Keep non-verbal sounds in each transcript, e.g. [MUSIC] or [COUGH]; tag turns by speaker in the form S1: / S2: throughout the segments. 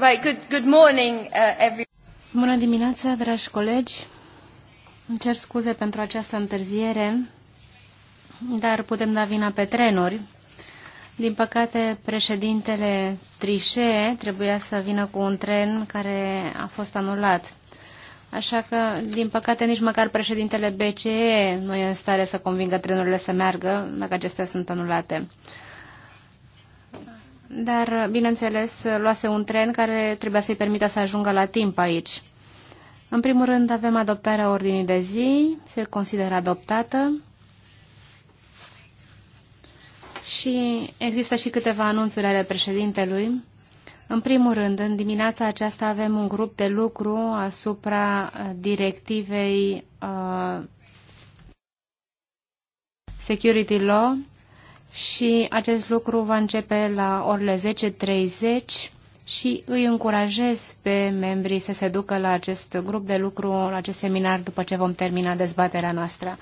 S1: Right, good, good
S2: morning, uh, Bună dimineața, dragi colegi. Îmi cer scuze pentru această întârziere, dar putem da vina pe trenuri. Din păcate, președintele Trișe trebuia să vină cu un tren care a fost anulat. Așa că, din păcate, nici măcar președintele BCE nu e în stare să convingă trenurile să meargă dacă acestea sunt anulate dar, bineînțeles, luase un tren care trebuia să-i permită să ajungă la timp aici. În primul rând, avem adoptarea ordinii de zi, se consideră adoptată și există și câteva anunțuri ale președintelui. În primul rând, în dimineața aceasta avem un grup de lucru asupra directivei uh, Security Law și acest lucru va începe la orele 10.30 și îi încurajez pe membrii să se ducă la acest grup de lucru, la acest seminar, după ce vom termina dezbaterea noastră.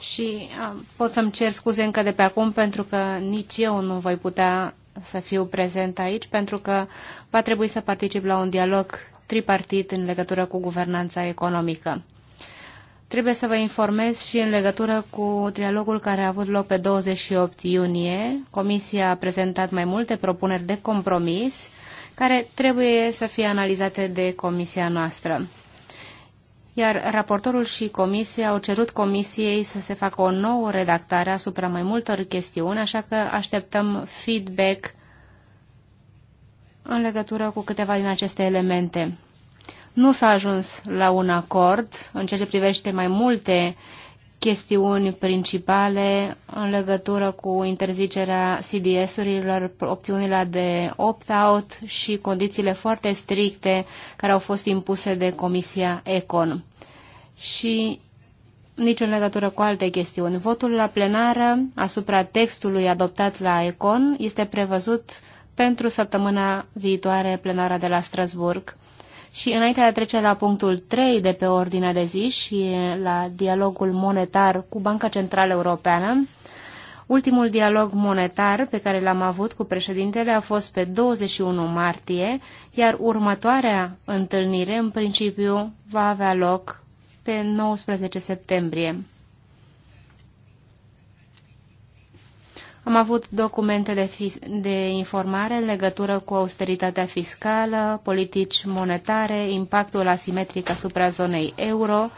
S2: Și pot să-mi cer scuze încă de pe acum, pentru că nici eu nu voi putea să fiu prezent aici, pentru că va trebui să particip la un dialog tripartit în legătură cu guvernanța economică trebuie să vă informez și în legătură cu trialogul care a avut loc pe 28 iunie. Comisia a prezentat mai multe propuneri de compromis care trebuie să fie analizate de comisia noastră. Iar raportorul și comisia au cerut comisiei să se facă o nouă redactare asupra mai multor chestiuni, așa că așteptăm feedback în legătură cu câteva din aceste elemente. Nu s-a ajuns la un acord în ceea ce privește mai multe chestiuni principale în legătură cu interzicerea CDS-urilor, opțiunile de opt-out și condițiile foarte stricte care au fost impuse de Comisia Econ. Și nici în legătură cu alte chestiuni. Votul la plenară asupra textului adoptat la Econ este prevăzut pentru săptămâna viitoare plenara de la Strasburg. Și înainte de a trece la punctul 3 de pe ordinea de zi și la dialogul monetar cu Banca Centrală Europeană, ultimul dialog monetar pe care l-am avut cu președintele a fost pe 21 martie, iar următoarea întâlnire, în principiu, va avea loc pe 19 septembrie. Am avut documente de, de informare în legătură cu austeritatea fiscală, politici monetare, impactul asimetric asupra zonei euro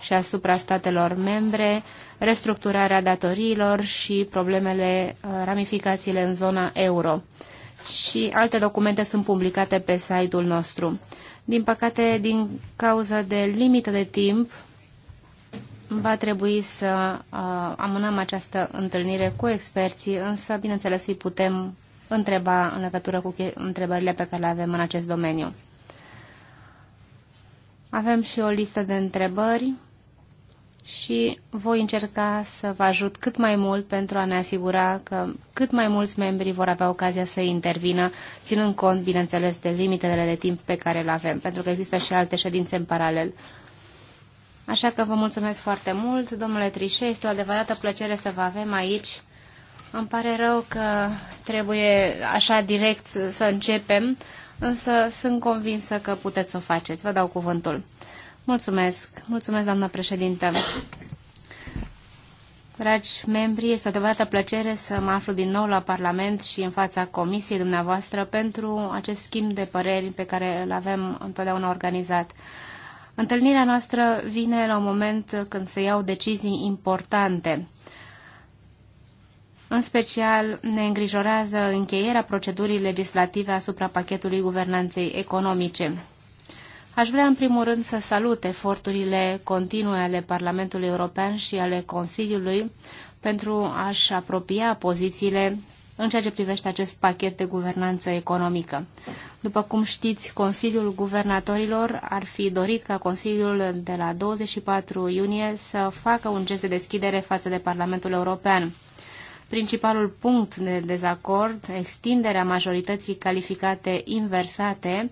S2: și asupra statelor membre, restructurarea datoriilor și problemele, uh, ramificațiile în zona euro. Și alte documente sunt publicate pe site-ul nostru. Din păcate, din cauza de limită de timp, va trebui să uh, amânăm această întâlnire cu experții, însă, bineînțeles, îi putem întreba în legătură cu întrebările pe care le avem în acest domeniu. Avem și o listă de întrebări și voi încerca să vă ajut cât mai mult pentru a ne asigura că cât mai mulți membri vor avea ocazia să intervină, ținând cont, bineînțeles, de limitele de timp pe care le avem, pentru că există și alte ședințe în paralel. Așa că vă mulțumesc foarte mult, domnule Trișe, este o adevărată plăcere să vă avem aici. Îmi pare rău că trebuie așa direct să începem, însă sunt convinsă că puteți să o faceți. Vă dau cuvântul. Mulțumesc, mulțumesc, doamna președintă. Dragi membri, este adevărată plăcere să mă aflu din nou la Parlament și în fața comisiei dumneavoastră pentru acest schimb de păreri pe care îl avem întotdeauna organizat. Întâlnirea noastră vine la un moment când se iau decizii importante. În special ne îngrijorează încheierea procedurii legislative asupra pachetului guvernanței economice. Aș vrea în primul rând să salut eforturile continue ale Parlamentului European și ale Consiliului pentru a-și apropia pozițiile în ceea ce privește acest pachet de guvernanță economică. După cum știți, Consiliul Guvernatorilor ar fi dorit ca Consiliul de la 24 iunie să facă un gest de deschidere față de Parlamentul European. Principalul punct de dezacord, extinderea majorității calificate inversate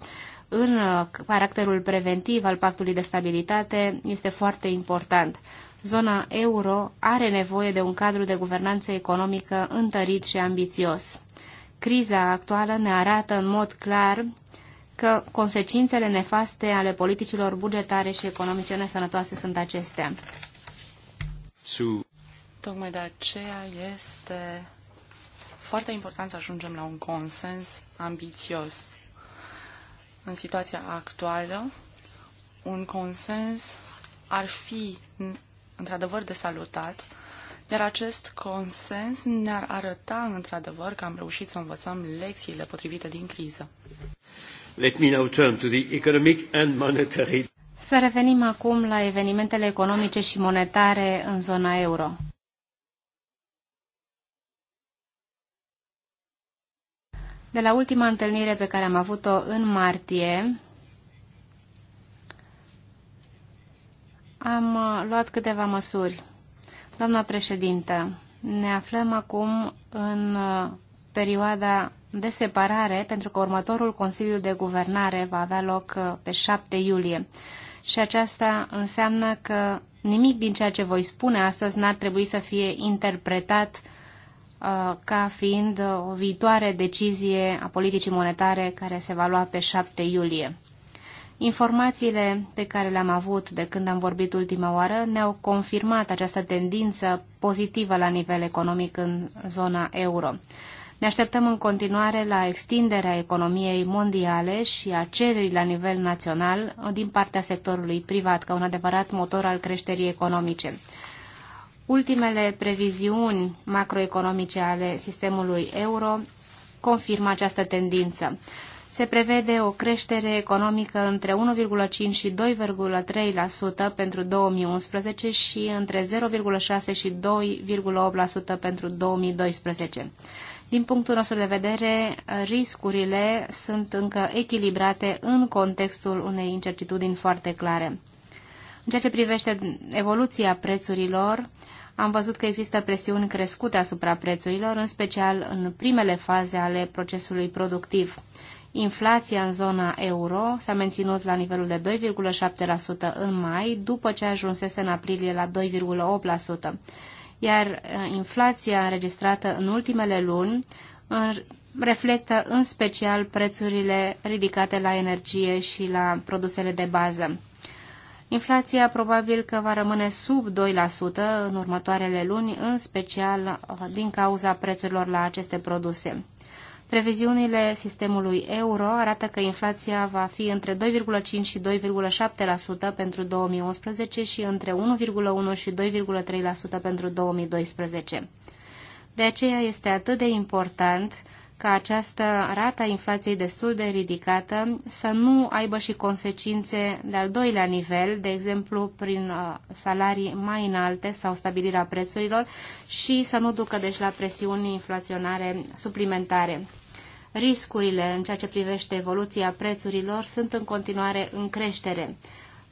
S2: în caracterul preventiv al pactului de stabilitate, este foarte important zona euro are nevoie de un cadru de guvernanță economică întărit și ambițios. Criza actuală ne arată în mod clar că consecințele nefaste ale politicilor bugetare și economice nesănătoase sunt acestea.
S3: Tocmai de aceea este foarte important să ajungem la un consens ambițios. În situația actuală, un consens ar fi într-adevăr de salutat, iar acest consens ne-ar arăta într-adevăr că am reușit să învățăm lecțiile potrivite din criză.
S1: Let me now turn to the economic and monetary.
S2: Să revenim acum la evenimentele economice și monetare în zona euro. De la ultima întâlnire pe care am avut-o în martie, am uh, luat câteva măsuri. Doamna președintă, ne aflăm acum în uh, perioada de separare pentru că următorul Consiliu de Guvernare va avea loc uh, pe 7 iulie. Și aceasta înseamnă că nimic din ceea ce voi spune astăzi n-ar trebui să fie interpretat uh, ca fiind o viitoare decizie a politicii monetare care se va lua pe 7 iulie. Informațiile pe care le-am avut de când am vorbit ultima oară ne-au confirmat această tendință pozitivă la nivel economic în zona euro. Ne așteptăm în continuare la extinderea economiei mondiale și a cererii la nivel național din partea sectorului privat ca un adevărat motor al creșterii economice. Ultimele previziuni macroeconomice ale sistemului euro confirmă această tendință se prevede o creștere economică între 1,5 și 2,3% pentru 2011 și între 0,6 și 2,8% pentru 2012. Din punctul nostru de vedere, riscurile sunt încă echilibrate în contextul unei incertitudini foarte clare. În ceea ce privește evoluția prețurilor, am văzut că există presiuni crescute asupra prețurilor, în special în primele faze ale procesului productiv. Inflația în zona euro s-a menținut la nivelul de 2,7% în mai, după ce ajunsese în aprilie la 2,8%, iar eh, inflația înregistrată în ultimele luni reflectă în special prețurile ridicate la energie și la produsele de bază. Inflația probabil că va rămâne sub 2% în următoarele luni, în special eh, din cauza prețurilor la aceste produse. Previziunile sistemului euro arată că inflația va fi între 2,5 și 2,7% pentru 2011 și între 1,1 și 2,3% pentru 2012. De aceea este atât de important ca această rată a inflației destul de ridicată să nu aibă și consecințe de al doilea nivel, de exemplu prin uh, salarii mai înalte sau stabilirea prețurilor și să nu ducă deci la presiuni inflaționare suplimentare riscurile în ceea ce privește evoluția prețurilor sunt în continuare în creștere.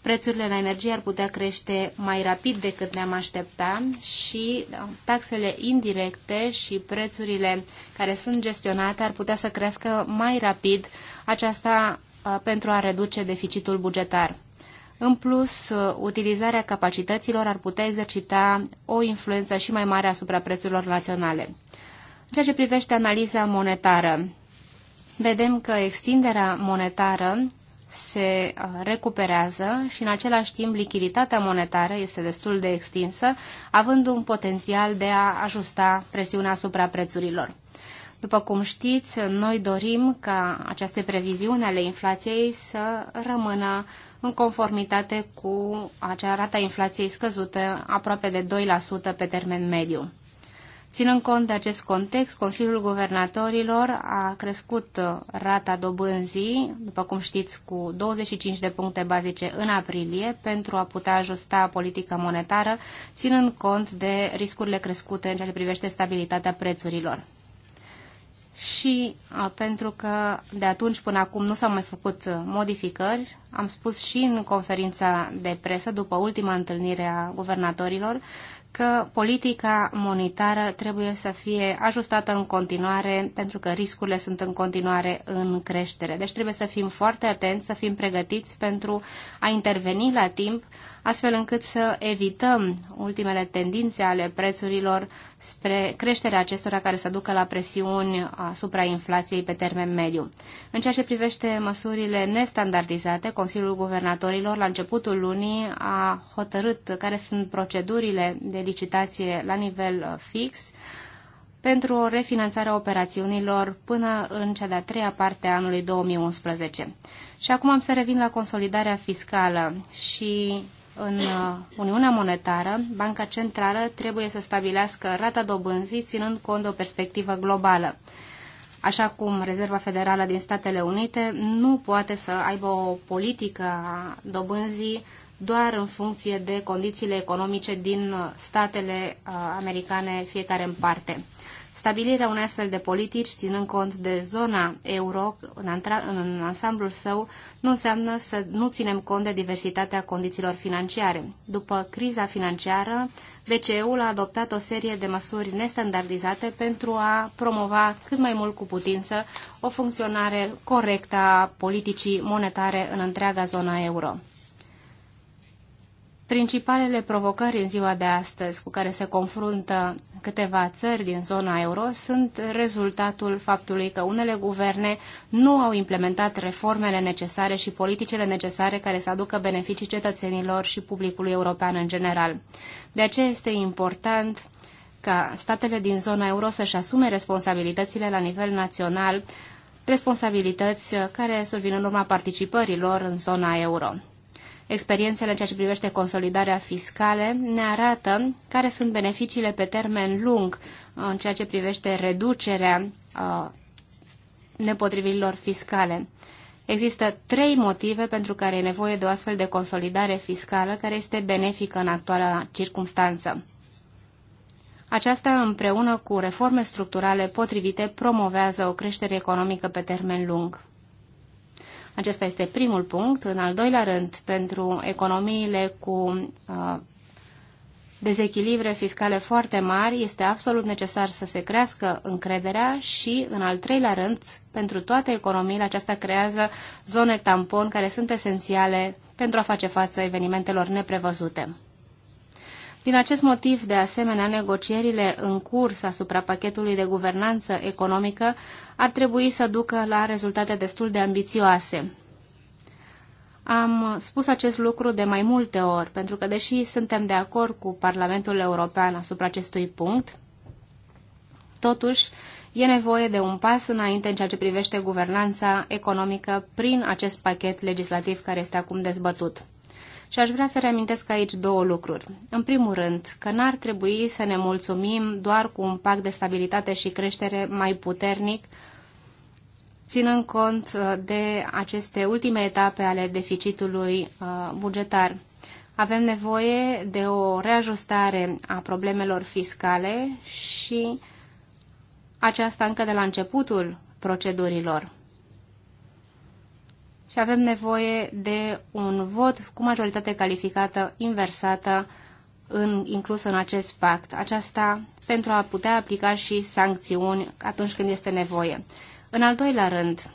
S2: Prețurile la energie ar putea crește mai rapid decât ne-am aștepta și da, taxele indirecte și prețurile care sunt gestionate ar putea să crească mai rapid, aceasta pentru a reduce deficitul bugetar. În plus, utilizarea capacităților ar putea exercita o influență și mai mare asupra prețurilor naționale. În ceea ce privește analiza monetară, vedem că extinderea monetară se uh, recuperează și în același timp lichiditatea monetară este destul de extinsă, având un potențial de a ajusta presiunea asupra prețurilor. După cum știți, noi dorim ca aceste previziuni ale inflației să rămână în conformitate cu acea rata inflației scăzută aproape de 2% pe termen mediu. Ținând cont de acest context, Consiliul Guvernatorilor a crescut uh, rata dobânzii, după cum știți, cu 25 de puncte bazice în aprilie pentru a putea ajusta politica monetară, ținând cont de riscurile crescute în ceea ce privește stabilitatea prețurilor. Și a, uh, pentru că de atunci până acum nu s-au mai făcut uh, modificări, am spus și în conferința de presă, după ultima întâlnire a guvernatorilor, că politica monetară trebuie să fie ajustată în continuare, pentru că riscurile sunt în continuare în creștere. Deci trebuie să fim foarte atenți, să fim pregătiți pentru a interveni la timp astfel încât să evităm ultimele tendințe ale prețurilor spre creșterea acestora care să ducă la presiuni asupra inflației pe termen mediu. În ceea ce privește măsurile nestandardizate, Consiliul Guvernatorilor la începutul lunii a hotărât care sunt procedurile de licitație la nivel fix, pentru o refinanțare a operațiunilor până în cea de-a treia parte a anului 2011. Și acum am să revin la consolidarea fiscală și în uh, Uniunea Monetară, Banca Centrală trebuie să stabilească rata dobânzii ținând cont de o perspectivă globală. Așa cum Rezerva Federală din Statele Unite nu poate să aibă o politică a dobânzii doar în funcție de condițiile economice din uh, statele uh, americane fiecare în parte. Stabilirea unei astfel de politici, ținând cont de zona euro în, în ansamblul său, nu înseamnă să nu ținem cont de diversitatea condițiilor financiare. După criza financiară, BCE-ul a adoptat o serie de măsuri nestandardizate pentru a promova cât mai mult cu putință o funcționare corectă a politicii monetare în întreaga zona euro. Principalele provocări în ziua de astăzi cu care se confruntă câteva țări din zona euro sunt rezultatul faptului că unele guverne nu au implementat reformele necesare și politicile necesare care să aducă beneficii cetățenilor și publicului european în general. De aceea este important ca statele din zona euro să-și asume responsabilitățile la nivel național, responsabilități care survin în urma participărilor în zona euro experiențele în ceea ce privește consolidarea fiscale ne arată care sunt beneficiile pe termen lung uh, în ceea ce privește reducerea uh, nepotrivirilor fiscale. Există trei motive pentru care e nevoie de o astfel de consolidare fiscală care este benefică în actuala circunstanță. Aceasta, împreună cu reforme structurale potrivite, promovează o creștere economică pe termen lung. Acesta este primul punct. În al doilea rând, pentru economiile cu uh, dezechilibre fiscale foarte mari, este absolut necesar să se crească încrederea și, în al treilea rând, pentru toate economiile, aceasta creează zone tampon care sunt esențiale pentru a face față evenimentelor neprevăzute. Din acest motiv, de asemenea, negocierile în curs asupra pachetului de guvernanță economică ar trebui să ducă la rezultate destul de ambițioase. Am spus acest lucru de mai multe ori, pentru că deși suntem de acord cu Parlamentul European asupra acestui punct, totuși e nevoie de un pas înainte în ceea ce privește guvernanța economică prin acest pachet legislativ care este acum dezbătut. Și aș vrea să reamintesc aici două lucruri. În primul rând, că n-ar trebui să ne mulțumim doar cu un pact de stabilitate și creștere mai puternic, ținând cont uh, de aceste ultime etape ale deficitului uh, bugetar. Avem nevoie de o reajustare a problemelor fiscale și aceasta încă de la începutul procedurilor și avem nevoie de un vot cu majoritate calificată inversată în, inclus în acest pact. Aceasta pentru a putea aplica și sancțiuni atunci când este nevoie. În al doilea rând,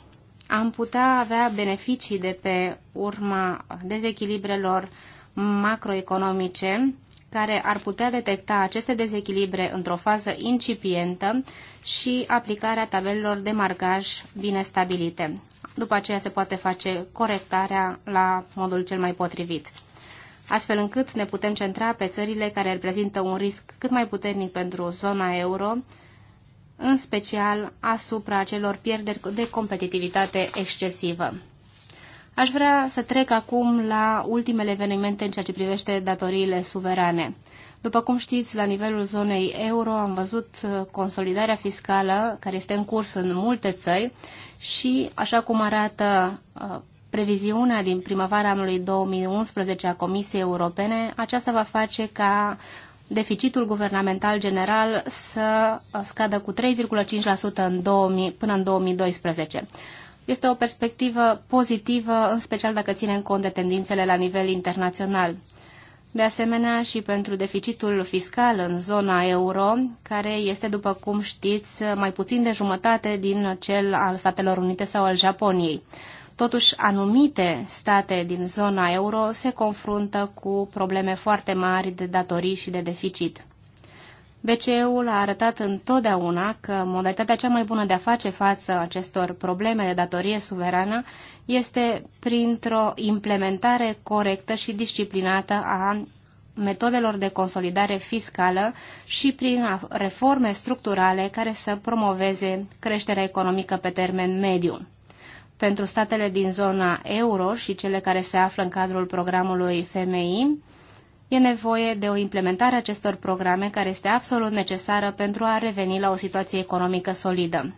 S2: am putea avea beneficii de pe urma dezechilibrelor macroeconomice care ar putea detecta aceste dezechilibre într-o fază incipientă și aplicarea tabelelor de marcaj bine stabilite după aceea se poate face corectarea la modul cel mai potrivit astfel încât ne putem centra pe țările care reprezintă un risc cât mai puternic pentru zona euro, în special asupra celor pierderi de competitivitate excesivă. Aș vrea să trec acum la ultimele evenimente în ceea ce privește datoriile suverane. După cum știți, la nivelul zonei euro am văzut consolidarea fiscală care este în curs în multe țări și, așa cum arată uh, previziunea din primăvara anului 2011 a Comisiei Europene, aceasta va face ca deficitul guvernamental general să uh, scadă cu 3,5% în 2000, până în 2012. Este o perspectivă pozitivă, în special dacă ținem cont de tendințele la nivel internațional de asemenea și pentru deficitul fiscal în zona euro, care este, după cum știți, mai puțin de jumătate din cel al Statelor Unite sau al Japoniei. Totuși, anumite state din zona euro se confruntă cu probleme foarte mari de datorii și de deficit. BCE-ul a arătat întotdeauna că modalitatea cea mai bună de a face față acestor probleme de datorie suverană este printr-o implementare corectă și disciplinată a metodelor de consolidare fiscală și prin reforme structurale care să promoveze creșterea economică pe termen mediu. Pentru statele din zona euro și cele care se află în cadrul programului FMI, e nevoie de o implementare a acestor programe care este absolut necesară pentru a reveni la o situație economică solidă.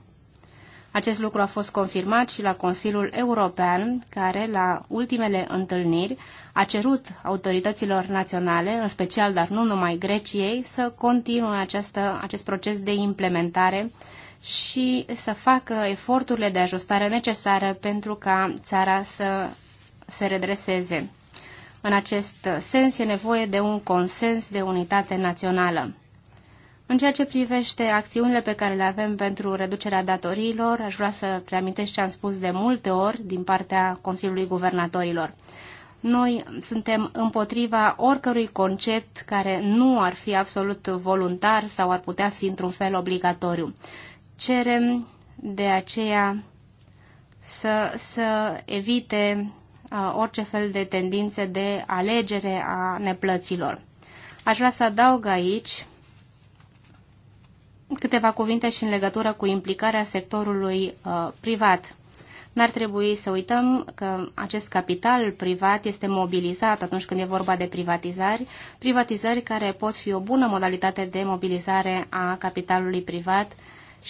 S2: Acest lucru a fost confirmat și la Consiliul European, care, la ultimele întâlniri, a cerut autorităților naționale, în special, dar nu numai Greciei, să continue această, acest proces de implementare și să facă eforturile de ajustare necesare pentru ca țara să se redreseze. În acest sens e nevoie de un consens de unitate națională. În ceea ce privește acțiunile pe care le avem pentru reducerea datoriilor, aș vrea să preamintesc ce am spus de multe ori din partea Consiliului Guvernatorilor. Noi suntem împotriva oricărui concept care nu ar fi absolut voluntar sau ar putea fi într-un fel obligatoriu. Cerem de aceea să, să evite orice fel de tendințe de alegere a neplăților. Aș vrea să adaug aici câteva cuvinte și în legătură cu implicarea sectorului uh, privat. N-ar trebui să uităm că acest capital privat este mobilizat atunci când e vorba de privatizări, privatizări care pot fi o bună modalitate de mobilizare a capitalului privat uh,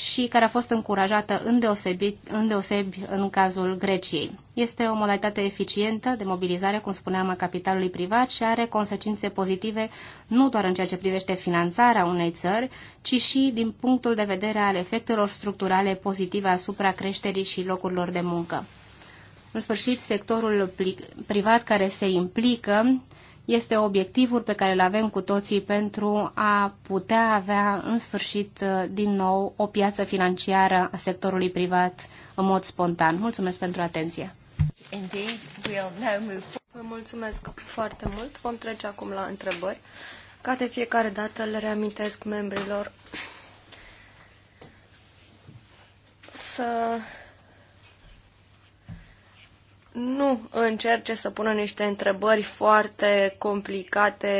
S2: și care a fost încurajată îndeosebit, îndeosebi în cazul Greciei. Este o modalitate eficientă de mobilizare, cum spuneam, a capitalului privat și are consecințe pozitive nu doar în ceea ce privește finanțarea unei țări, ci și din punctul de vedere al efectelor structurale pozitive asupra creșterii și locurilor de muncă. În sfârșit, sectorul privat care se implică este obiectivul pe care îl avem cu toții pentru a putea avea în sfârșit uh, din nou o piață financiară a sectorului privat în mod spontan. Mulțumesc pentru atenție! Indeed, we'll now move
S1: Vă mulțumesc foarte mult. Vom trece acum la întrebări. Ca de fiecare dată le reamintesc membrilor să nu încerce să pună niște întrebări foarte complicate,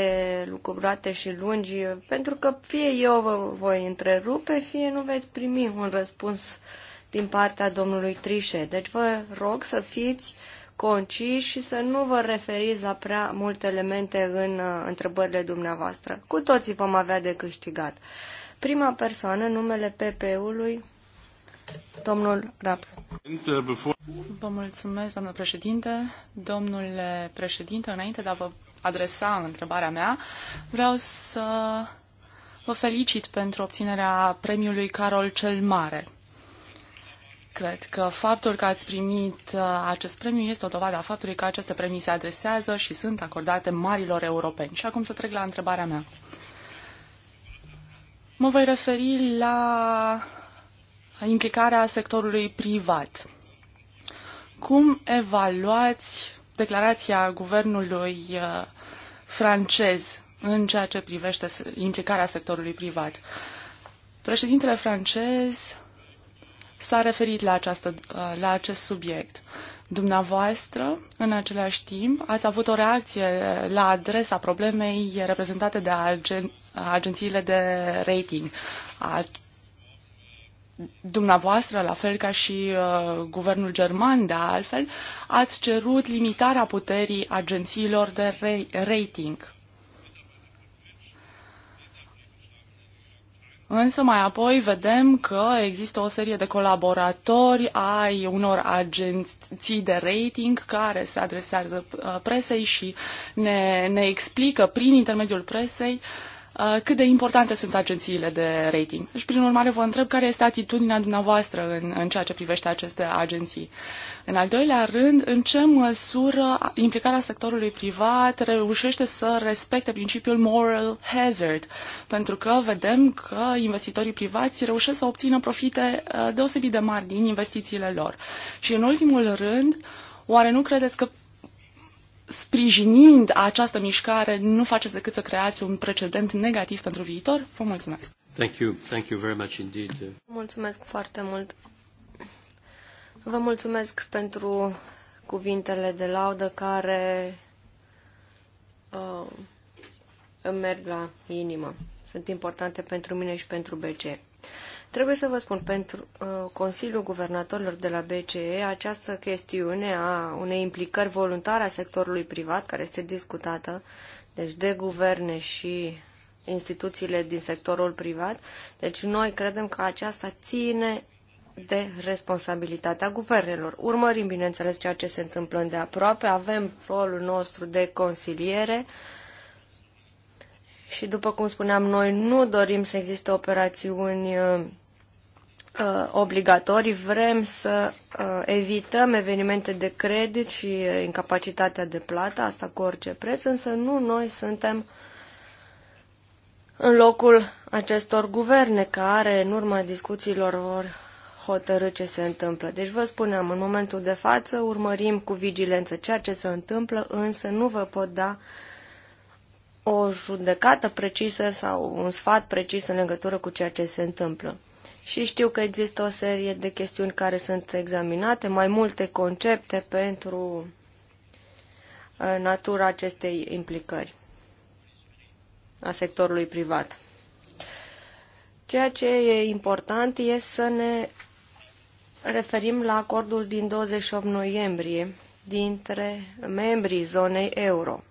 S1: lucrurate și lungi, pentru că fie eu vă voi întrerupe, fie nu veți primi un răspuns din partea domnului Trișe. Deci vă rog să fiți conciși și să nu vă referiți la prea multe elemente în uh, întrebările dumneavoastră. Cu toții vom avea de câștigat. Prima persoană, numele PP-ului,
S3: Domnul Raps. Vă mulțumesc, doamnă președinte. Domnule președinte, înainte de a vă adresa întrebarea mea, vreau să vă felicit pentru obținerea premiului Carol cel Mare. Cred că faptul că ați primit uh, acest premiu este o dovadă a faptului că aceste premii se adresează și sunt acordate marilor europeni. Și acum să trec la întrebarea mea. Mă voi referi la implicarea sectorului privat. Cum evaluați declarația guvernului uh, francez în ceea ce privește implicarea sectorului privat? Președintele francez s-a referit la, această, uh, la acest subiect. Dumneavoastră, în același timp, ați avut o reacție uh, la adresa problemei reprezentate de agen- agențiile de rating dumneavoastră, la fel ca și uh, guvernul german, de altfel, ați cerut limitarea puterii agențiilor de rating. Însă mai apoi vedem că există o serie de colaboratori ai unor agenții de rating care se adresează uh, presei și ne, ne explică prin intermediul presei uh, Uh, cât de importante sunt agențiile de rating. Și, deci, prin urmare, vă întreb care este atitudinea dumneavoastră în, în ceea ce privește aceste agenții. În al doilea rând, în ce măsură implicarea sectorului privat reușește să respecte principiul moral hazard? Pentru că vedem că investitorii privați reușesc să obțină profite uh, deosebit de mari din investițiile lor. Și, în ultimul rând, oare nu credeți că sprijinind această mișcare, nu faceți decât să creați un precedent negativ pentru viitor? Vă mulțumesc!
S1: Thank you. Thank you very much indeed. Mulțumesc foarte mult! Vă mulțumesc pentru cuvintele de laudă care uh, îmi merg la inimă. Sunt importante pentru mine și pentru BC. Trebuie să vă spun, pentru uh, Consiliul Guvernatorilor de la BCE, această chestiune a unei implicări voluntare a sectorului privat, care este discutată, deci de guverne și instituțiile din sectorul privat, deci noi credem că aceasta ține de responsabilitatea guvernelor. Urmărim, bineînțeles, ceea ce se întâmplă de aproape, avem rolul nostru de consiliere, și după cum spuneam, noi nu dorim să existe operațiuni uh, uh, obligatorii, vrem să uh, evităm evenimente de credit și uh, incapacitatea de plată, asta cu orice preț, însă nu noi suntem în locul acestor guverne care, în urma discuțiilor, vor hotărâ ce se întâmplă. Deci vă spuneam, în momentul de față urmărim cu vigilență ceea ce se întâmplă, însă nu vă pot da o judecată precisă sau un sfat precis în legătură cu ceea ce se întâmplă și știu că există o serie de chestiuni care sunt examinate, mai multe concepte pentru uh, natura acestei implicări a sectorului privat. Ceea ce e important e să ne referim la acordul din 28 noiembrie dintre membrii zonei euro.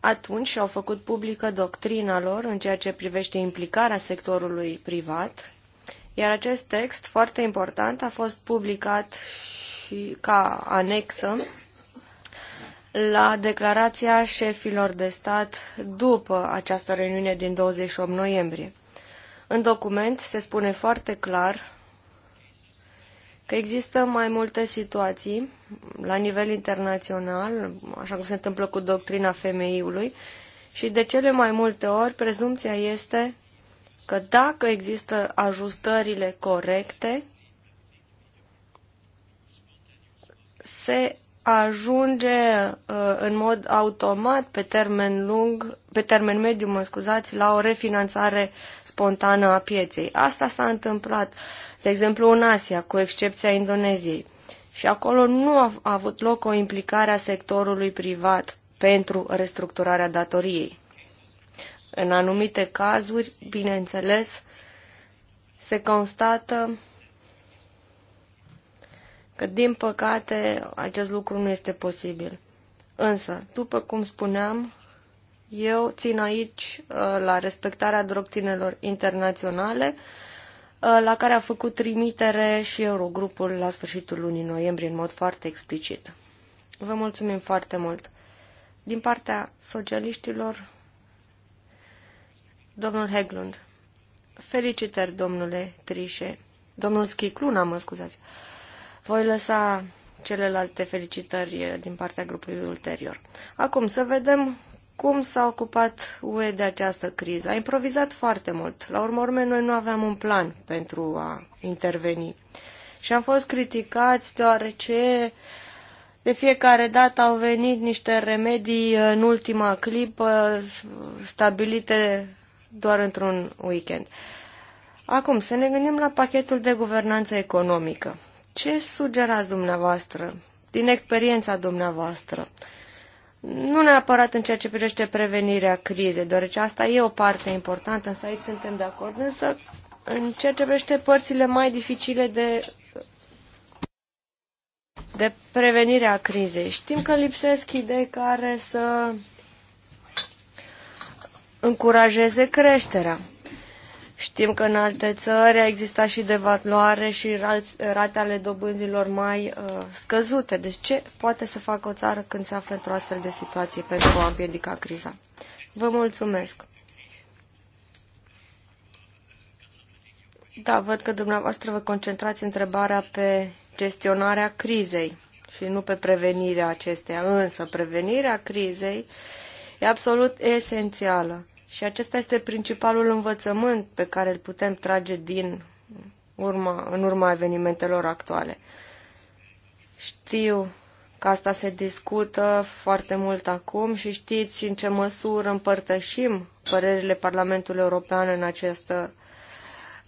S1: Atunci și-au făcut publică doctrina lor în ceea ce privește implicarea sectorului privat iar acest text, foarte important, a fost publicat și ca anexă la declarația șefilor de stat după această reuniune din 28 noiembrie. În document se spune foarte clar că există mai multe situații la nivel internațional, așa cum se întâmplă cu doctrina femeiului, și de cele mai multe ori prezumția este că dacă există ajustările corecte, se ajunge uh, în mod automat pe termen lung, pe termen mediu, mă scuzați, la o refinanțare spontană a pieței. Asta s-a întâmplat, de exemplu, în Asia, cu excepția Indoneziei. Și acolo nu a avut loc o implicare a sectorului privat pentru restructurarea datoriei. În anumite cazuri, bineînțeles, se constată că, din păcate, acest lucru nu este posibil. Însă, după cum spuneam, eu țin aici uh, la respectarea droptinelor internaționale, uh, la care a făcut trimitere și Eurogrupul la sfârșitul lunii noiembrie în mod foarte explicit. Vă mulțumim foarte mult. Din partea socialiștilor, Domnul Heglund. Felicitări, domnule Trișe. Domnul Schicluna, mă scuzați. Voi lăsa celelalte felicitări eh, din partea grupului ulterior. Acum să vedem cum s-a ocupat UE de această criză. A improvizat foarte mult. La urmă urme, noi nu aveam un plan pentru a interveni. Și am fost criticați deoarece de fiecare dată au venit niște remedii eh, în ultima clipă stabilite doar într-un weekend. Acum, să ne gândim la pachetul de guvernanță economică. Ce sugerați dumneavoastră, din experiența dumneavoastră? Nu neapărat în ceea ce privește prevenirea crizei, deoarece asta e o parte importantă, însă aici suntem de acord, însă în ceea ce privește părțile mai dificile de de prevenirea crizei. Știm că lipsesc idei care să încurajeze creșterea. Știm că în alte țări a existat și devaluare și rate ale dobânzilor mai uh, scăzute. Deci ce poate să facă o țară când se află într-o astfel de situație pentru a împiedica criza? Vă mulțumesc! Da, văd că dumneavoastră vă concentrați întrebarea pe gestionarea crizei și nu pe prevenirea acesteia. Însă prevenirea crizei uh, e absolut esențială. Și acesta este principalul învățământ pe care îl putem trage din urma, în urma evenimentelor actuale. Știu că asta se discută foarte mult acum și știți în ce măsură împărtășim părerile Parlamentului European în această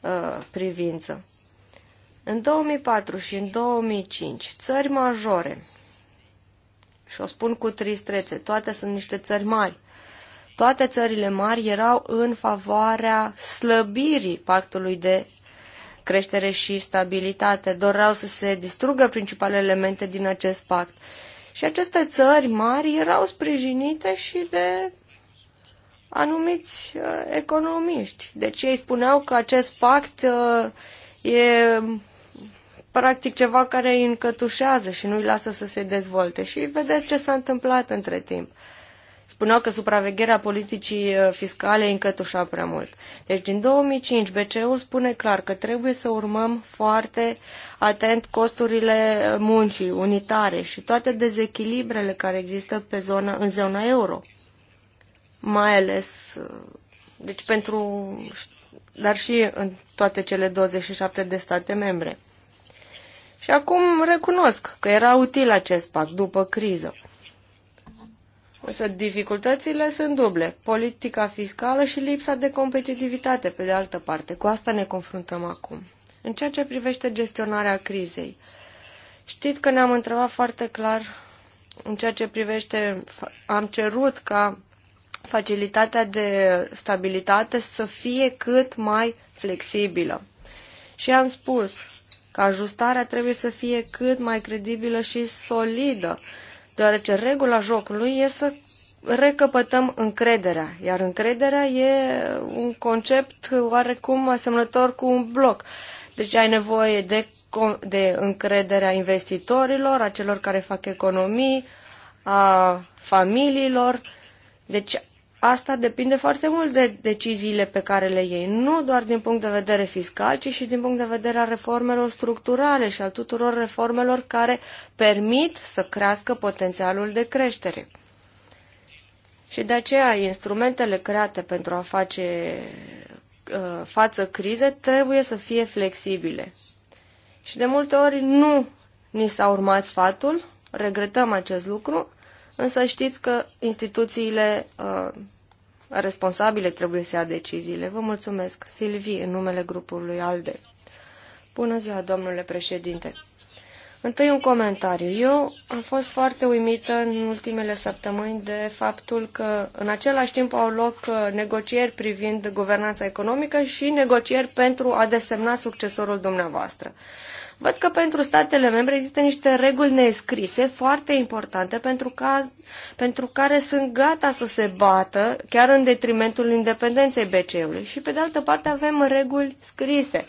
S1: uh, privință. În 2004 și în 2005, țări majore și o spun cu tristrețe, toate sunt niște țări mari. Toate țările mari erau în favoarea slăbirii pactului de creștere și stabilitate. Doreau să se distrugă principalele elemente din acest pact. Și aceste țări mari erau sprijinite și de anumiți uh, economiști. Deci ei spuneau că acest pact uh, e practic ceva care îi încătușează și nu îi lasă să se dezvolte. Și vedeți ce s-a întâmplat între timp. Spuneau că supravegherea politicii uh, fiscale îi încătușa prea mult. Deci din 2005 BCE-ul spune clar că trebuie să urmăm foarte atent costurile uh, muncii unitare și toate dezechilibrele care există pe zona, în zona euro. Mai ales, uh, deci pentru, dar și în toate cele 27 de state membre. Și acum recunosc că era util acest pact după criză. Însă dificultățile sunt duble. Politica fiscală și lipsa de competitivitate, pe de altă parte. Cu asta ne confruntăm acum. În ceea ce privește gestionarea crizei, știți că ne-am întrebat foarte clar în ceea ce privește, am cerut ca facilitatea de stabilitate să fie cât mai flexibilă. Și am spus că ajustarea trebuie să fie cât mai credibilă și solidă, deoarece regula jocului e să recăpătăm încrederea, iar încrederea e un concept oarecum asemănător cu un bloc. Deci ai nevoie de, de încrederea investitorilor, a celor care fac economii, a familiilor. Deci asta depinde foarte mult de deciziile pe care le iei, nu doar din punct de vedere fiscal, ci și din punct de vedere al reformelor structurale și al tuturor reformelor care permit să crească potențialul de creștere. Și de aceea instrumentele create pentru a face uh, față crize trebuie să fie flexibile. Și de multe ori nu ni s-a urmat sfatul, regretăm acest lucru, Însă știți că instituțiile uh, responsabile trebuie să ia deciziile. Vă mulțumesc. Silvi, în numele grupului ALDE. Bună ziua, domnule președinte. Întâi un comentariu. Eu am fost foarte uimită în ultimele săptămâni de faptul că în același timp au loc uh, negocieri privind guvernanța economică și negocieri pentru a desemna succesorul dumneavoastră. Văd că pentru statele membre există niște reguli nescrise foarte importante pentru, ca, pentru care sunt gata să se bată chiar în detrimentul independenței BCE-ului și pe de altă parte avem reguli scrise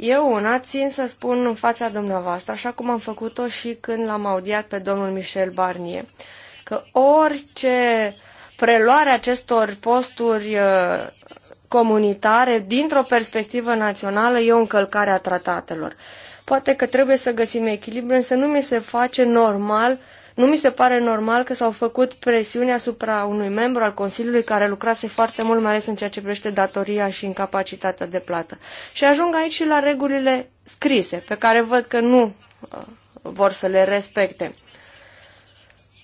S1: eu una țin să spun în fața dumneavoastră, așa cum am făcut-o și când l-am audiat pe domnul Michel Barnier, că orice preluare acestor posturi uh, comunitare dintr-o perspectivă națională e o încălcare a tratatelor. Poate că trebuie să găsim echilibru, însă nu mi se face normal uh, nu mi se pare normal că s-au făcut presiuni asupra unui membru al Consiliului care lucrase foarte mult, mai ales în ceea ce privește datoria și incapacitatea de plată. Și ajung aici și la regulile scrise, pe care văd că nu uh, vor să le respecte.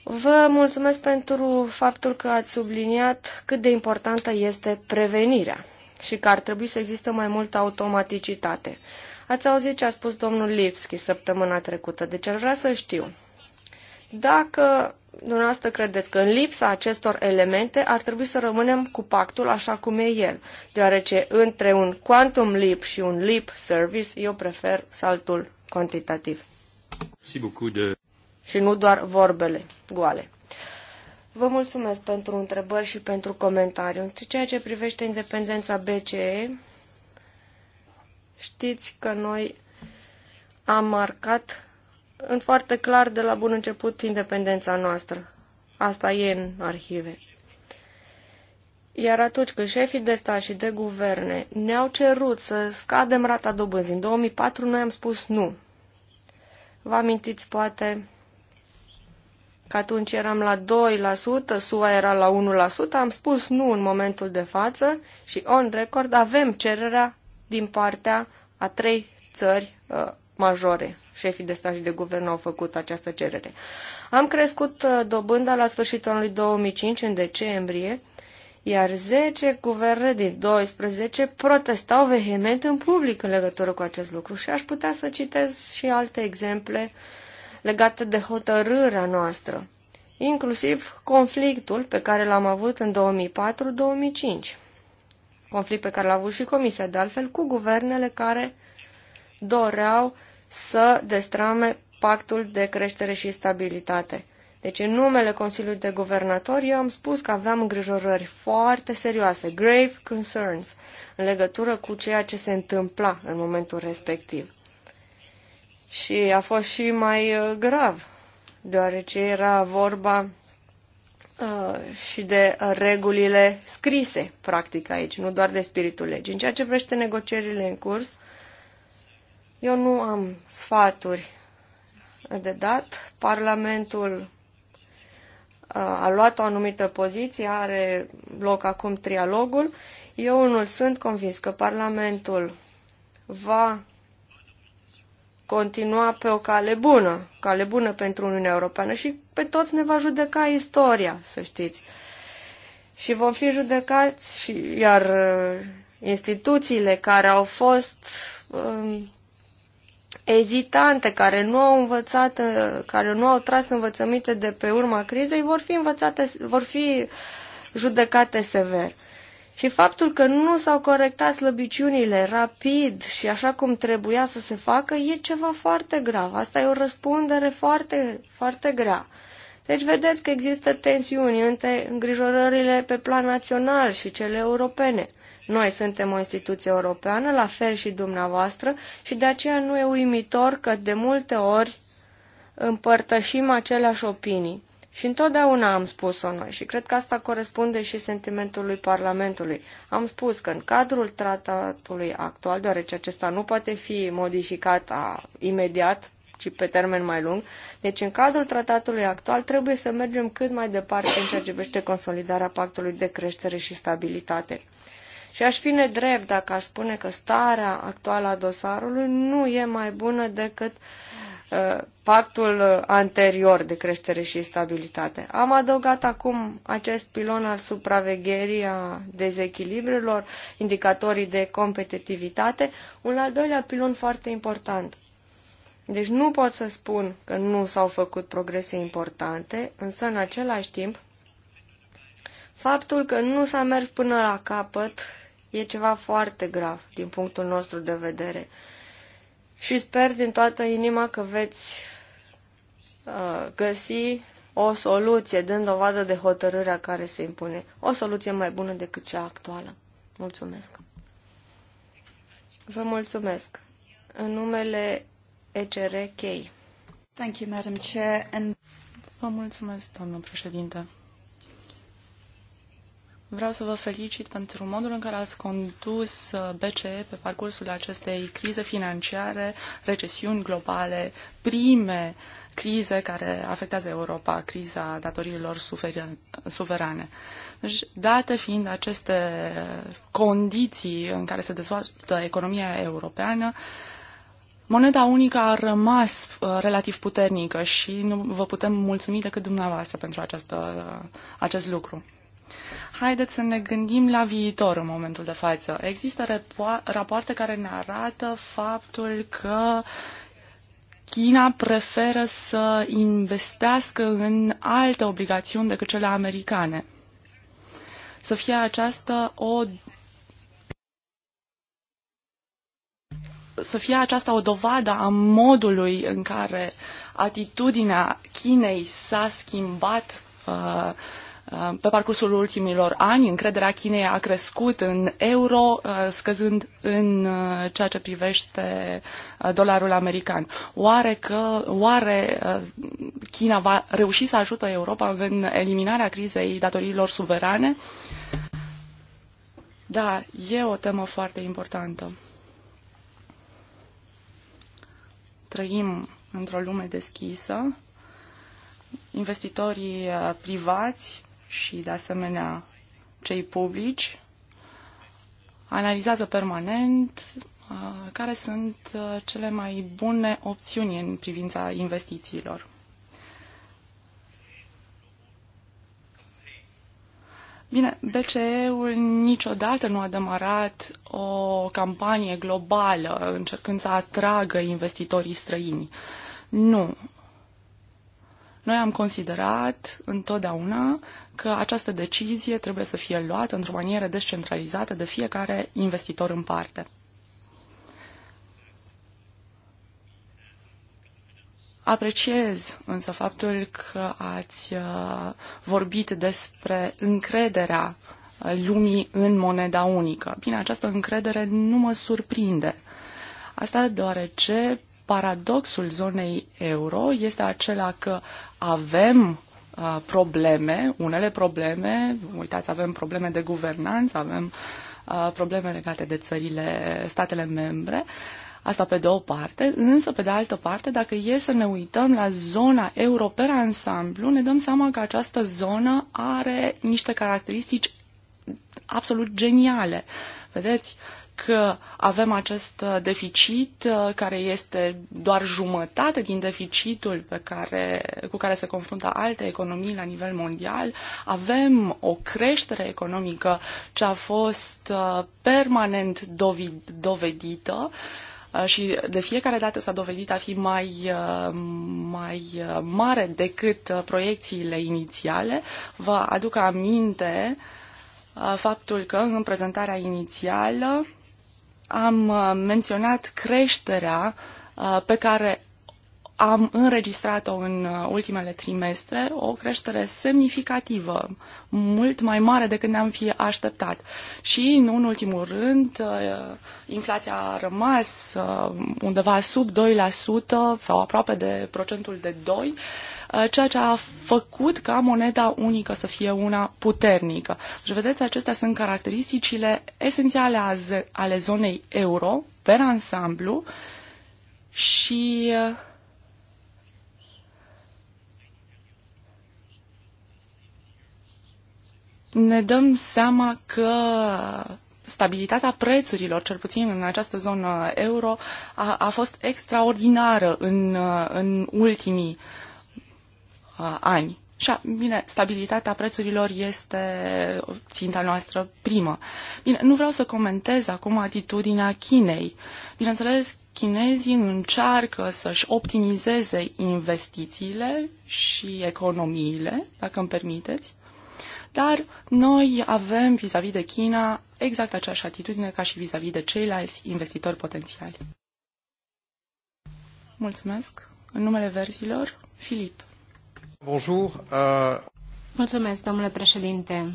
S1: Vă mulțumesc pentru faptul că ați subliniat cât de importantă este prevenirea și că ar trebui să există mai multă automaticitate. Ați auzit ce a spus domnul Lipski săptămâna trecută, deci ar vrea să știu. Dacă dumneavoastră credeți că în lipsa acestor elemente ar trebui să rămânem cu pactul așa cum e el, deoarece între un quantum leap și un leap service eu prefer saltul cantitativ. De... Și nu doar vorbele goale. Vă mulțumesc pentru întrebări și pentru comentarii. În ceea ce privește independența BCE, știți că noi am marcat în foarte clar de la bun început independența noastră. Asta e în arhive. Iar atunci când șefii de stat și de guverne ne-au cerut să scadem rata dobânzii, în 2004 noi am spus nu. Vă amintiți poate că atunci eram la 2%, SUA era la 1%, am spus nu în momentul de față și on record avem cererea din partea a trei țări uh, majore. Șefii de stat și de guvern au făcut această cerere. Am crescut uh, dobânda la sfârșitul anului 2005, în decembrie, iar 10 guverne din 12 protestau vehement în public în legătură cu acest lucru și aș putea să citez și alte exemple legate de hotărârea noastră, inclusiv conflictul pe care l-am avut în 2004-2005, conflict pe care l-a avut și Comisia, de altfel, cu guvernele care doreau să destrame pactul de creștere și stabilitate. Deci, în numele Consiliului de Guvernatori, eu am spus că aveam îngrijorări foarte serioase, grave concerns, în legătură cu ceea ce se întâmpla în momentul respectiv. Și a fost și mai uh, grav, deoarece era vorba uh, și de regulile scrise, practic, aici, nu doar de spiritul legii. În ceea ce vrește negocierile în curs, eu nu am sfaturi de dat. Parlamentul uh, a luat o anumită poziție, are loc acum trialogul. Eu unul sunt convins că Parlamentul va continua pe o cale bună, cale bună pentru Uniunea Europeană și pe toți ne va judeca istoria, să știți. Și vom fi judecați, și, iar uh, instituțiile care au fost um, ezitante, care nu au învățat, uh, care nu au tras învățăminte de pe urma crizei, vor fi învățate, vor fi judecate sever. Și faptul că nu s-au corectat slăbiciunile rapid și așa cum trebuia să se facă e ceva foarte grav. Asta e o răspundere foarte, foarte grea. Deci vedeți că există tensiuni între îngrijorările pe plan național și cele europene. Noi suntem o instituție europeană, la fel și dumneavoastră, și de aceea nu e uimitor că de multe ori împărtășim aceleași opinii. Și întotdeauna am spus-o noi și cred că asta corespunde și sentimentului Parlamentului. Am spus că în cadrul tratatului actual, deoarece acesta nu poate fi modificat a, imediat, ci pe termen mai lung, deci în cadrul tratatului actual trebuie să mergem cât mai departe în ceea ce privește consolidarea pactului de creștere și stabilitate. Și aș fi nedrept dacă aș spune că starea actuală a dosarului nu e mai bună decât uh, pactul uh, anterior de creștere și stabilitate. Am adăugat acum acest pilon al supravegherii a dezechilibrelor, indicatorii de competitivitate, un al doilea pilon foarte important. Deci nu pot să spun că nu s-au făcut progrese importante, însă în același timp, faptul că nu s-a mers până la capăt E ceva foarte grav din punctul nostru de vedere. Și sper din toată inima că veți uh, găsi o soluție, dând dovadă de hotărârea care se impune. O soluție mai bună decât cea actuală. Mulțumesc. Vă mulțumesc. În numele
S3: ECR Thank you, Madam Chair, and... Vă mulțumesc, doamnă președinte. Vreau să vă felicit pentru modul în care ați condus uh, BCE pe parcursul acestei crize financiare, recesiuni globale, prime crize care afectează Europa, criza datoriilor suverane. Deci, date fiind aceste condiții în care se dezvoltă economia europeană, Moneda unică a rămas uh, relativ puternică și nu vă putem mulțumi decât dumneavoastră pentru această, uh, acest lucru. Haideți să ne gândim la viitor în momentul de față. Există rapoarte care ne arată faptul că China preferă să investească în alte obligațiuni decât cele americane. Să fie aceasta o să fie aceasta o dovadă a modului în care atitudinea Chinei s-a schimbat uh, Uh, pe parcursul ultimilor ani, încrederea Chinei a crescut în euro, uh, scăzând în uh, ceea ce privește dolarul american. Oare, că, oare China va reuși să ajute Europa în eliminarea crizei datoriilor suverane? Da, e o temă foarte importantă. Trăim într-o lume deschisă. Investitorii privați și, de asemenea, cei publici analizează permanent uh, care sunt uh, cele mai bune opțiuni în privința investițiilor. Bine, BCE-ul niciodată nu a demarat o campanie globală încercând să atragă investitorii străini. Nu. Noi am considerat întotdeauna că această decizie trebuie să fie luată într-o manieră descentralizată de fiecare investitor în parte. Apreciez însă faptul că ați uh, vorbit despre încrederea uh, lumii în moneda unică. Bine, această încredere nu mă surprinde. Asta deoarece paradoxul zonei euro este acela că avem Uh, probleme, unele probleme, uitați, avem probleme de guvernanță, avem uh, probleme legate de țările, statele membre, Asta pe de o parte, însă pe de altă parte, dacă e să ne uităm la zona europeană ansamblu, ne dăm seama că această zonă are niște caracteristici absolut geniale. Vedeți, că avem acest deficit uh, care este doar jumătate din deficitul pe care, cu care se confruntă alte economii la nivel mondial, avem o creștere economică ce a fost uh, permanent dovedită uh, și de fiecare dată s-a dovedit a fi mai, mai mare decât proiecțiile inițiale. Vă aduc aminte faptul că în prezentarea inițială am uh, menționat creșterea uh, pe care am înregistrat-o în uh, ultimele trimestre, o creștere semnificativă, mult mai mare decât ne-am fi așteptat. Și, nu în ultimul rând, inflația a rămas undeva sub 2% sau aproape de procentul de 2%, Uh, ceea ce a făcut ca moneda unică să fie una puternică. Și deci, vedeți, acestea sunt caracteristicile esențiale ale zonei euro, pe ansamblu, și uh, ne dăm seama că stabilitatea prețurilor, cel puțin în această zonă euro, a, a fost extraordinară în, uh, în ultimii uh, Uh, ani. Și, bine, stabilitatea prețurilor este ținta noastră primă. Bine, nu vreau să comentez acum atitudinea Chinei. Bineînțeles, chinezii încearcă să-și optimizeze investițiile și economiile, dacă îmi permiteți, dar noi avem vis-a-vis -vis de China exact aceeași atitudine ca și vis-a-vis -vis de ceilalți investitori potențiali. Mulțumesc. În numele verzilor, Filip.
S2: Uh, Mulțumesc, domnule președinte.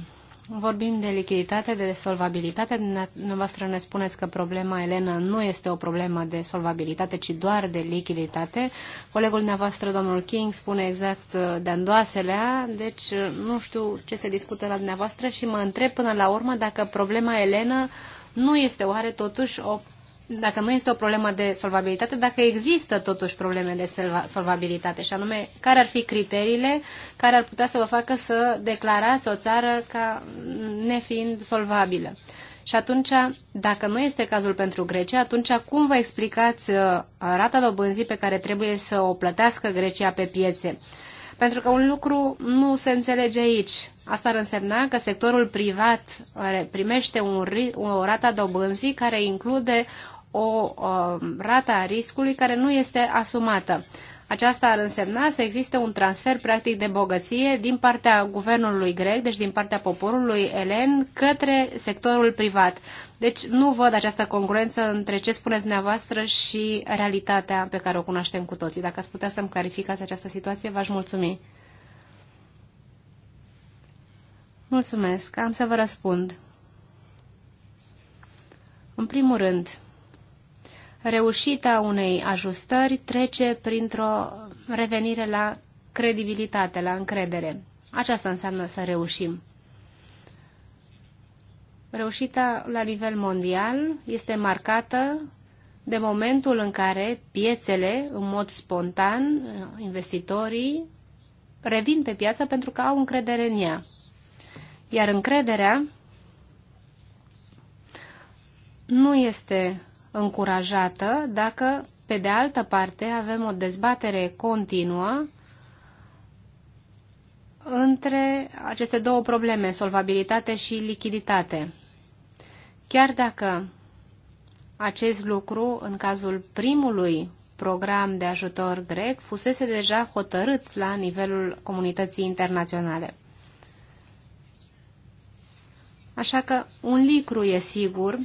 S2: Vorbim de lichiditate, de solvabilitate. Dumneavoastră ne spuneți că problema, Elena, nu este o problemă de solvabilitate, ci doar de lichiditate. Colegul dumneavoastră, domnul King, spune exact uh, de andoaselea, deci uh, nu știu ce se discută la dumneavoastră și mă întreb până la urmă dacă problema, Elena, nu este oare totuși o dacă nu este o problemă de solvabilitate, dacă există totuși probleme de solvabilitate, și anume care ar fi criteriile care ar putea să vă facă să declarați o țară ca nefiind solvabilă. Și atunci, dacă nu este cazul pentru Grecia, atunci cum vă explicați uh, rata dobânzii pe care trebuie să o plătească Grecia pe piețe? Pentru că un lucru nu se înțelege aici. Asta ar însemna că sectorul privat primește un, o rata dobânzii care include o rată a riscului care nu este asumată. Aceasta ar însemna să existe un transfer practic de bogăție din partea guvernului grec, deci din partea poporului elen, către sectorul privat. Deci nu văd această congruență între ce spuneți dumneavoastră și realitatea pe care o cunoaștem cu toții. Dacă ați putea să-mi clarificați această situație, v-aș mulțumi. Mulțumesc, am să vă răspund. În primul rând, reușita unei ajustări trece printr-o revenire la credibilitate, la încredere. Aceasta înseamnă să reușim. Reușita la nivel mondial este marcată de momentul în care piețele, în mod spontan, investitorii revin pe piață pentru că au încredere în ea. Iar încrederea nu este încurajată dacă, pe de altă parte, avem o dezbatere continuă între aceste două probleme, solvabilitate și lichiditate. Chiar dacă acest lucru, în cazul primului program de ajutor grec, fusese deja hotărât la nivelul comunității internaționale. Așa că un lucru e sigur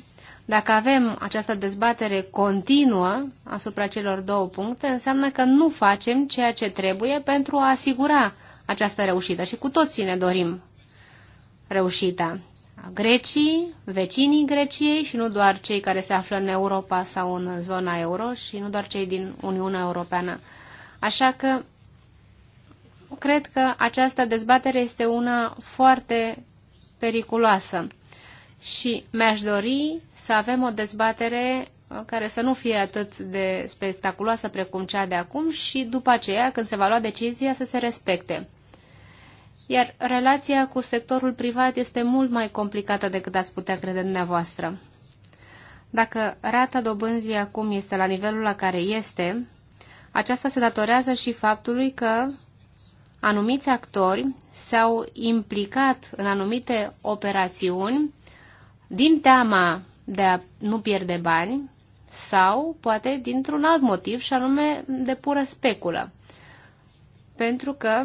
S2: dacă avem această dezbatere continuă asupra celor două puncte, înseamnă că nu facem ceea ce trebuie pentru a asigura această reușită și cu toții ne dorim reușita. Grecii, vecinii Greciei și nu doar cei care se află în Europa sau în zona euro și nu doar cei din Uniunea Europeană. Așa că cred că această dezbatere este una foarte periculoasă și mi-aș dori să avem o dezbatere uh, care să nu fie atât de spectaculoasă precum cea de acum și după aceea, când se va lua decizia, să se respecte. Iar relația cu sectorul privat este mult mai complicată decât ați putea crede dumneavoastră. Dacă rata dobânzii acum este la nivelul la care este, aceasta se datorează și faptului că anumiți actori s-au implicat în anumite operațiuni din teama de a nu pierde bani sau poate dintr-un alt motiv și anume de pură speculă. Pentru că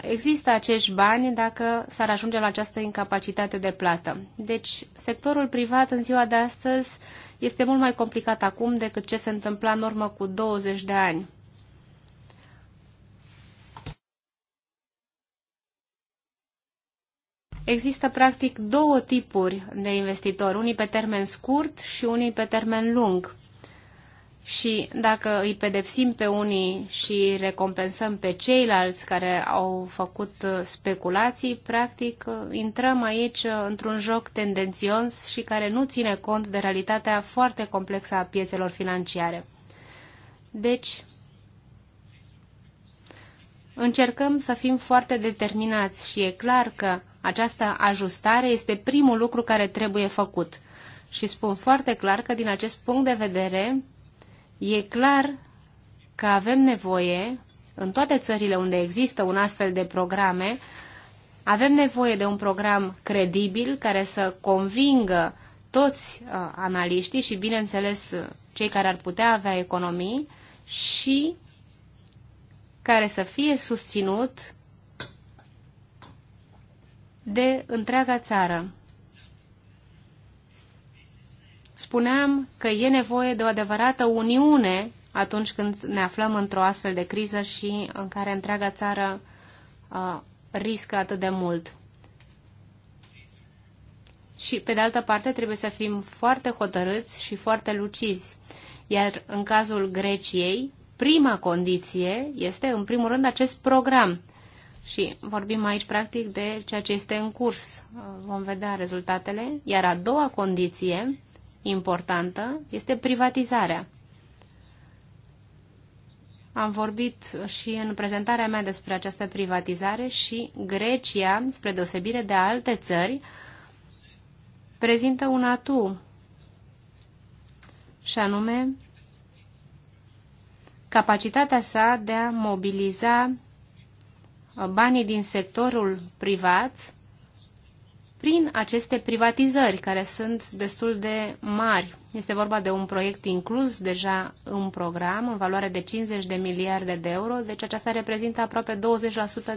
S2: Există acești bani dacă s-ar ajunge la această incapacitate de plată. Deci, sectorul privat în ziua de astăzi este mult mai complicat acum decât ce se întâmpla în urmă cu 20 de ani. Există practic două tipuri de investitori, unii pe termen scurt și unii pe termen lung. Și dacă îi pedepsim pe unii și recompensăm pe ceilalți care au făcut uh, speculații, practic uh, intrăm aici uh, într-un joc tendențios și care nu ține cont de realitatea foarte complexă a piețelor financiare. Deci, Încercăm să fim foarte determinați și e clar că această ajustare este primul lucru care trebuie făcut. Și spun foarte clar că din acest punct de vedere e clar că avem nevoie, în toate țările unde există un astfel de programe, avem nevoie de un program credibil care să convingă toți uh, analiștii și, bineînțeles, cei care ar putea avea economii și care să fie susținut de întreaga țară. Spuneam că e nevoie de o adevărată uniune atunci când ne aflăm într-o astfel de criză și în care întreaga țară uh, riscă atât de mult. Și, pe de altă parte, trebuie să fim foarte hotărâți și foarte lucizi. Iar în cazul Greciei, prima condiție este, în primul rând, acest program. Și vorbim aici, practic, de ceea ce este în curs. Vom vedea rezultatele. Iar a doua condiție importantă este privatizarea. Am vorbit și în prezentarea mea despre această privatizare și Grecia, spre deosebire de alte țări, prezintă un atu și anume capacitatea sa de a mobiliza uh, banii din sectorul privat prin aceste privatizări care sunt destul de mari. Este vorba de un proiect inclus deja în program, în valoare de 50 de miliarde de euro, deci aceasta reprezintă aproape 20%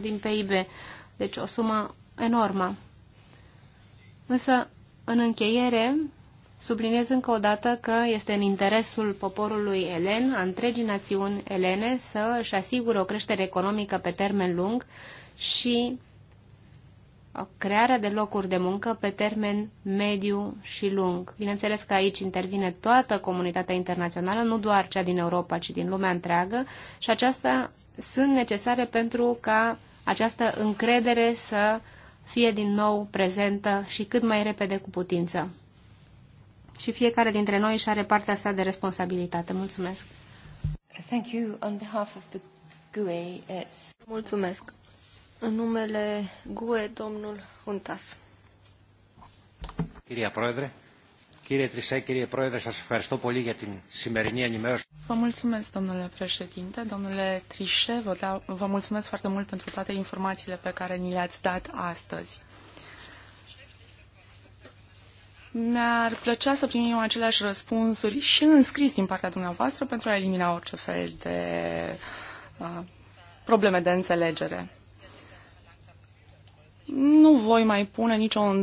S2: din PIB, deci o sumă enormă. Însă, în încheiere, Subliniez încă o dată că este în interesul poporului elen, a întregii națiuni elene, să își asigure o creștere economică pe termen lung și crearea de locuri de muncă pe termen mediu și lung. Bineînțeles că aici intervine toată comunitatea internațională, nu doar cea din Europa, ci din lumea întreagă și aceasta sunt necesare pentru ca această încredere să fie din nou prezentă și cât mai repede cu putință și fiecare dintre noi își are partea sa de responsabilitate. Mulțumesc! Thank you on behalf of the GUE. It's... Mulțumesc!
S1: În numele GUE, domnul Huntas. Chiria Proedre. Κύριε Trisei, κύριε Proedre, să ευχαριστώ πολύ για την σημερινή
S3: Vă mulțumesc, domnule președinte, domnule Trișe, vă, da, vă mulțumesc foarte mult pentru toate informațiile pe care ni le-ați dat astăzi. Mi-ar plăcea să primim aceleași răspunsuri și în scris din partea dumneavoastră pentru a elimina orice fel de uh, probleme de înțelegere. Nu voi mai pune nicio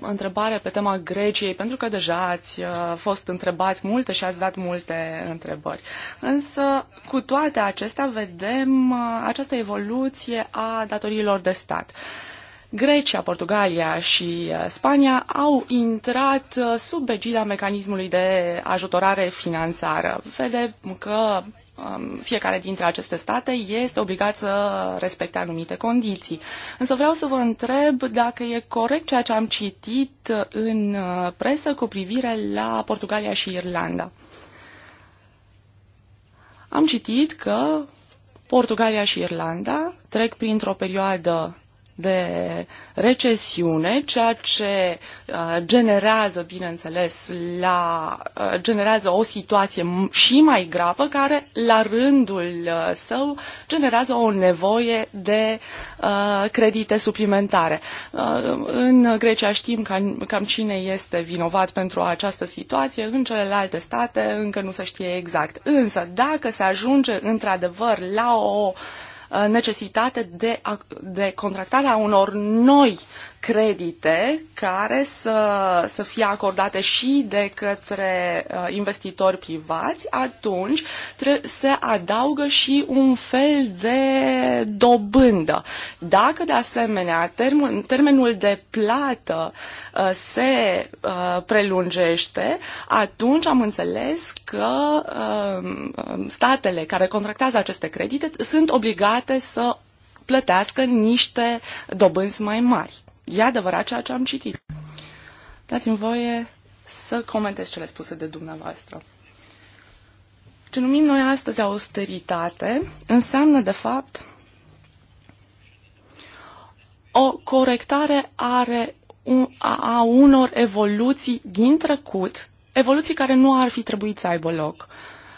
S3: întrebare pe tema Greciei, pentru că deja ați uh, fost întrebat multe și ați dat multe întrebări. Însă, cu toate acestea, vedem uh, această evoluție a datoriilor de stat. Uh, Grecia, Portugalia și uh, Spania au intrat uh, sub egida mecanismului de ajutorare financiară. Vedem că um, fiecare dintre aceste state este obligat să respecte anumite condiții. Însă vreau să vă întreb dacă e corect ceea ce am citit în uh, presă cu privire la Portugalia și Irlanda. Am citit că Portugalia și Irlanda trec printr-o perioadă de recesiune, ceea ce uh, generează, bineînțeles, la, uh, generează o situație și mai gravă, care la rândul uh, său generează o nevoie de credite suplimentare. În Grecia știm cam, cam cine este vinovat pentru această situație, în celelalte state încă nu se știe exact. Însă, dacă se ajunge într-adevăr la o uh, Uh, necesitate de, de contractarea unor noi credite care să, să fie acordate și de către uh, investitori privați, atunci se adaugă și un fel de dobândă. Dacă, de asemenea, termen, termenul de plată uh, se uh, prelungește, atunci am înțeles că statele care contractează aceste credite sunt obligate să plătească niște dobânzi mai mari e adevărat ceea ce am citit. Dați-mi voie să comentez cele spuse de dumneavoastră. Ce numim noi astăzi austeritate înseamnă, de fapt, o corectare are a unor evoluții din trecut, evoluții care nu ar fi trebuit să aibă loc,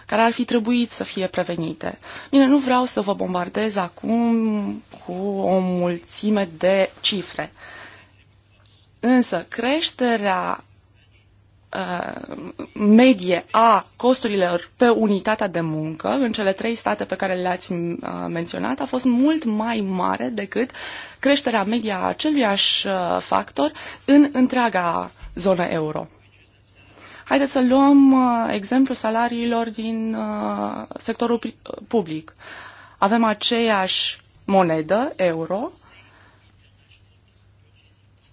S3: care ar fi trebuit să fie prevenite. Bine, nu vreau să vă bombardez acum cu o mulțime de cifre, Însă creșterea uh, medie a costurilor pe unitatea de muncă în cele trei state pe care le-ați uh, menționat a fost mult mai mare decât creșterea medie a aceluiași uh, factor în întreaga zonă euro. Haideți să luăm exemplul salariilor din sectorul public. Avem aceeași monedă, euro,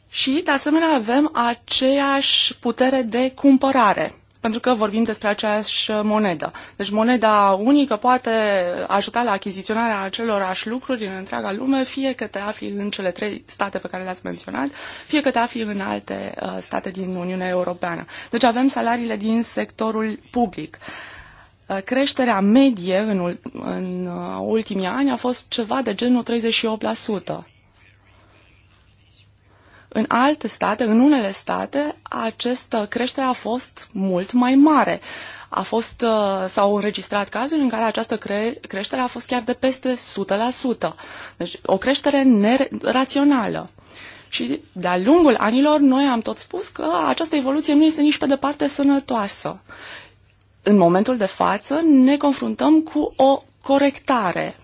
S3: și, de asemenea, avem aceeași putere de cumpărare, pentru că vorbim despre aceeași monedă. Deci moneda unică poate ajuta la achiziționarea acelorași lucruri în întreaga lume, fie că te afli în cele trei state pe care le-ați menționat, fie că te afli în alte uh, state din Uniunea Europeană. Deci avem salariile din sectorul public uh, creșterea medie în, în uh, ultimii ani a fost ceva de genul 38%. În alte state, în unele state, această creștere a fost mult mai mare. A fost, uh, s-au înregistrat cazuri în care această cre- creștere a fost chiar de peste 100%. Deci o creștere nerațională. Și de-a lungul anilor noi am tot spus că această evoluție nu este nici pe departe sănătoasă. În momentul de față ne confruntăm cu o corectare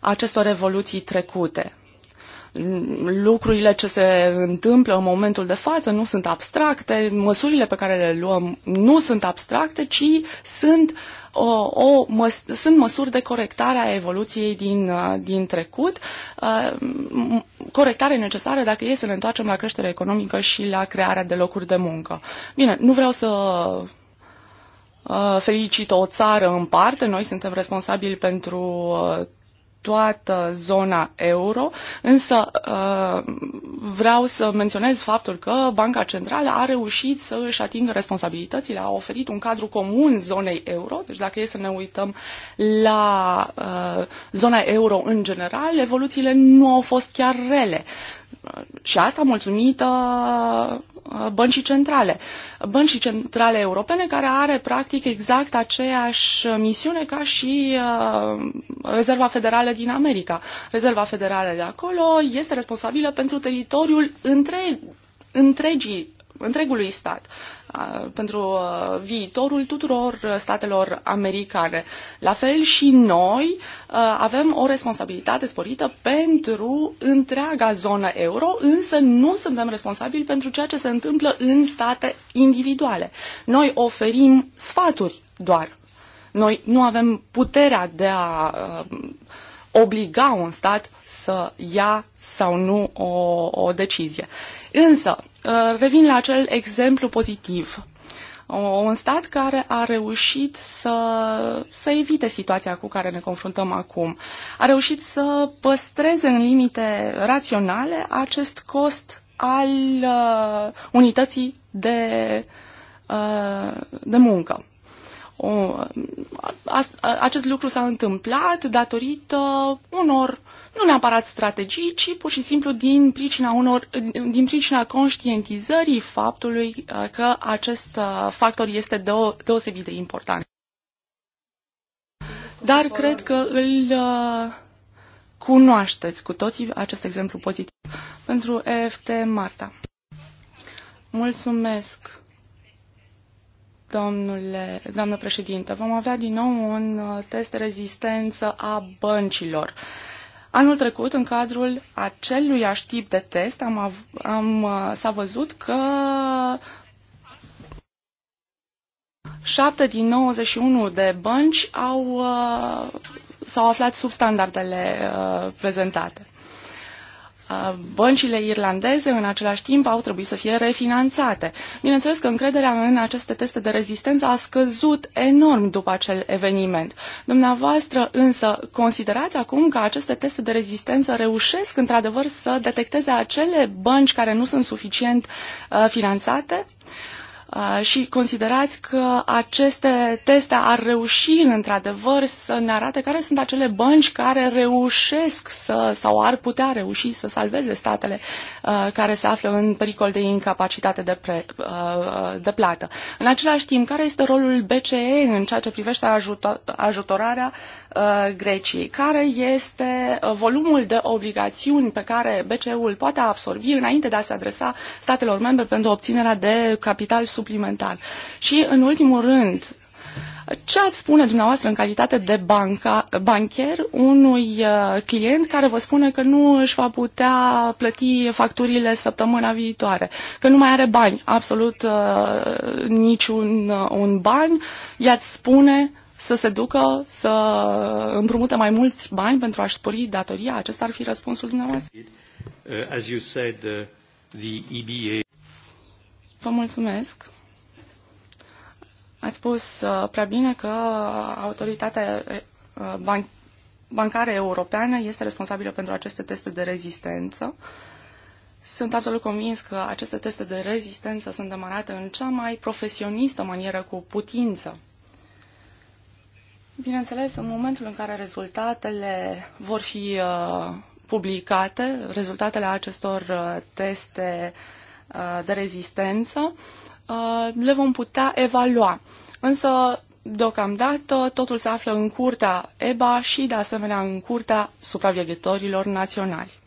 S3: acestor evoluții trecute lucrurile ce se întâmplă în momentul de față nu sunt abstracte, măsurile pe care le luăm nu sunt abstracte, ci sunt, o, o, măs, sunt măsuri de corectare a evoluției din, uh, din trecut, uh, corectare necesară dacă e să ne întoarcem la creștere economică și la crearea de locuri de muncă. Bine, nu vreau să uh, felicit o țară în parte, noi suntem responsabili pentru toată zona euro, însă uh, vreau să menționez faptul că Banca Centrală a reușit să își atingă responsabilitățile, a oferit un cadru comun zonei euro, deci dacă e să ne uităm la uh, zona euro în general, evoluțiile nu au fost chiar rele și asta mulțumită uh, băncii centrale. Băncii centrale europene care are practic exact aceeași misiune ca și uh, Rezerva Federală din America. Rezerva Federală de acolo este responsabilă pentru teritoriul întreg, întregii întregului stat pentru viitorul tuturor statelor americane. La fel și noi avem o responsabilitate sporită pentru întreaga zonă euro, însă nu suntem responsabili pentru ceea ce se întâmplă în state individuale. Noi oferim sfaturi doar. Noi nu avem puterea de a obliga un stat să ia sau nu o, o decizie. Însă, Uh, revin la acel exemplu pozitiv. Un stat care a reușit să, să evite situația cu care ne confruntăm acum. A reușit să păstreze în limite raționale acest cost al uh, unității de, uh, de muncă. O, a, a, acest lucru s-a întâmplat datorită unor uh, nu neapărat strategii, ci pur și simplu din pricina, unor, din pricina conștientizării faptului uh, că acest uh, factor este deosebit de important. Dar cred că îl uh, cunoașteți cu toții acest exemplu pozitiv. Pentru EFT Marta. Mulțumesc, domnule, doamnă președinte. Vom avea din nou un test de rezistență a băncilor. Uh, Anul trecut, în cadrul acelui tip de test, am, am, uh, s-a văzut că 7 din 91 de bănci au, uh, s-au aflat sub standardele uh, prezentate băncile irlandeze în același timp au trebuit să fie refinanțate. Bineînțeles că încrederea în aceste teste de rezistență a scăzut enorm după acel eveniment. Dumneavoastră însă considerați acum că aceste teste de rezistență reușesc într-adevăr să detecteze acele bănci care nu sunt suficient uh, finanțate? Uh, Uh, și considerați că aceste teste ar reuși într-adevăr să ne arate care sunt acele bănci care reușesc să sau ar putea reuși să salveze statele uh, care se află în pericol de incapacitate de, pre, uh, de plată. În același timp, care este rolul BCE în ceea ce privește ajutorarea Uh, Greciei, care este uh, volumul de obligațiuni pe care BCE-ul poate absorbi înainte de a se adresa statelor membre pentru obținerea de capital suplimentar. Și, în ultimul rând, ce ați spune dumneavoastră în calitate de banca, bancher unui uh, client care vă spune că nu își va putea plăti facturile săptămâna viitoare, că nu mai are bani, absolut uh, niciun uh, un bani, i-ați spune să se ducă să împrumute mai mulți bani pentru a-și spori datoria? Acesta ar fi răspunsul dumneavoastră?
S1: Uh, uh,
S3: Vă mulțumesc. Ați spus uh, prea bine că autoritatea ban bancară europeană este responsabilă pentru aceste teste de rezistență. Sunt absolut convins că aceste teste de rezistență sunt demarate în cea mai profesionistă manieră cu putință. Bineînțeles, în momentul în care rezultatele vor fi uh, publicate, rezultatele acestor uh, teste uh, de rezistență, le vom putea evalua. Însă, deocamdată, totul se află în curtea EBA și, de asemenea, în curtea supraveghetorilor naționali.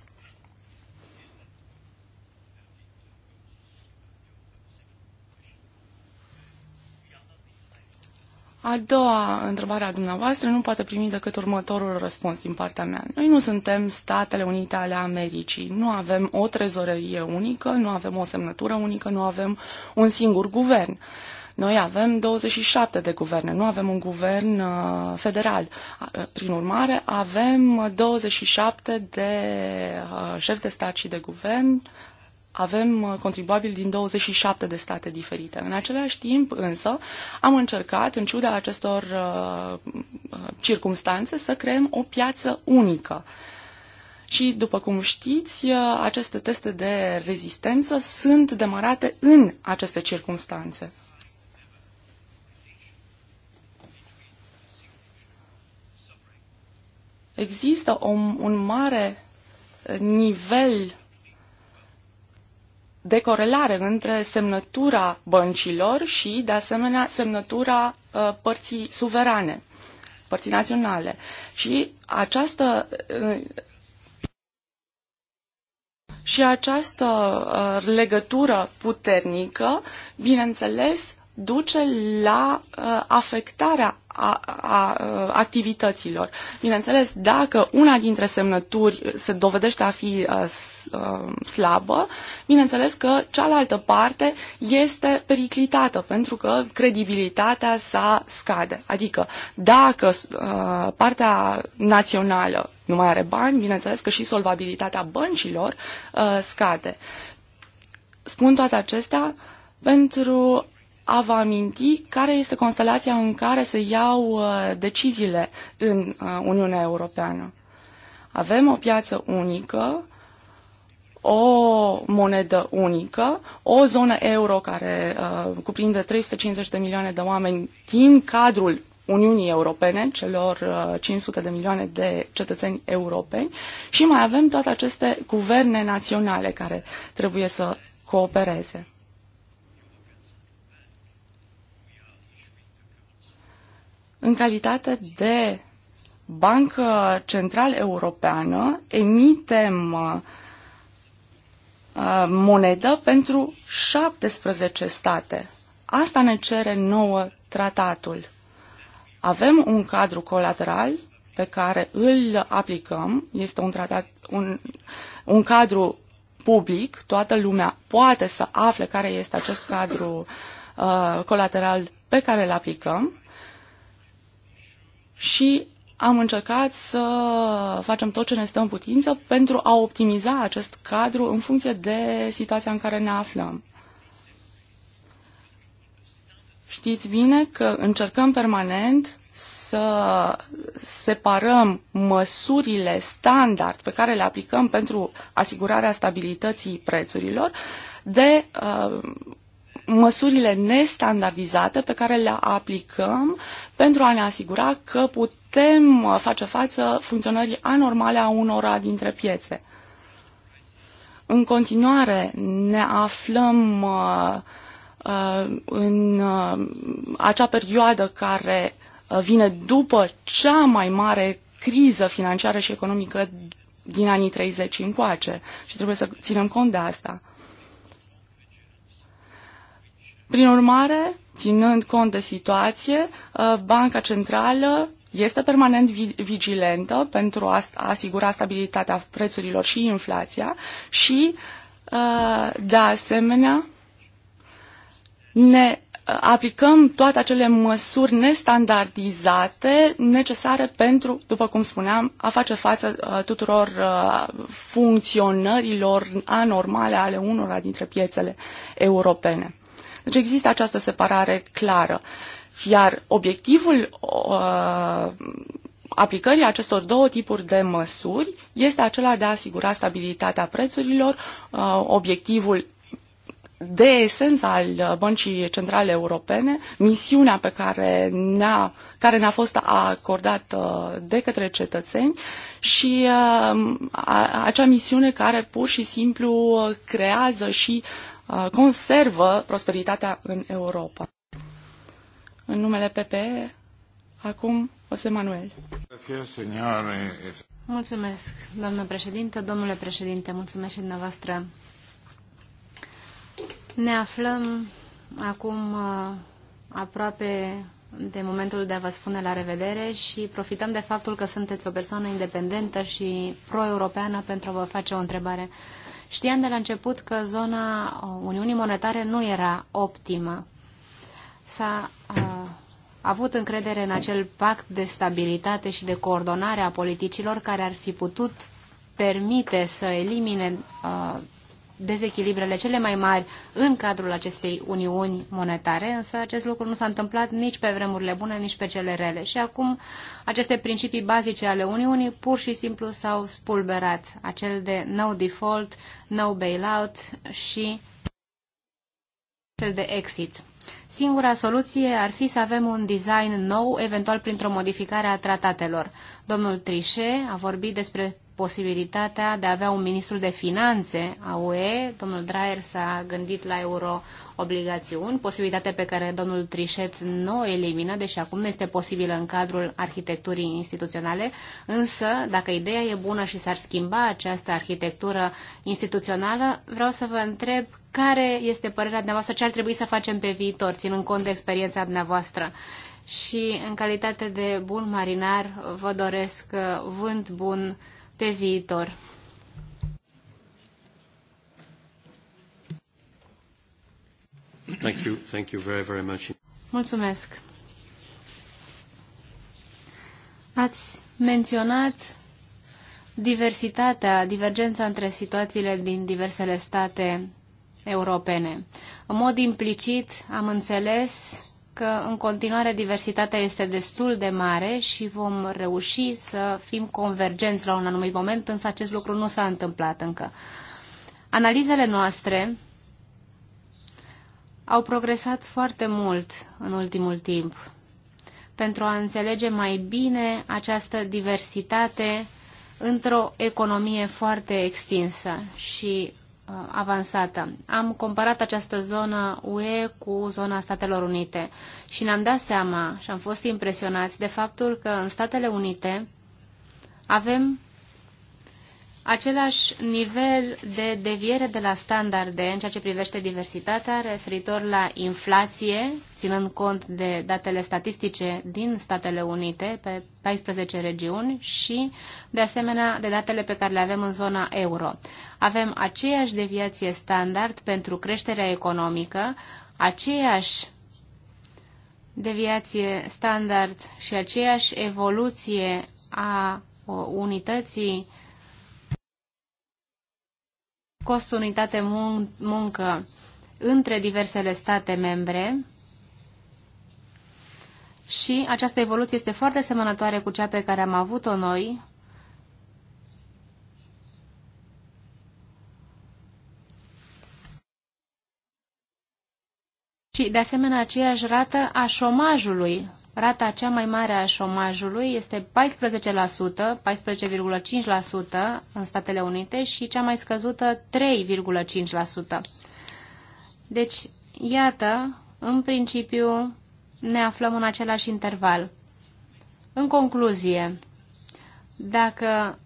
S3: A doua întrebare a dumneavoastră nu poate primi decât următorul răspuns din partea mea. Noi nu suntem Statele Unite ale Americii, nu avem o trezorerie unică, nu avem o semnătură unică, nu avem un singur guvern. Noi avem 27 de guverne, nu avem un guvern uh, federal. Uh, prin urmare, avem 27 de uh, șefi de stat și de guvern avem uh, contribuabili din 27 de state diferite. În același timp, însă, am încercat, în ciuda acestor uh, uh circunstanțe, să creăm o piață unică. Și, după cum știți, uh, aceste teste de rezistență sunt demarate în aceste circunstanțe. Există o, un mare nivel decorelare între semnătura băncilor și, de asemenea, semnătura uh, părții suverane, părții naționale. Și această uh, și această uh, legătură puternică, bineînțeles, duce la uh, afectarea a, a uh, activităților. Bineînțeles, dacă una dintre semnături se dovedește a fi uh, uh, slabă, bineînțeles că cealaltă parte este periclitată, pentru că credibilitatea sa scade. Adică, dacă partea națională nu mai are bani, bineînțeles că și solvabilitatea băncilor scade. Spun toate acestea pentru a vă aminti care este constelația în care se iau uh, deciziile în uh, Uniunea Europeană. Avem o piață unică, o monedă unică, o zonă euro care uh, cuprinde 350 de milioane de oameni din cadrul Uniunii Europene, celor uh, 500 de milioane de cetățeni europeni și mai avem toate aceste guverne naționale care trebuie să coopereze. în calitate de bancă central europeană, emitem uh, uh, monedă pentru 17 state. Asta ne cere nouă tratatul. Avem un cadru colateral pe care îl aplicăm, este un, tratat, un, un cadru public, toată lumea poate să afle care este acest cadru uh, colateral pe care îl aplicăm și am încercat să facem tot ce ne stă în putință pentru a optimiza acest cadru în funcție de situația în care ne aflăm. Știți bine că încercăm permanent să separăm măsurile standard pe care le aplicăm pentru asigurarea stabilității prețurilor de uh, măsurile nestandardizate pe care le aplicăm pentru a ne asigura că putem face față funcționării anormale a unora dintre piețe. În continuare ne aflăm uh, uh, în uh, acea perioadă care vine după cea mai mare criză financiară și economică din anii 30 încoace și trebuie să ținem cont de asta. Prin urmare, ținând cont de situație, uh, Banca Centrală este permanent vigilentă pentru a asigura stabilitatea prețurilor și inflația și, uh, de asemenea, ne uh, aplicăm toate acele măsuri nestandardizate necesare pentru, după cum spuneam, a face față tuturor funcționărilor anormale ale unora dintre piețele europene. Deci există această separare clară. Iar obiectivul uh, aplicării acestor două tipuri de măsuri este acela de a asigura stabilitatea prețurilor, uh, obiectivul de esență al Băncii Centrale Europene, misiunea pe care ne-a, care ne-a fost acordată uh, de către cetățeni și uh, a, acea misiune care pur și simplu creează și Uh, conservă prosperitatea în Europa. În numele PPE, acum José Manuel. Eh, mulțumesc, doamnă președinte, domnule
S2: președinte, mulțumesc și dumneavoastră. Ne aflăm acum uh, aproape de momentul de a vă spune la revedere și profităm de faptul că sunteți o persoană independentă și pro-europeană pentru a vă face o întrebare. Știam de la început că zona uh, Uniunii Monetare nu era optimă. S-a uh, avut încredere în acel pact de stabilitate și de coordonare a politicilor care ar fi putut permite să elimine uh, dezechilibrele cele mai mari în cadrul acestei uniuni monetare, însă acest lucru nu s-a întâmplat nici pe vremurile bune, nici pe cele rele. Și acum aceste principii bazice ale uniunii pur și simplu s-au spulberat, acel de no default, no bailout și cel de exit. Singura soluție ar fi să avem un design nou, eventual printr-o modificare a tratatelor. Domnul Trichet a vorbit despre posibilitatea de a avea un ministru de finanțe a UE. Domnul Draer s-a gândit la euroobligațiuni, posibilitate pe care domnul Trișet nu o elimină, deși acum nu este posibilă în cadrul arhitecturii instituționale, însă dacă ideea e bună și s-ar schimba această arhitectură instituțională, vreau să vă întreb care este părerea dumneavoastră, ce ar trebui să facem pe viitor, ținând cont de experiența dumneavoastră și în calitate de bun marinar vă doresc uh, vânt bun pe viitor. Thank you. Thank you very, very much. Mulțumesc. Ați menționat diversitatea, divergența între situațiile din diversele state europene. În mod implicit am înțeles că în continuare diversitatea este destul de mare și vom reuși să fim convergenți la un anumit moment, însă acest lucru nu s-a întâmplat încă. Analizele noastre au progresat foarte mult în ultimul timp pentru a înțelege mai bine această diversitate într-o economie foarte extinsă și Uh, avansată. Am comparat această zonă UE cu zona Statelor Unite și ne-am dat seama și am fost impresionați de faptul că în Statele Unite avem același nivel de deviere de la standarde în ceea ce privește diversitatea referitor la inflație, ținând cont de datele statistice din Statele Unite pe 14 regiuni și, de asemenea, de datele pe care le avem în zona euro. Avem aceeași deviație standard pentru creșterea economică, aceeași deviație standard și aceeași evoluție a unității cost unitate mun muncă între diversele state membre și această evoluție este foarte semănătoare cu cea pe care am avut-o noi și, de asemenea, aceeași rată a șomajului Rata cea mai mare a șomajului este 14%, 14,5% în Statele Unite și cea mai scăzută 3,5%. Deci, iată, în principiu ne aflăm în același interval. În concluzie, dacă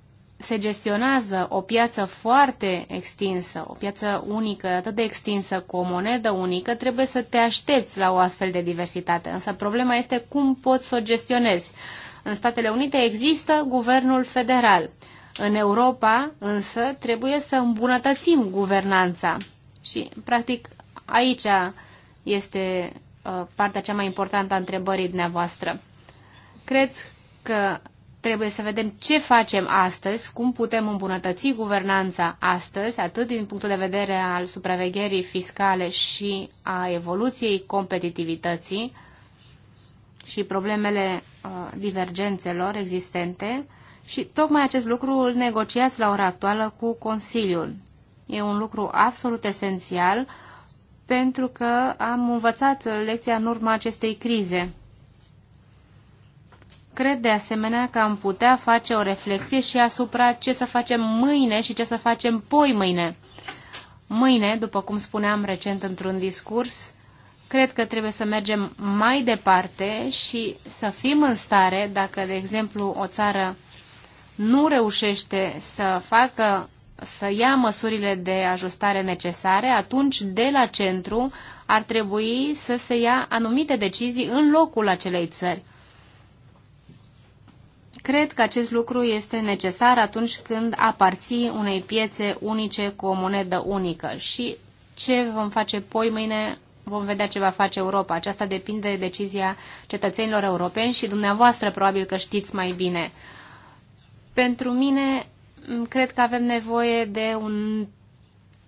S2: se gestionează o piață foarte extinsă, o piață unică, atât de extinsă cu o monedă unică, trebuie să te aștepți la o astfel de diversitate. Însă problema este cum poți să o gestionezi. În Statele Unite există guvernul federal. În Europa, însă, trebuie să îmbunătățim guvernanța. Și, practic, aici este uh, partea cea mai importantă a întrebării dumneavoastră. Cred că Trebuie să vedem ce facem astăzi, cum putem îmbunătăți guvernanța astăzi, atât din punctul de vedere al supravegherii fiscale și a evoluției competitivității și problemele uh, divergențelor existente și tocmai acest lucru îl negociați la ora actuală cu Consiliul. E un lucru absolut esențial pentru că am învățat lecția în urma acestei crize. Cred de asemenea că am putea face o reflexie și asupra ce să facem mâine și ce să facem poi mâine. Mâine, după cum spuneam recent într-un discurs, cred că trebuie să mergem mai departe și să fim în stare, dacă, de exemplu, o țară nu reușește să facă, să ia măsurile de ajustare necesare, atunci de la centru ar trebui să se ia anumite decizii în locul acelei țări. Cred că acest lucru este necesar atunci când aparții unei piețe unice cu o monedă unică. Și ce vom face poi mâine vom vedea ce va face Europa. Aceasta depinde de decizia cetățenilor europeni și dumneavoastră probabil că știți mai bine. Pentru mine, cred că avem nevoie de un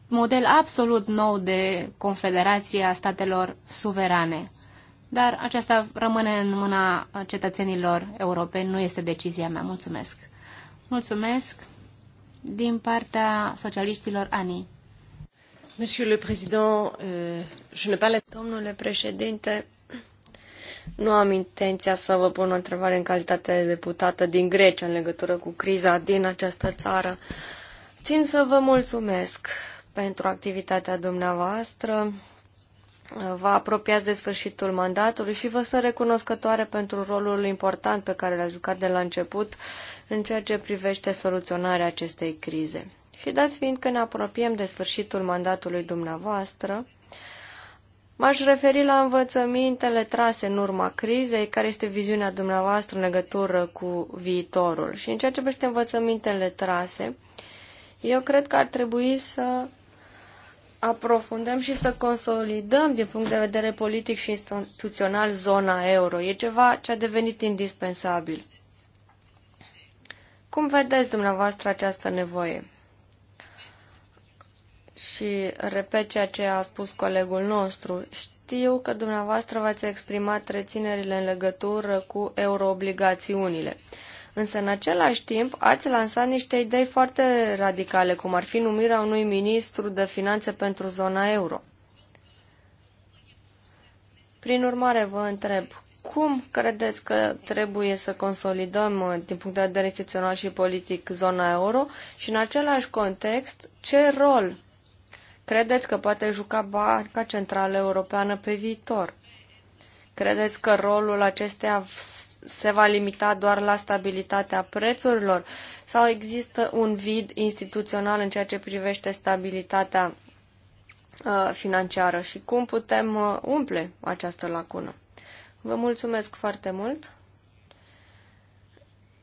S2: model absolut nou de confederație a statelor suverane dar aceasta rămâne în mâna cetățenilor europeni, nu este decizia mea. Mulțumesc! Mulțumesc din partea socialiștilor ANI. le Président, euh, Domnule președinte,
S1: nu am intenția să vă pun o întrebare în calitate de deputată din Grecia în legătură cu criza din această țară. Țin să vă mulțumesc pentru activitatea dumneavoastră vă apropiați de sfârșitul mandatului și vă sunt recunoscătoare pentru rolul important pe care l-a jucat de la început în ceea ce privește soluționarea acestei crize. Și dat fiind că ne apropiem de sfârșitul mandatului dumneavoastră, m-aș referi la învățămintele trase în urma crizei, care este viziunea dumneavoastră în legătură cu viitorul. Și în ceea ce privește învățămintele trase, eu cred că ar trebui să aprofundăm și să consolidăm din punct de vedere politic și instituțional zona euro. E ceva ce a devenit indispensabil. Cum vedeți dumneavoastră această nevoie? Și repet ceea ce a spus colegul nostru. Știu că dumneavoastră v-ați exprimat reținerile în legătură cu euroobligațiunile. obligațiunile Însă, în același timp, ați lansat niște idei foarte radicale, cum ar fi numirea unui ministru de finanțe pentru zona euro. Prin urmare, vă întreb, cum credeți că trebuie să consolidăm uh, din punct de vedere instituțional și politic zona euro și în același context ce rol credeți că poate juca Banca Centrală Europeană pe viitor? Credeți că rolul acesteia se va limita doar la stabilitatea prețurilor sau există un vid instituțional în ceea ce privește stabilitatea uh, financiară și cum putem uh, umple această lacună. Vă mulțumesc foarte mult.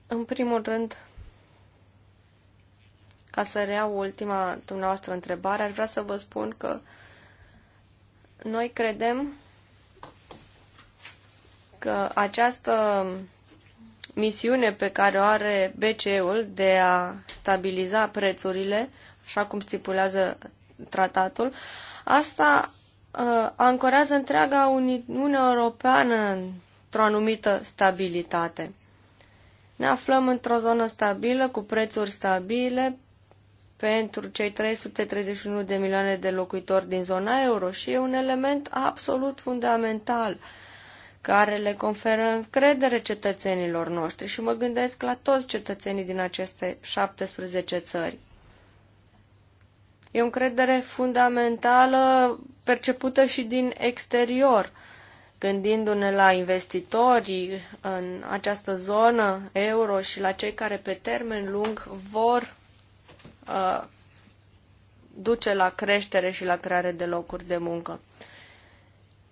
S1: În primul rând, ca să reau ultima dumneavoastră întrebare, aș vrea să vă spun că noi credem că această misiune pe care o are BCE-ul de a stabiliza prețurile, așa cum stipulează tratatul, asta uh, ancorează întreaga Uniune Europeană într-o anumită stabilitate. Ne aflăm într-o zonă stabilă, cu prețuri stabile pentru cei 331 de milioane de locuitori din zona euro și e un element absolut fundamental uh, care le conferă încredere cetățenilor noștri și mă gândesc la toți cetățenii din aceste 17 țări. E o încredere fundamentală percepută și din exterior, gândindu-ne la investitorii în această zonă euro și la cei care pe termen lung vor uh, duce la creștere și la creare de locuri de muncă.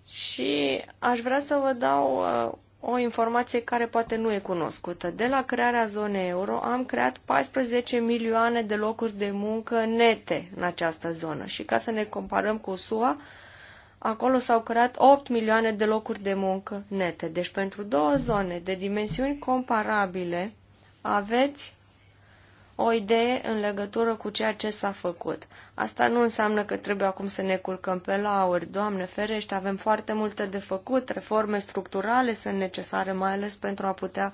S1: Și aș vrea să vă dau uh, o informație care poate nu e cunoscută. De la crearea zonei euro am creat 14 milioane de locuri de muncă nete în această zonă și ca să ne comparăm cu SUA, acolo s-au creat 8 milioane de locuri de muncă nete. Deci pentru două zone de dimensiuni comparabile aveți o idee în legătură cu ceea ce s-a făcut. Asta nu înseamnă că trebuie acum să ne culcăm pe lauri. Doamne ferește, avem foarte multe de făcut, reforme structurale sunt necesare, mai ales pentru a putea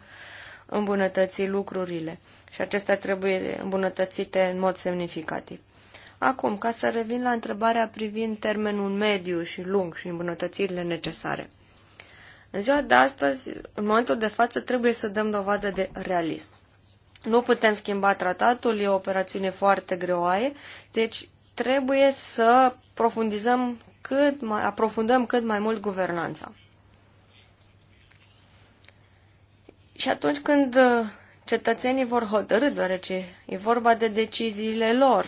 S1: îmbunătăți lucrurile. Și acestea trebuie îmbunătățite în mod semnificativ. Acum, ca să revin la întrebarea privind termenul mediu și lung și îmbunătățirile necesare. În ziua de astăzi, în momentul de față, trebuie să dăm dovadă de realism. Nu putem schimba tratatul, e o operațiune foarte greoaie, deci trebuie să profundizăm cât mai, aprofundăm cât mai mult guvernanța. Și atunci când uh, cetățenii vor hotărâ, deoarece e vorba de deciziile lor,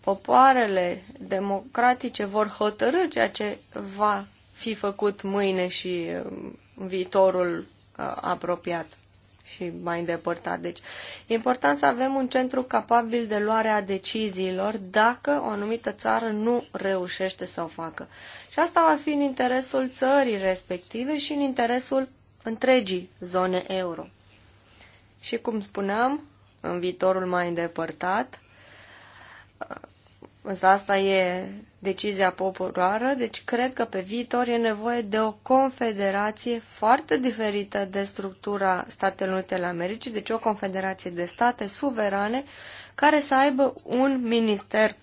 S1: popoarele democratice vor hotărâ ceea ce va fi făcut mâine și uh, în viitorul uh, apropiat și mai îndepărtat. Deci e important să avem un centru capabil de luare a deciziilor dacă o anumită țară nu reușește să o facă. Și asta va fi în interesul țării respective și în interesul întregii zone euro. Și cum spuneam, în viitorul mai îndepărtat, însă asta e decizia populară, deci cred că pe viitor e nevoie de o confederație foarte diferită de structura Statelor Unite ale Americii, deci o confederație de state suverane care să aibă un minister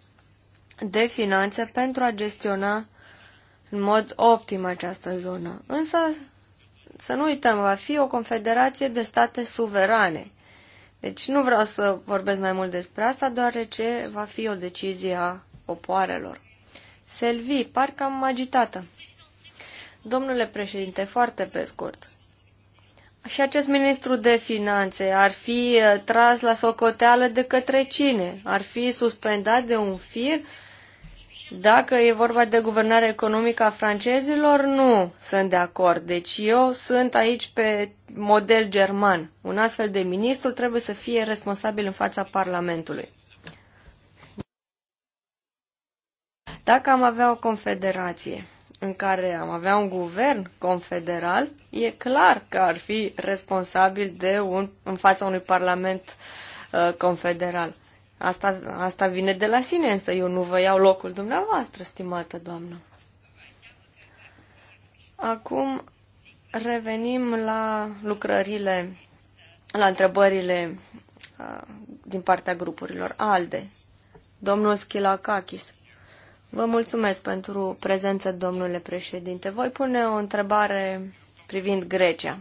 S1: de finanțe pentru a gestiona în mod optim această zonă. Însă, să nu uităm, va fi o confederație de state suverane. Deci nu vreau să vorbesc mai mult despre asta, deoarece va fi o decizie a popoarelor. Selvi, parcă am agitată. Domnule președinte, foarte pe scurt. Și acest ministru de finanțe ar fi eh, tras la socoteală de către cine? Ar fi suspendat de un fir? Dacă e vorba de guvernare economică a francezilor, nu sunt de acord. Deci eu sunt aici pe model german. Un astfel de ministru trebuie să fie responsabil în fața Parlamentului. Dacă am avea o confederație în care am avea un guvern confederal, e clar că ar fi responsabil de un, în fața unui parlament uh, confederal. Asta, asta vine de la sine, însă eu nu vă iau locul dumneavoastră, stimată doamnă. Acum revenim la lucrările, la întrebările uh, din partea grupurilor ALDE. Domnul Schilakakis. Vă mulțumesc pentru prezență, domnule președinte. Voi pune o întrebare privind Grecia.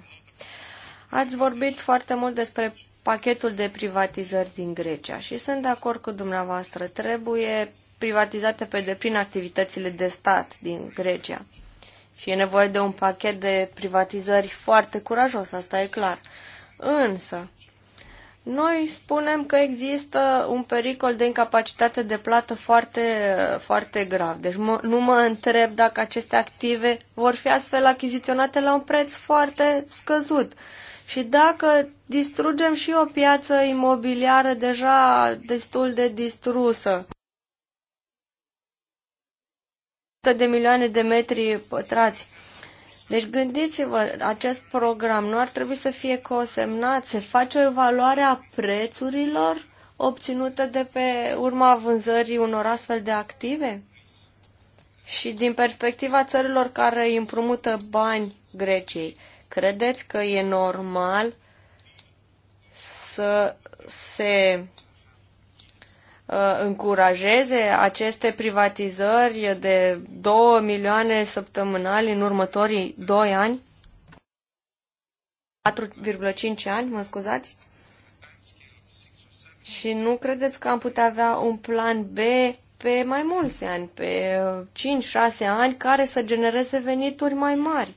S1: Ați vorbit foarte mult despre pachetul de privatizări din Grecia și sunt de acord cu dumneavoastră. Trebuie privatizate pe deplin activitățile de stat din Grecia. Și e nevoie de un pachet de privatizări foarte curajos, asta e clar. Însă, noi spunem că există un pericol de incapacitate de plată foarte, foarte grav. Deci mă, nu mă întreb dacă aceste active vor fi astfel achiziționate la un preț foarte scăzut. Și dacă distrugem și o piață imobiliară deja destul de distrusă, de milioane de metri pătrați, deci gândiți-vă, acest program nu ar trebui să fie consemnat, se face o evaluare a prețurilor obținută de pe urma vânzării unor astfel de active? Și din perspectiva țărilor care îi împrumută bani Greciei, credeți că e normal să se Uh, încurajeze aceste privatizări de 2 milioane săptămânal în următorii 2 ani? 4,5 ani, mă scuzați? Și nu credeți că am putea avea un plan B pe mai mulți ani, pe 5-6 ani, care să genereze venituri mai mari?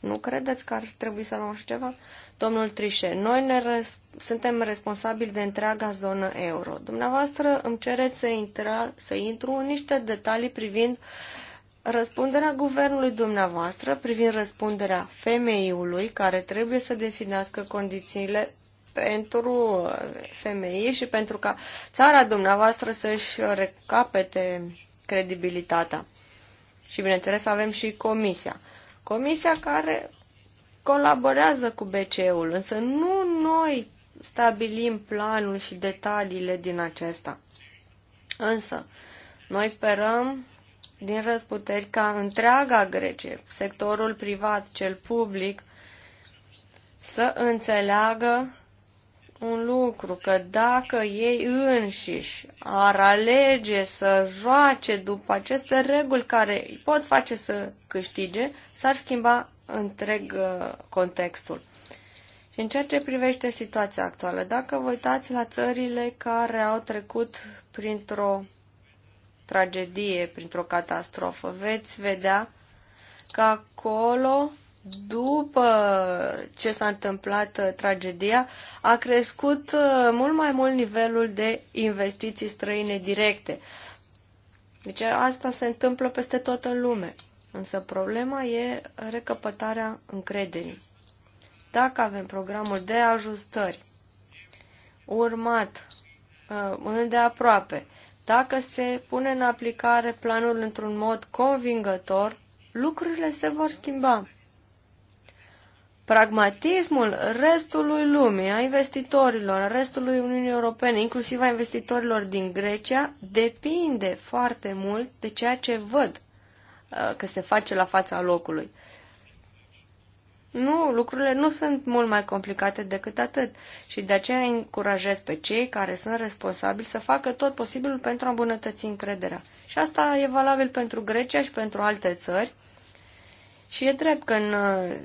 S1: Nu credeți că ar trebui să luăm așa ceva? Domnul Trișe, noi ne răs- suntem responsabili de întreaga zonă euro. Dumneavoastră îmi cereți să, intra, să intru în niște detalii privind răspunderea guvernului dumneavoastră, privind răspunderea femeiului care trebuie să definească condițiile pentru femei și pentru ca țara dumneavoastră să-și recapete credibilitatea. Și bineînțeles avem și comisia. Comisia care colaborează cu BCE-ul, însă nu noi stabilim planul și detaliile din acesta. Însă, noi sperăm din răsputeri ca întreaga Grecie, sectorul privat, cel public, să înțeleagă un lucru, că dacă ei înșiși ar alege să joace după aceste reguli care îi pot face să câștige, s-ar schimba întreg uh, contextul. Și în ceea ce privește situația actuală, dacă vă uitați la țările care au trecut printr-o tragedie, printr-o catastrofă, veți vedea că acolo, după ce s-a întâmplat uh, tragedia, a crescut uh, mult mai mult nivelul de investiții străine directe. Deci asta se întâmplă peste tot în lume. Însă problema e recăpătarea încrederii. Dacă avem programul de ajustări urmat uh, aproape, dacă se pune în aplicare planul într-un mod convingător, lucrurile se vor schimba. Pragmatismul restului lumii, a investitorilor, a restului Uniunii Europene, inclusiv a investitorilor din Grecia, depinde foarte mult de ceea ce văd Uh, că se face la fața locului. Nu, lucrurile nu sunt mult mai complicate decât atât și de aceea încurajez pe cei care sunt responsabili să facă tot posibilul pentru a îmbunătăți încrederea. Și asta e valabil pentru Grecia și pentru alte țări. Și e drept că în uh,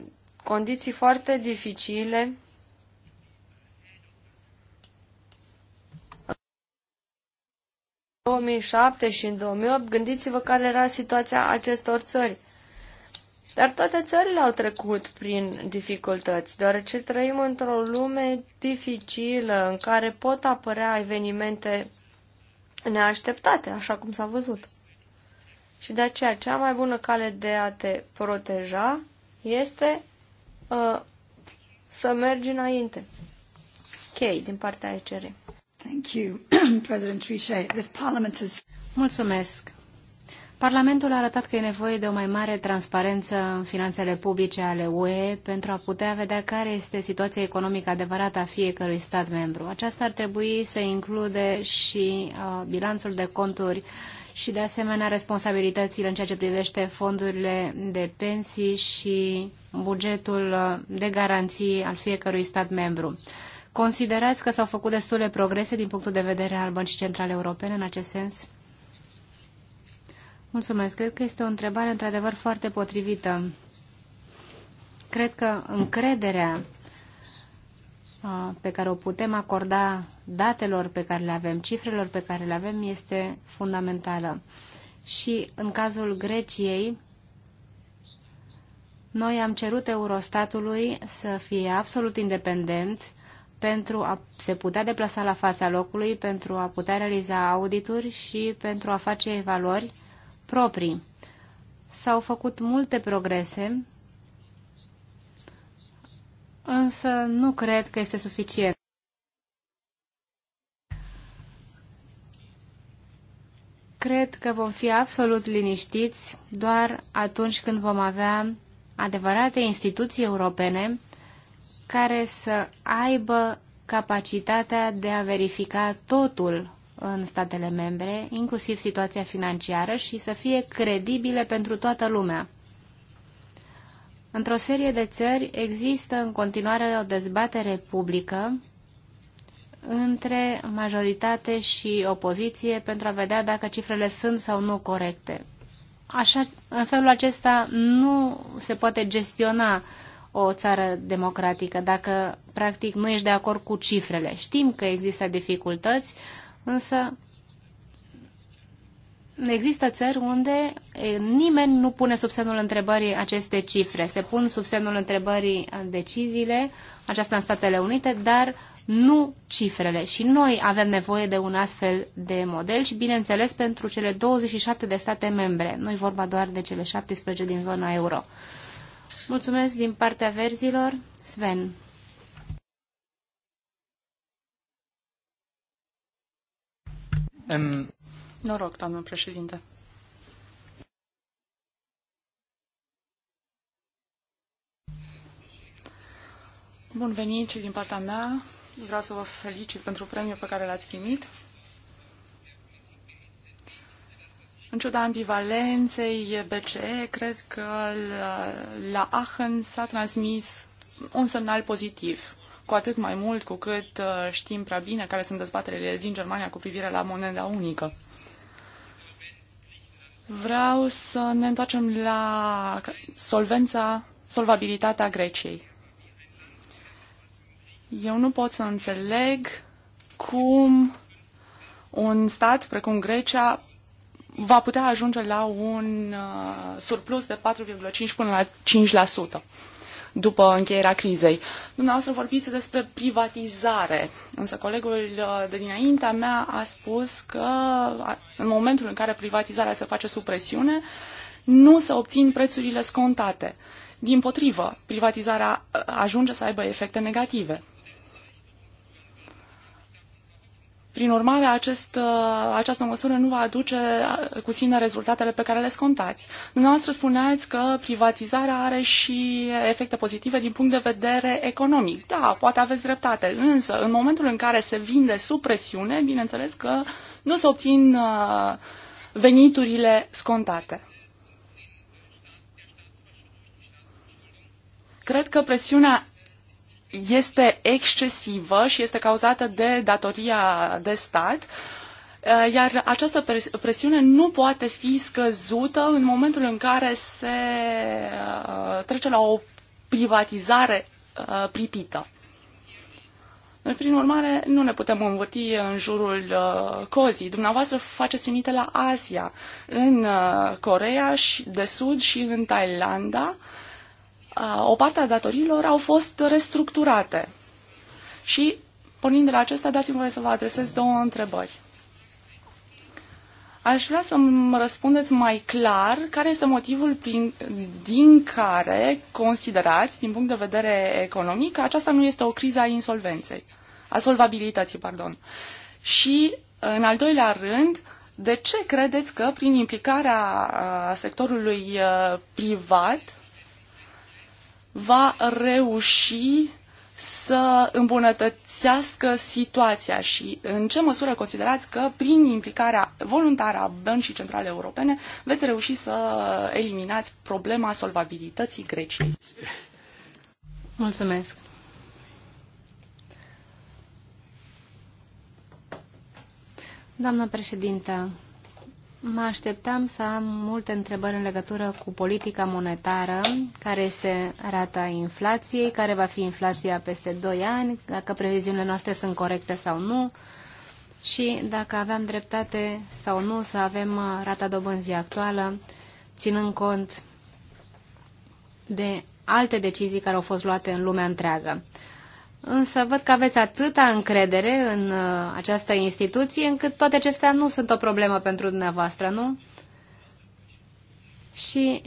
S1: condiții foarte dificile 2007 și în 2008, gândiți-vă care era situația acestor țări. Dar toate țările au trecut prin dificultăți, deoarece trăim într-o lume dificilă în care pot apărea evenimente neașteptate, așa cum s-a văzut. Și de aceea, cea mai bună cale de a te proteja este uh, să mergi
S2: înainte. Chei, okay, din partea ECR. [CLEARS THROAT] Mulțumesc. Parlamentul a arătat că e nevoie de o mai mare transparență în finanțele publice ale UE pentru a putea vedea care este situația economică adevărată a fiecărui stat membru. Aceasta ar trebui să include și uh, bilanțul de conturi și, de asemenea, responsabilitățile în ceea ce privește fondurile de pensii și bugetul uh, de garanții al fiecărui stat membru. Considerați că s-au făcut destule progrese din punctul de vedere al Băncii Centrale Europene în acest sens? Mulțumesc. Cred că este o întrebare într-adevăr foarte potrivită. Cred că încrederea pe care o putem acorda datelor pe care le avem, cifrelor pe care le avem, este fundamentală. Și în cazul Greciei, noi am cerut Eurostatului să fie absolut independent pentru a se putea deplasa la fața locului, pentru a putea realiza audituri și pentru a face evaluări proprii. S-au făcut multe progrese, însă nu cred că este suficient. Cred că vom fi absolut liniștiți doar atunci când vom avea adevărate instituții europene care să aibă capacitatea de a verifica totul în statele membre, inclusiv situația financiară și să fie credibile pentru toată lumea. Într-o serie de țări există în continuare o dezbatere publică între majoritate și opoziție pentru a vedea dacă cifrele sunt sau nu corecte. Așa, în felul acesta nu se poate gestiona o țară democratică, dacă practic nu ești de acord cu cifrele. Știm că există dificultăți, însă există țări unde nimeni nu pune sub semnul întrebării aceste cifre. Se pun sub semnul întrebării deciziile, aceasta în Statele Unite, dar nu cifrele. Și noi avem nevoie de un astfel de model și, bineînțeles, pentru cele 27 de state membre. Nu-i vorba doar de cele 17 din zona euro. Mulțumesc din partea verzilor, Sven.
S3: Um... Noroc, doamnă președinte. Bun venit și din partea mea. Vreau să vă felicit pentru premiul pe care l-ați primit. În ciuda ambivalenței BCE, cred că la Aachen s-a transmis un semnal pozitiv cu atât mai mult cu cât uh, știm prea bine care sunt dezbaterile din Germania cu privire la moneda unică. Vreau să ne întoarcem la solvența, solvabilitatea Greciei. Eu nu pot să înțeleg cum un stat precum Grecia va putea ajunge la un uh, surplus de 4,5 până la 5% după încheierea crizei. Dumneavoastră vorbiți despre privatizare, însă colegul uh, de dinaintea mea a spus că în momentul în care privatizarea se face sub presiune, nu se obțin prețurile scontate. Din potrivă, privatizarea uh, ajunge să aibă efecte negative. Prin urmare, acest, uh, această măsură nu va aduce uh, cu sine rezultatele pe care le scontați. Dumneavoastră spuneați că privatizarea are și efecte pozitive din punct de vedere economic. Da, poate aveți dreptate, însă în momentul în care se vinde sub presiune, bineînțeles că nu se obțin uh, veniturile scontate. Cred că presiunea este excesivă și este cauzată de datoria de stat, uh, iar această presiune nu poate fi scăzută în momentul în care se uh, trece la o privatizare uh, pripită. prin urmare, nu ne putem învârti în jurul uh, cozii. Dumneavoastră faceți trimite la Asia, în uh, Corea și de Sud și în Thailanda. Uh, o parte a datoriilor au fost restructurate. Și, pornind de la acesta, dați-mi voie să vă adresez două întrebări. Aș vrea să-mi răspundeți mai clar care este motivul prin, din care considerați, din punct de vedere economic, că aceasta nu este o criză a insolvenței, a solvabilității, pardon. Și, în al doilea rând, de ce credeți că prin implicarea sectorului privat va reuși să îmbunătățească situația și în ce măsură considerați că prin implicarea voluntară a Băncii Centrale Europene veți reuși să eliminați problema solvabilității Greciei? Mulțumesc!
S2: Doamnă președintă, Mă așteptam să am multe întrebări în legătură cu politica monetară, care este rata inflației, care va fi inflația peste 2 ani, dacă previziunile noastre sunt corecte sau nu și dacă aveam dreptate sau nu să avem uh, rata dobânzii actuală, ținând cont de alte decizii care au fost luate în lumea întreagă însă văd că aveți atâta încredere în uh, această instituție încât toate acestea nu sunt o problemă pentru dumneavoastră, nu? Și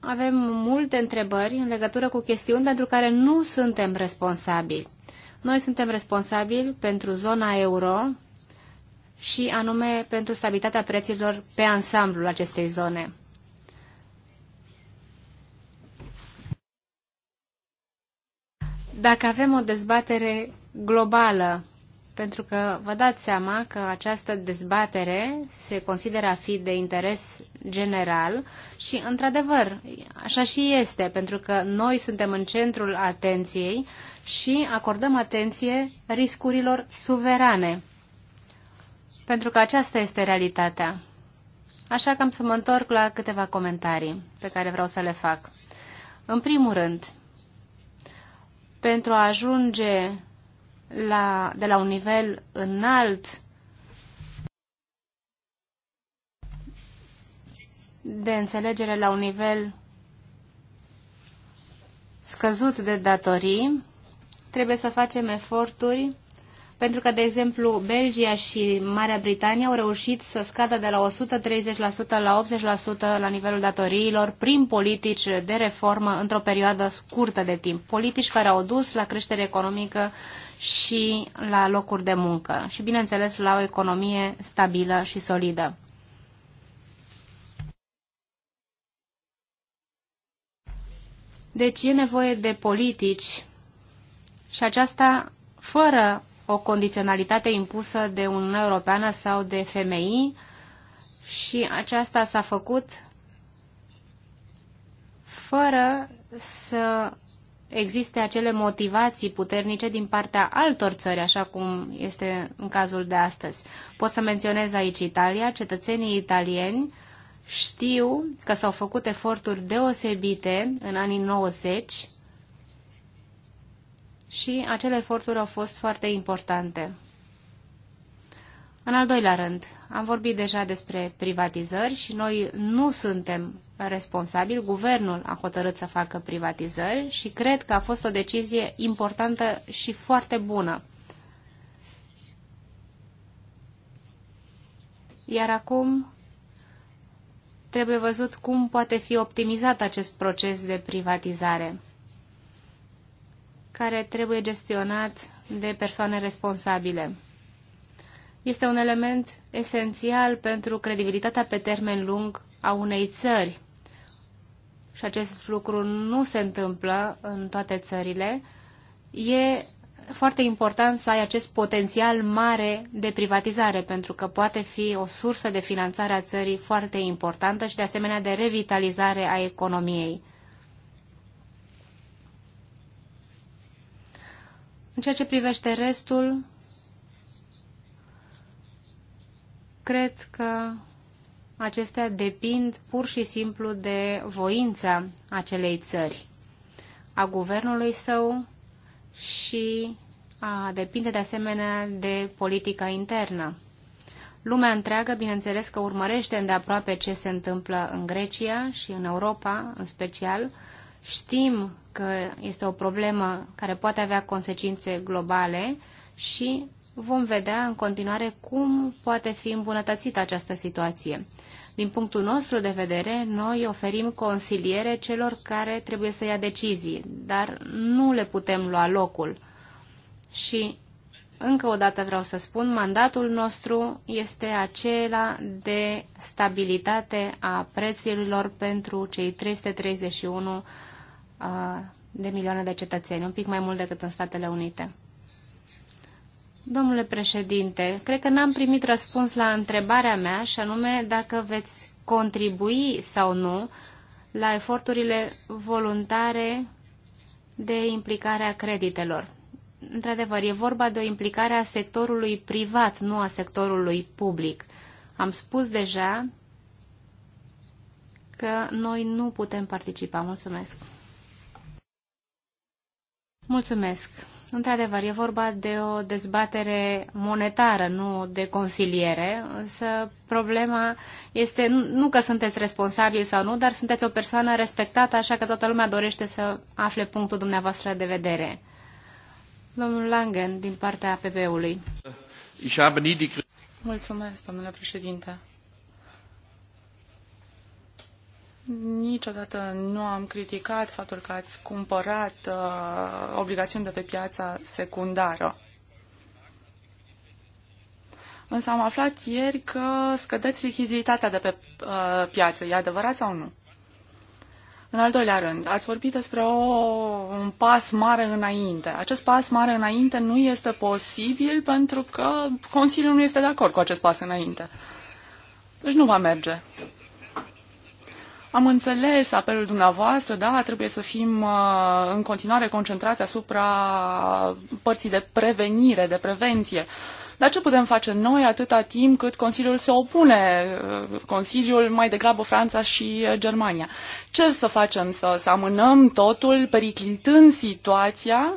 S2: avem multe întrebări în legătură cu chestiuni pentru care nu suntem responsabili. Noi suntem responsabili pentru zona euro și anume pentru stabilitatea preților pe ansamblul acestei zone. dacă avem o dezbatere globală, pentru că vă dați seama că această dezbatere se consideră a fi de interes general și, într-adevăr, așa și este, pentru că noi suntem în centrul atenției și acordăm atenție riscurilor suverane. Pentru că aceasta este realitatea. Așa că am să mă întorc la câteva comentarii pe care vreau să le fac. În primul rând, pentru a ajunge la, de la un nivel înalt de înțelegere la un nivel scăzut de datorii, trebuie să facem eforturi pentru că, de exemplu, Belgia și Marea Britanie au reușit să scadă de la 130% la 80% la nivelul datoriilor prin politici de reformă într-o perioadă scurtă de timp. Politici care au dus la creștere economică și la locuri de muncă și, bineînțeles, la o economie stabilă și solidă. Deci e nevoie de politici și aceasta fără o condiționalitate impusă de Uniunea Europeană sau de FMI și aceasta s-a făcut fără să existe acele motivații puternice din partea altor țări, așa cum este în cazul de astăzi. Pot să menționez aici Italia, cetățenii italieni știu că s-au făcut eforturi deosebite în anii 90 și acele eforturi au fost foarte importante. În al doilea rând, am vorbit deja despre privatizări și noi nu suntem responsabili. Guvernul a hotărât să facă privatizări și cred că a fost o decizie importantă și foarte bună. Iar acum trebuie văzut cum poate fi optimizat acest proces de privatizare care trebuie gestionat de persoane responsabile. Este un element esențial pentru credibilitatea pe termen lung a unei țări. Și acest lucru nu se întâmplă în toate țările. E foarte important să ai acest potențial mare de privatizare, pentru că poate fi o sursă de finanțare a țării foarte importantă și de asemenea de revitalizare a economiei. În ceea ce privește restul, cred că acestea depind pur și simplu de voința acelei țări, a guvernului său și a, depinde de asemenea de politica internă. Lumea întreagă, bineînțeles că urmărește îndeaproape ce se întâmplă în Grecia și în Europa, în special. Știm că este o problemă care poate avea consecințe globale și vom vedea în continuare cum poate fi îmbunătățită această situație. Din punctul nostru de vedere, noi oferim consiliere celor care trebuie să ia decizii, dar nu le putem lua locul. Și încă o dată vreau să spun, mandatul nostru este acela de stabilitate a prețurilor pentru cei 331 de milioane de cetățeni, un pic mai mult decât în Statele Unite. Domnule președinte, cred că n-am primit răspuns la întrebarea mea, și anume dacă veți contribui sau nu la eforturile voluntare de implicare a creditelor. Într-adevăr, e vorba de o implicare a sectorului privat, nu a sectorului public. Am spus deja că noi nu putem participa. Mulțumesc! Mulțumesc. Într-adevăr, e vorba de o dezbatere monetară, nu de consiliere, însă problema este nu că sunteți responsabili sau nu, dar sunteți o persoană respectată, așa că toată lumea dorește să afle punctul dumneavoastră de vedere. Domnul Langen, din partea pp ului Mulțumesc,
S3: domnule președinte. Niciodată nu am criticat faptul că ați cumpărat uh, obligațiuni de pe piața secundară. Însă am aflat ieri că scădeți lichiditatea de pe uh, piață. E adevărat sau nu? În al doilea rând, ați vorbit despre o, un pas mare înainte. Acest pas mare înainte nu este posibil pentru că Consiliul nu este de acord cu acest pas înainte. Deci nu va merge. Am înțeles apelul dumneavoastră, da, trebuie să fim uh, în continuare concentrați asupra părții de prevenire, de prevenție. Dar ce putem face noi atâta timp cât Consiliul se opune, uh, Consiliul mai degrabă Franța și uh, Germania? Ce să facem? Să, să amânăm totul, periclitând situația?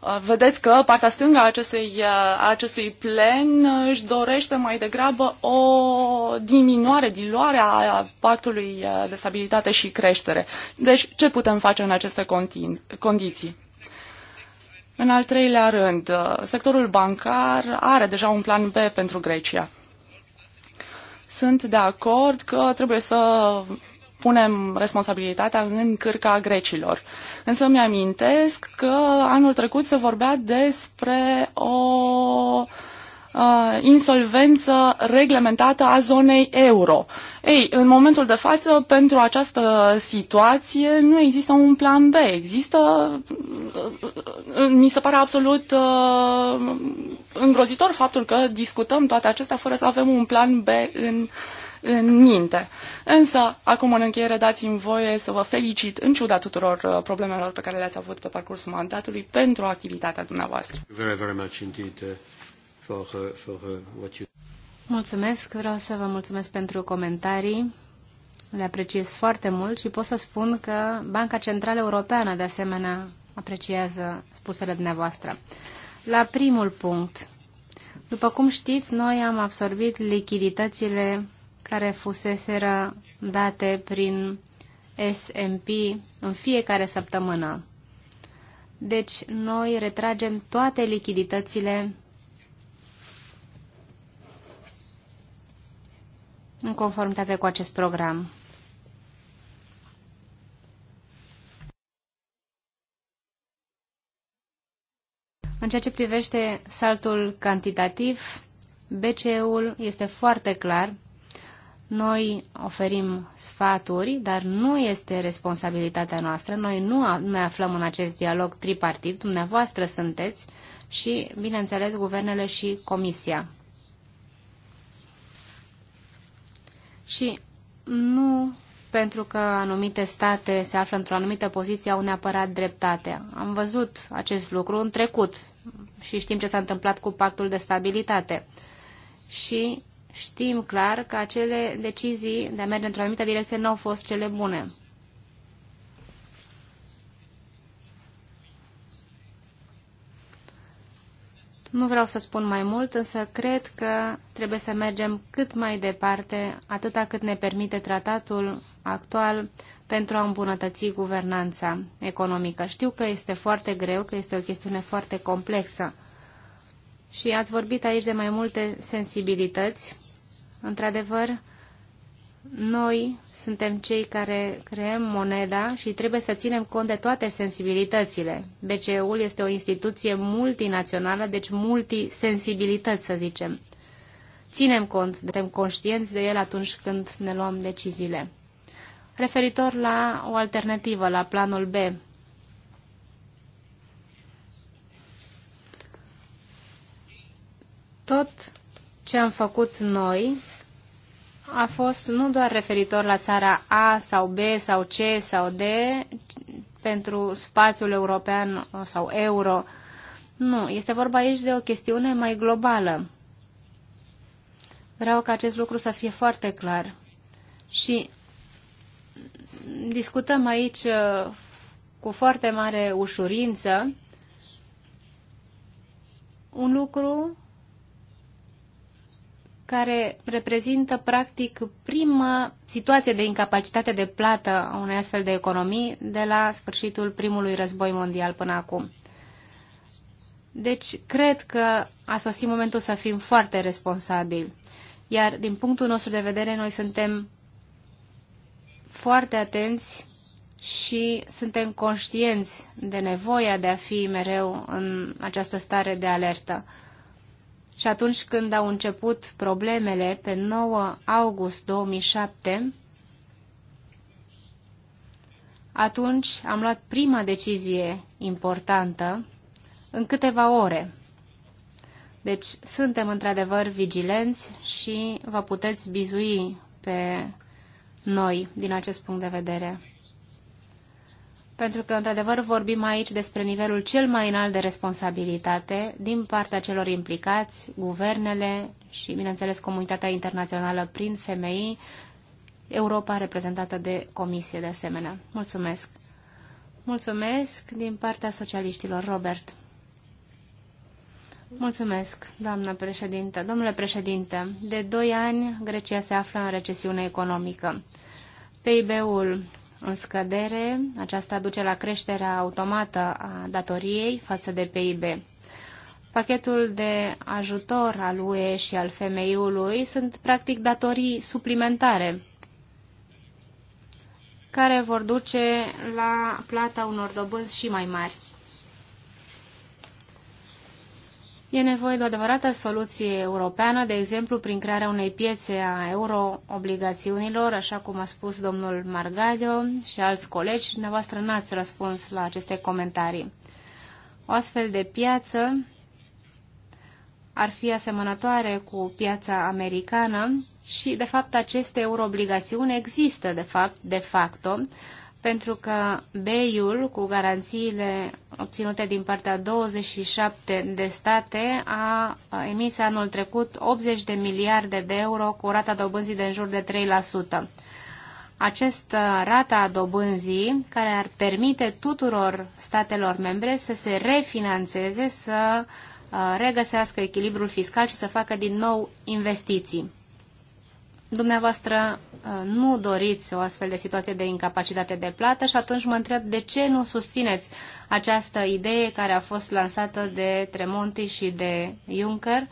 S3: Uh, vedeți că partea stângă a acestei, uh, a acestui plen uh, își dorește mai degrabă o diminuare, diluare a pactului de stabilitate și creștere. Deci, ce putem face în aceste condiții? În al treilea rând, sectorul bancar are deja un plan B pentru Grecia. Sunt de acord că trebuie să punem responsabilitatea în cârca grecilor. Însă îmi amintesc că anul trecut se vorbea despre o uh, insolvență reglementată a zonei euro. Ei, în momentul de față, pentru această situație nu există un plan B. Există, mi se pare absolut uh, îngrozitor faptul că discutăm toate acestea fără să avem un plan B în uh, în minte. Însă, acum în încheiere dați-mi voie să vă felicit, în ciuda tuturor uh, problemelor pe care le-ați avut pe parcursul mandatului, pentru activitatea dumneavoastră.
S2: Very, very much indeed uh, for, uh, for what you...
S3: Mulțumesc, vreau să vă
S2: mulțumesc pentru comentarii. Le apreciez foarte mult și pot să spun că Banca Centrală Europeană, de asemenea, apreciază spusele dumneavoastră. La primul punct, după cum știți, noi am absorbit lichiditățile care fuseseră date prin SMP în fiecare săptămână. Deci noi retragem toate lichiditățile în conformitate cu acest program. În ceea ce privește saltul cantitativ, BCE-ul este foarte clar noi oferim sfaturi, dar nu este responsabilitatea noastră. Noi nu ne aflăm în acest dialog tripartit. Dumneavoastră sunteți și, bineînțeles, guvernele și Comisia. Și nu pentru că anumite state se află într-o anumită poziție au neapărat dreptate. Am văzut acest lucru în trecut și știm ce s-a întâmplat cu pactul de stabilitate. Și știm clar că acele decizii de a merge într-o anumită direcție nu au fost cele bune. Nu vreau să spun mai mult, însă cred că trebuie să mergem cât mai departe, atâta cât ne permite tratatul actual, pentru a îmbunătăți guvernanța economică. Știu că este foarte greu, că este o chestiune foarte complexă. Și ați vorbit aici de mai multe sensibilități. Într-adevăr, noi suntem cei care creăm moneda și trebuie să ținem cont de toate sensibilitățile. BCE-ul este o instituție multinațională, deci multisensibilități, să zicem. Ținem cont, suntem conștienți de el atunci când ne luăm deciziile. Referitor la o alternativă, la planul B, Tot ce am făcut noi a fost nu doar referitor la țara A sau B sau C sau D pentru spațiul european sau euro. Nu, este vorba aici de o chestiune mai globală. Vreau ca acest lucru să fie foarte clar. Și discutăm aici uh, cu foarte mare ușurință un lucru care reprezintă practic prima situație de incapacitate de plată a unei astfel de economii de la sfârșitul primului război mondial până acum. Deci, cred că a sosit momentul să fim foarte responsabili. Iar, din punctul nostru de vedere, noi suntem foarte atenți și suntem conștienți de nevoia de a fi mereu în această stare de alertă. Și atunci când au început problemele, pe 9 august 2007, atunci am luat prima decizie importantă în câteva ore. Deci suntem într-adevăr vigilenți și vă puteți bizui pe noi din acest punct de vedere pentru că, într-adevăr, vorbim aici despre nivelul cel mai înalt de responsabilitate din partea celor implicați, guvernele și, bineînțeles, comunitatea internațională prin femei, Europa reprezentată de comisie, de asemenea. Mulțumesc! Mulțumesc din partea socialiștilor, Robert. Mulțumesc, doamnă președintă. Domnule președinte, de doi ani Grecia se află în recesiune economică. PIB-ul în scădere, aceasta duce la creșterea automată a datoriei față de PIB. Pachetul de ajutor al UE și al femeiului sunt practic datorii suplimentare care vor duce la plata unor dobânzi și mai mari. E nevoie de o adevărată soluție europeană, de exemplu prin crearea unei piețe a euroobligațiunilor, așa cum a spus domnul Margadio și alți colegi, dumneavoastră n-ați răspuns la aceste comentarii. O astfel de piață ar fi asemănătoare cu piața americană și, de fapt, aceste euroobligațiuni există, de fapt, de facto, pentru că BEI-ul, cu garanțiile obținute din partea 27 de state, a emis anul trecut 80 de miliarde de euro cu rata dobânzii de în jur de 3%. Acest rata a dobânzii, care ar permite tuturor statelor membre să se refinanțeze, să uh, regăsească echilibrul fiscal și să facă din nou investiții. Dumneavoastră uh, nu doriți o astfel de situație de incapacitate de plată și atunci mă întreb de ce nu susțineți această idee care a fost lansată de Tremonti și de Juncker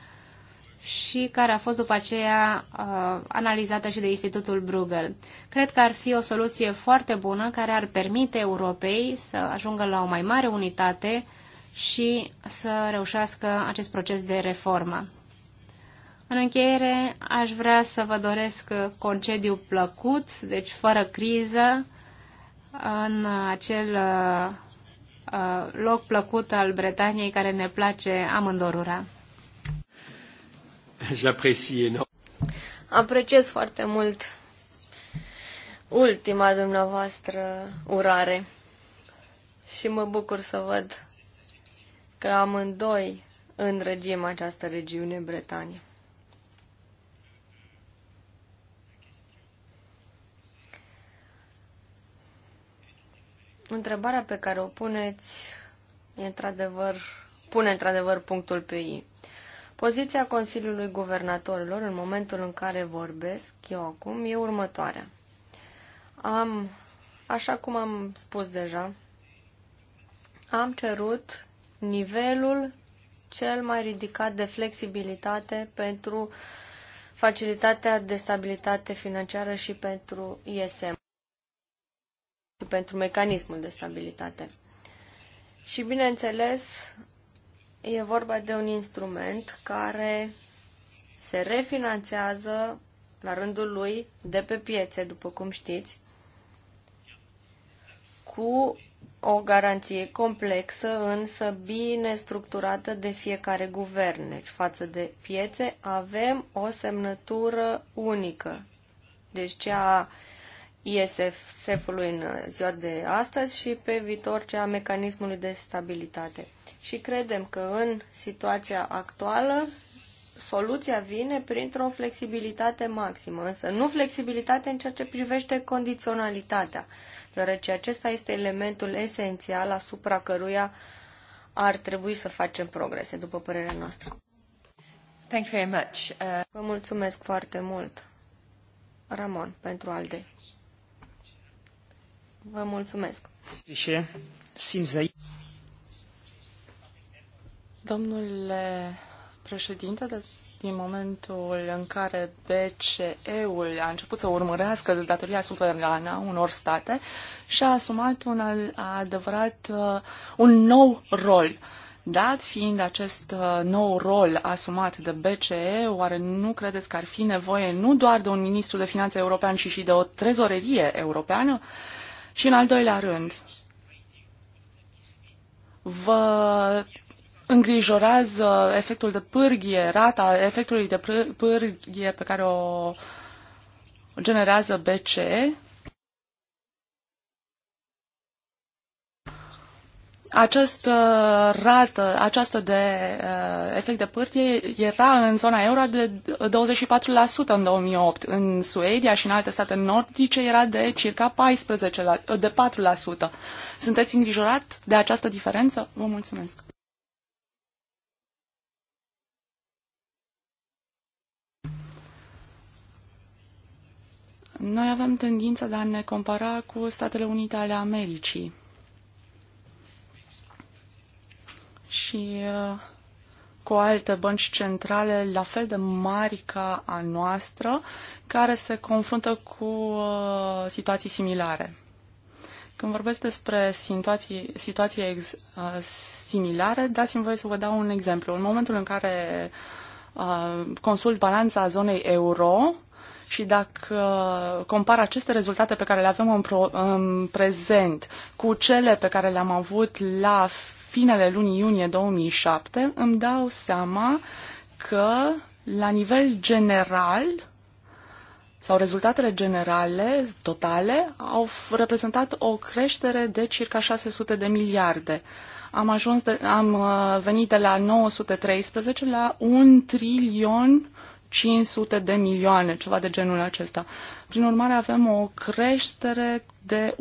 S2: și care a fost după aceea uh, analizată și de Institutul Bruegel. Cred că ar fi o soluție foarte bună care ar permite Europei să ajungă la o mai mare unitate și să reușească acest proces de reformă. În încheiere, aș vrea să vă doresc concediu plăcut, deci fără criză, în acel uh, loc plăcut al Bretaniei care ne place amândorura. Apreciez
S1: foarte mult ultima dumneavoastră urare și mă bucur să văd că amândoi îndrăgim această regiune Bretanie. întrebarea pe care o puneți e într-adevăr, pune într-adevăr punctul pe ei. Poziția Consiliului Guvernatorilor în momentul în care vorbesc eu acum e următoarea. Am, așa cum am spus deja, am cerut nivelul cel mai ridicat de flexibilitate pentru facilitatea de stabilitate financiară și pentru ISM pentru mecanismul de stabilitate. Și bineînțeles, e vorba de un instrument care se refinanțează la rândul lui de pe piețe, după cum știți, cu o garanție complexă, însă bine structurată de fiecare guvern. Deci față de piețe avem o semnătură unică. Deci cea a ISF-ului în ziua de astăzi și pe viitor cea a mecanismului de stabilitate. Și credem că în situația actuală soluția vine printr-o flexibilitate maximă, însă nu flexibilitate în ceea ce privește condiționalitatea, deoarece acesta este elementul esențial asupra căruia ar trebui să facem progrese, după părerea noastră. Thank you very much. Uh... Vă mulțumesc foarte mult, Ramon, pentru ALDE. Vă mulțumesc.
S3: Domnule președinte, din momentul în care BCE-ul a început să urmărească datoria suverană unor state și a asumat un adevărat uh, un nou rol. Dat fiind acest uh, nou rol asumat de BCE, oare nu credeți că ar fi nevoie nu doar de un ministru de finanțe european, ci și de o trezorerie europeană? Și în al doilea rând, vă îngrijorează efectul de pârghie, rata efectului de pârghie pe care o generează BCE această rată, aceasta de uh, efect de pârtie era în zona euro de 24% în 2008. În Suedia și în alte state nordice era de circa 14%, la, uh, de 4%. Sunteți îngrijorat de această diferență? Vă mulțumesc! Noi avem tendința de a ne compara cu Statele Unite ale Americii. și uh, cu alte bănci centrale la fel de mari ca a noastră, care se confruntă cu uh, situații similare. Când vorbesc despre situații, situații ex, uh, similare, dați-mi voie să vă dau un exemplu. În momentul în care consult balanța zonei euro, și dacă compar aceste rezultate pe care le avem în, pro, în prezent cu cele pe care le-am avut la finele lunii iunie 2007, îmi dau seama că la nivel general sau rezultatele generale, totale, au reprezentat o creștere de circa 600 de miliarde. Am, ajuns de, am uh, venit de la 913 la 1 trilion 500 de milioane, ceva de genul acesta. Prin urmare, avem o creștere de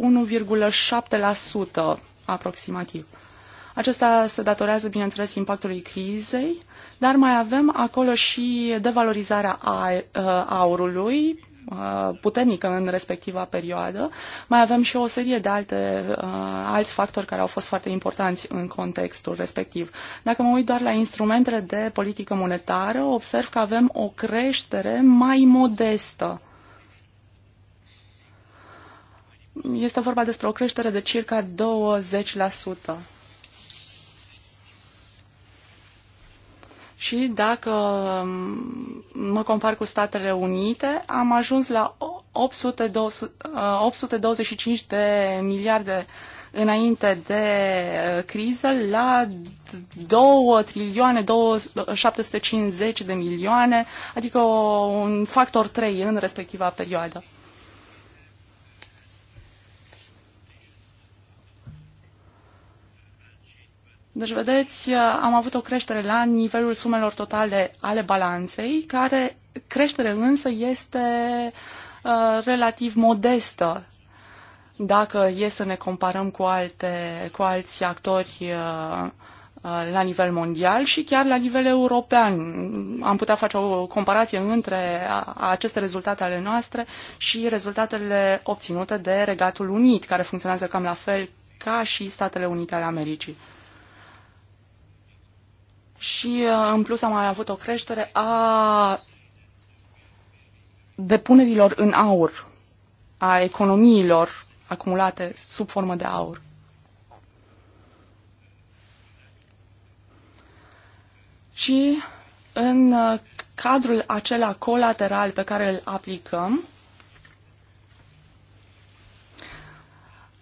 S3: 1,7% aproximativ. Acesta se datorează, bineînțeles, impactului crizei, dar mai avem acolo și devalorizarea aurului, puternică în respectiva perioadă. Mai avem și o serie de alte, alți factori care au fost foarte importanți în contextul respectiv. Dacă mă uit doar la instrumentele de politică monetară, observ că avem o creștere mai modestă. Este vorba despre o creștere de circa 20%. Și dacă mm, mă compar cu Statele Unite, am ajuns la 825 uh, de miliarde înainte de uh, criză la 2 trilioane, 750 uh, de milioane, adică un factor 3 în respectiva perioadă. Deci, vedeți, am avut o creștere la nivelul sumelor totale ale balanței, care creștere însă este uh, relativ modestă dacă e să ne comparăm cu, alte, cu alți actori uh, uh la nivel mondial și chiar la nivel european. Am putea face o comparație între aceste rezultate ale noastre și rezultatele obținute de Regatul Unit, care funcționează cam la fel ca și Statele Unite ale Americii și uh, în plus am mai avut o creștere a depunerilor în aur, a economiilor acumulate sub formă de aur. Și în uh, cadrul acela colateral pe care îl aplicăm,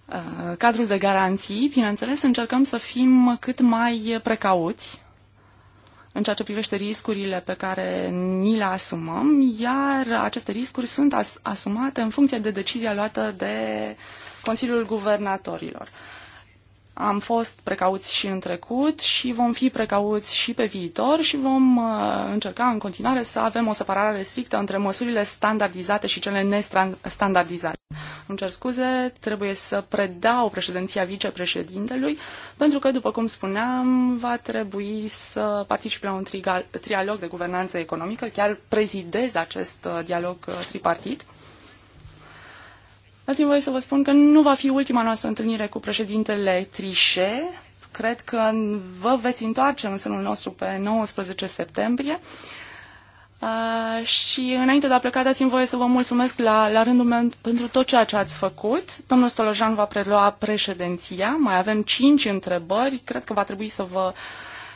S3: uh, cadrul de garanții, bineînțeles, încercăm să fim cât mai precauți în ceea ce privește riscurile pe care ni le asumăm, iar aceste riscuri sunt as- asumate în funcție de decizia luată de Consiliul Guvernatorilor. Uh, am fost precauți și în trecut și vom fi precauți și pe viitor și vom uh, încerca în continuare să avem o separare strictă între măsurile standardizate și cele nestandardizate. Îmi cer scuze, trebuie să predau președinția vicepreședintelui, pentru că, după cum spuneam, va trebui să particip la un trialog de guvernanță economică, chiar prezidez acest uh, dialog uh, tripartit. Dați-mi voie să vă spun că nu va fi ultima noastră întâlnire cu președintele Trișe. Cred că vă veți întoarce în sânul nostru pe 19 septembrie. Uh, și înainte de a pleca, dați-mi voie să vă mulțumesc la, la rândul meu pentru tot ceea ce ați făcut. Domnul Stolojan va prelua președinția. Mai avem cinci întrebări. Cred că va trebui să vă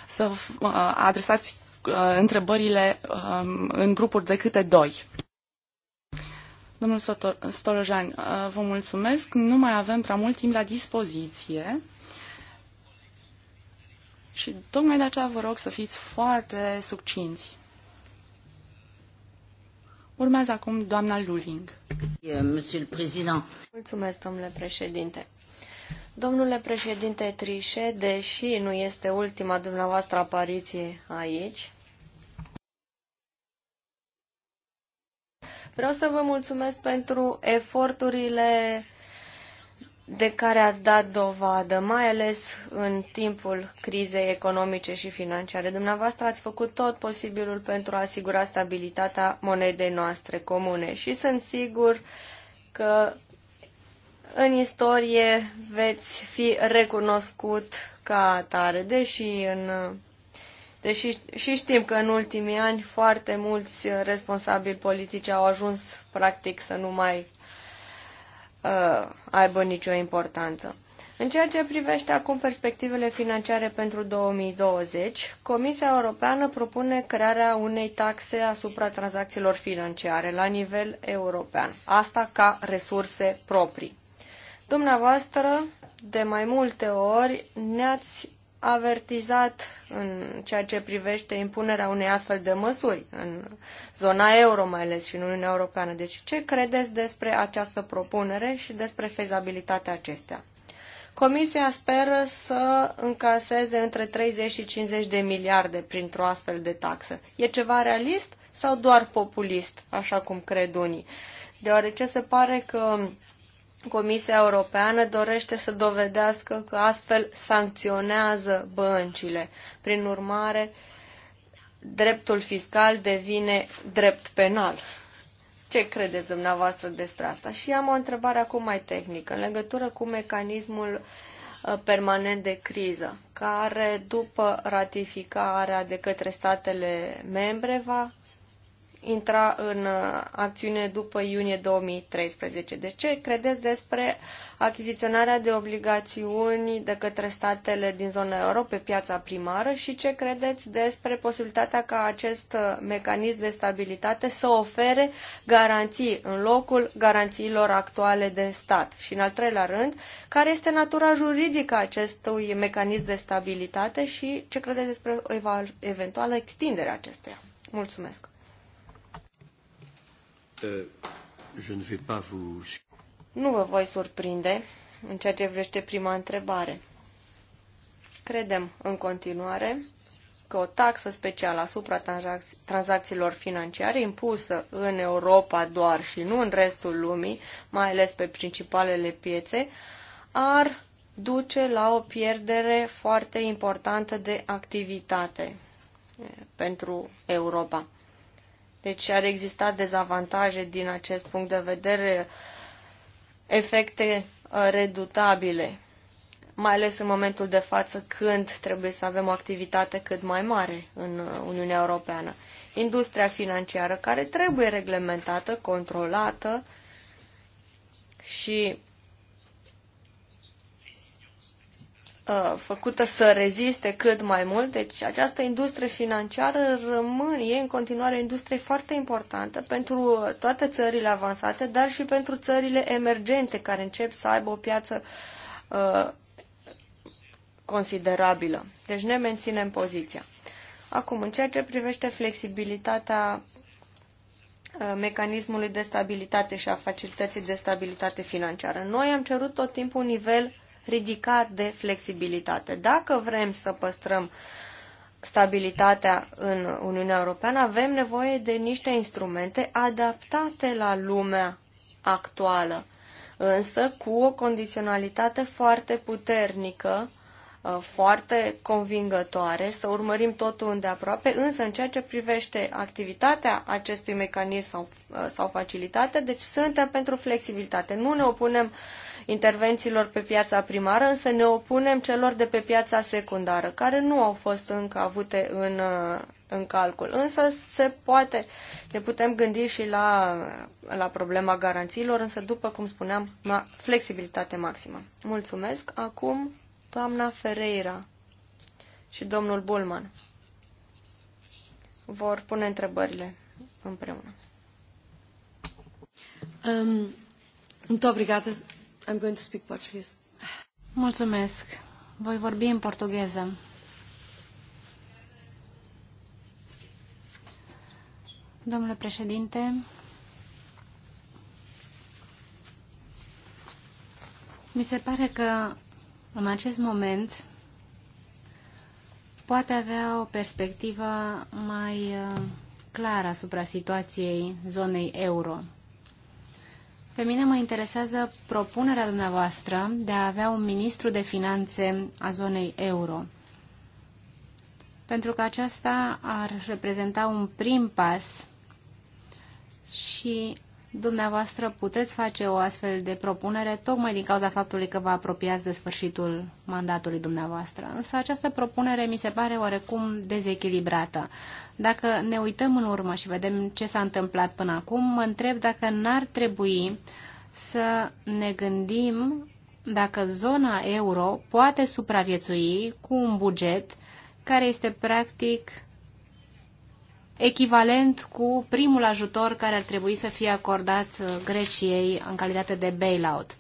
S3: să uh, adresați uh, întrebările uh, în grupuri de câte doi. Domnul Stolojan, uh, vă mulțumesc. Nu mai avem prea mult timp la dispoziție. Și tocmai de aceea vă rog să fiți foarte succinți. Urmează acum doamna Luling.
S2: Mulțumesc,
S3: domnule președinte. Domnule
S1: președinte Trișe, deși nu este ultima dumneavoastră apariție aici, Vreau să vă mulțumesc pentru eforturile de care ați dat dovadă, mai ales în timpul crizei economice și financiare. Dumneavoastră ați făcut tot posibilul pentru a asigura stabilitatea monedei noastre comune și sunt sigur că în istorie veți fi recunoscut ca atare, deși în Deși și știm că în ultimii ani foarte mulți responsabili politici au ajuns practic să nu mai uh, aibă nicio importanță. În ceea ce privește acum perspectivele financiare pentru 2020, Comisia Europeană propune crearea unei taxe asupra tranzacțiilor financiare la nivel european, asta ca resurse proprii. Dumneavoastră, de mai multe ori, ne-ați avertizat în ceea ce privește impunerea unei astfel de măsuri, în zona euro mai ales și în Uniunea Europeană. Deci ce credeți despre această propunere și despre fezabilitatea acestea? Comisia speră să încaseze între 30 și 50 de miliarde printr-o astfel de taxă. E ceva realist sau doar populist, așa cum cred unii? Deoarece se pare că Comisia Europeană dorește să dovedească că astfel sancționează băncile. Prin urmare, dreptul fiscal devine drept penal. Ce credeți dumneavoastră despre asta? Și am o întrebare acum mai tehnică, în legătură cu mecanismul uh, permanent de criză, care după ratificarea de către statele membre va intra în uh, acțiune după iunie 2013. De ce credeți despre achiziționarea de obligațiuni de către statele din zona euro pe piața primară și ce credeți despre posibilitatea ca acest uh, mecanism de stabilitate să ofere garanții în locul garanțiilor actuale de stat? Și în al treilea rând, care este natura juridică a acestui mecanism de stabilitate și ce credeți despre o eventuală extindere a acestuia? Mulțumesc! Uh, nu vă voi surprinde în ceea ce vrește prima întrebare. Credem în continuare că o taxă specială asupra tranzacțiilor financiare impusă în Europa doar și nu în restul lumii, mai ales pe principalele piețe, ar duce la o pierdere foarte importantă de activitate eh, pentru Europa. Deci ar exista dezavantaje din acest punct de vedere, efecte uh, redutabile, mai ales în momentul de față când trebuie să avem o activitate cât mai mare în uh, Uniunea Europeană. Industria financiară care trebuie reglementată, controlată și Uh, făcută să reziste cât mai mult. Deci această industrie financiară rămâne, e în continuare o industrie foarte importantă pentru toate țările avansate, dar și pentru țările emergente care încep să aibă o piață uh, considerabilă. Deci ne menținem poziția. Acum, în ceea ce privește flexibilitatea uh, mecanismului de stabilitate și a facilității de stabilitate financiară. Noi am cerut tot timpul un nivel ridicat de flexibilitate. Dacă vrem să păstrăm stabilitatea în Uniunea Europeană, avem nevoie de niște instrumente adaptate la lumea actuală, însă cu o condiționalitate foarte puternică, uh, foarte convingătoare, să urmărim totul îndeaproape, însă în ceea ce privește activitatea acestui mecanism sau, uh, sau facilitate, deci suntem pentru flexibilitate. Nu ne opunem uh, intervențiilor pe piața primară, însă ne opunem celor de pe piața secundară, care nu au fost încă avute în, uh, în calcul. Însă se poate, ne putem gândi și la, la problema garanțiilor, însă după cum spuneam, la flexibilitate maximă. Mulțumesc. Acum doamna Ferreira și domnul Bulman vor pune întrebările împreună.
S2: Um, muito obrigada I'm going to speak Portuguese. Mulțumesc. Voi vorbi în portugheză. Domnule președinte, mi se pare că în acest moment poate avea o perspectivă mai uh, clară asupra situației zonei euro. Pe mine mă interesează propunerea dumneavoastră de a avea un ministru de finanțe a zonei euro. Pentru că aceasta ar reprezenta un prim pas și dumneavoastră puteți face o astfel de propunere tocmai din cauza faptului că vă apropiați de sfârșitul mandatului dumneavoastră. Însă această propunere mi se pare oarecum dezechilibrată. Dacă ne uităm în urmă și vedem ce s-a întâmplat până acum, mă întreb dacă n-ar trebui să ne gândim dacă zona euro poate supraviețui cu un buget care este practic echivalent cu primul ajutor care ar trebui să fie acordat uh, Greciei în calitate de bailout.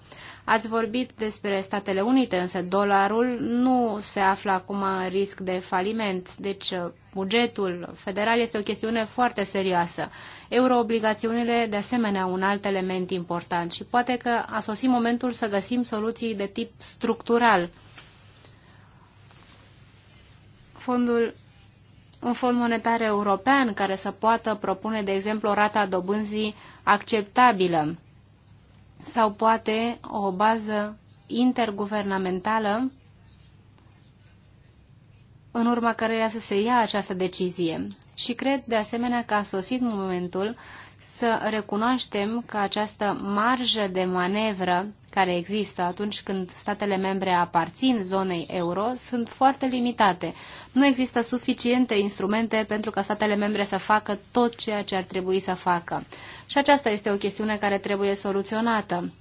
S2: Ați vorbit despre Statele Unite, însă dolarul nu se află acum în risc de faliment, deci uh, bugetul federal este o chestiune foarte serioasă. Euroobligațiunile, de asemenea, un alt element important și poate că a sosit momentul să găsim soluții de tip structural. Fondul un fond monetar european care să poată propune, de exemplu, o rata dobânzii acceptabilă sau poate o bază interguvernamentală în urma căreia să se ia această decizie. Și cred, de asemenea, că a sosit momentul să recunoaștem că această marjă de manevră care există atunci când statele membre aparțin zonei euro sunt foarte limitate. Nu există suficiente instrumente pentru ca statele membre să facă tot ceea ce ar trebui să facă. Și aceasta este o chestiune care trebuie soluționată.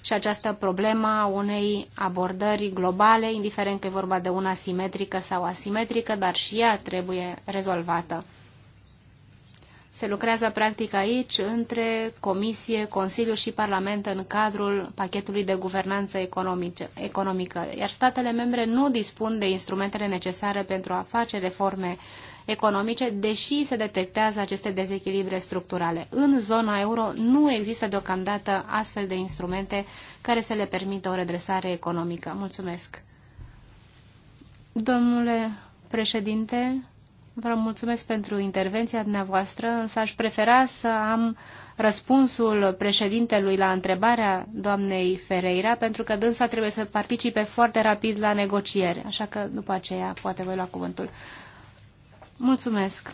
S2: Și această problemă a unei abordări globale, indiferent că e vorba de una simetrică sau asimetrică, dar și ea trebuie rezolvată. Se lucrează practic aici între Comisie, Consiliu și Parlament în cadrul pachetului de guvernanță economice, economică, iar statele membre nu dispun de instrumentele necesare pentru a face reforme economice, deși se detectează aceste dezechilibre structurale. În zona euro nu există deocamdată astfel de instrumente care să le permită o redresare economică. Mulțumesc. Domnule președinte, Vă mulțumesc pentru intervenția dumneavoastră, însă aș prefera să am răspunsul președintelui la întrebarea doamnei Ferreira, pentru că dânsa trebuie să participe foarte rapid la negocieri, așa că după aceea poate voi lua cuvântul. Mulțumesc,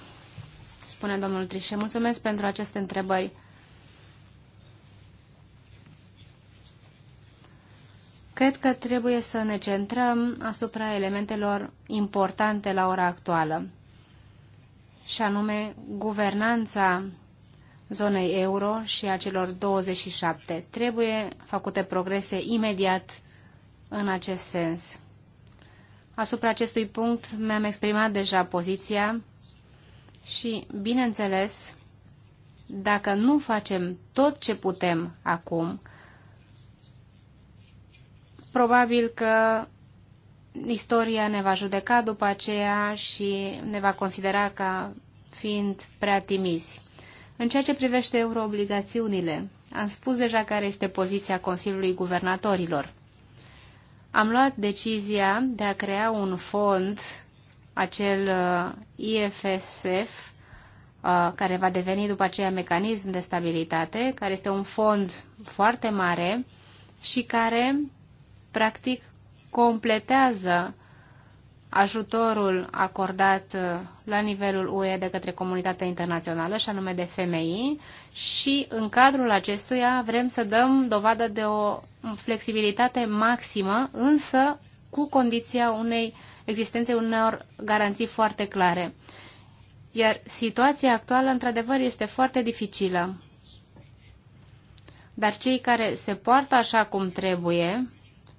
S2: spune domnul Trișe. Mulțumesc pentru aceste întrebări. Cred că trebuie să ne centrăm asupra elementelor importante la ora actuală și anume guvernanța zonei euro și a celor 27. Trebuie făcute progrese imediat în acest sens. Asupra acestui punct mi-am exprimat deja poziția și, bineînțeles, dacă nu facem tot ce putem acum, probabil că istoria ne va judeca după aceea și ne va considera ca fiind prea timizi. În ceea ce privește euroobligațiunile, am spus deja care este poziția Consiliului Guvernatorilor. Am luat decizia de a crea un fond, acel uh, IFSF, uh, care va deveni după aceea mecanism de stabilitate, care este un fond foarte mare și care, practic, completează ajutorul acordat uh, la nivelul UE de către comunitatea internațională, și anume de femei, și în cadrul acestuia vrem să dăm dovadă de o flexibilitate maximă, însă cu condiția unei existențe unor garanții foarte clare. Iar situația actuală, într-adevăr, este foarte dificilă. Dar cei care se poartă așa cum trebuie,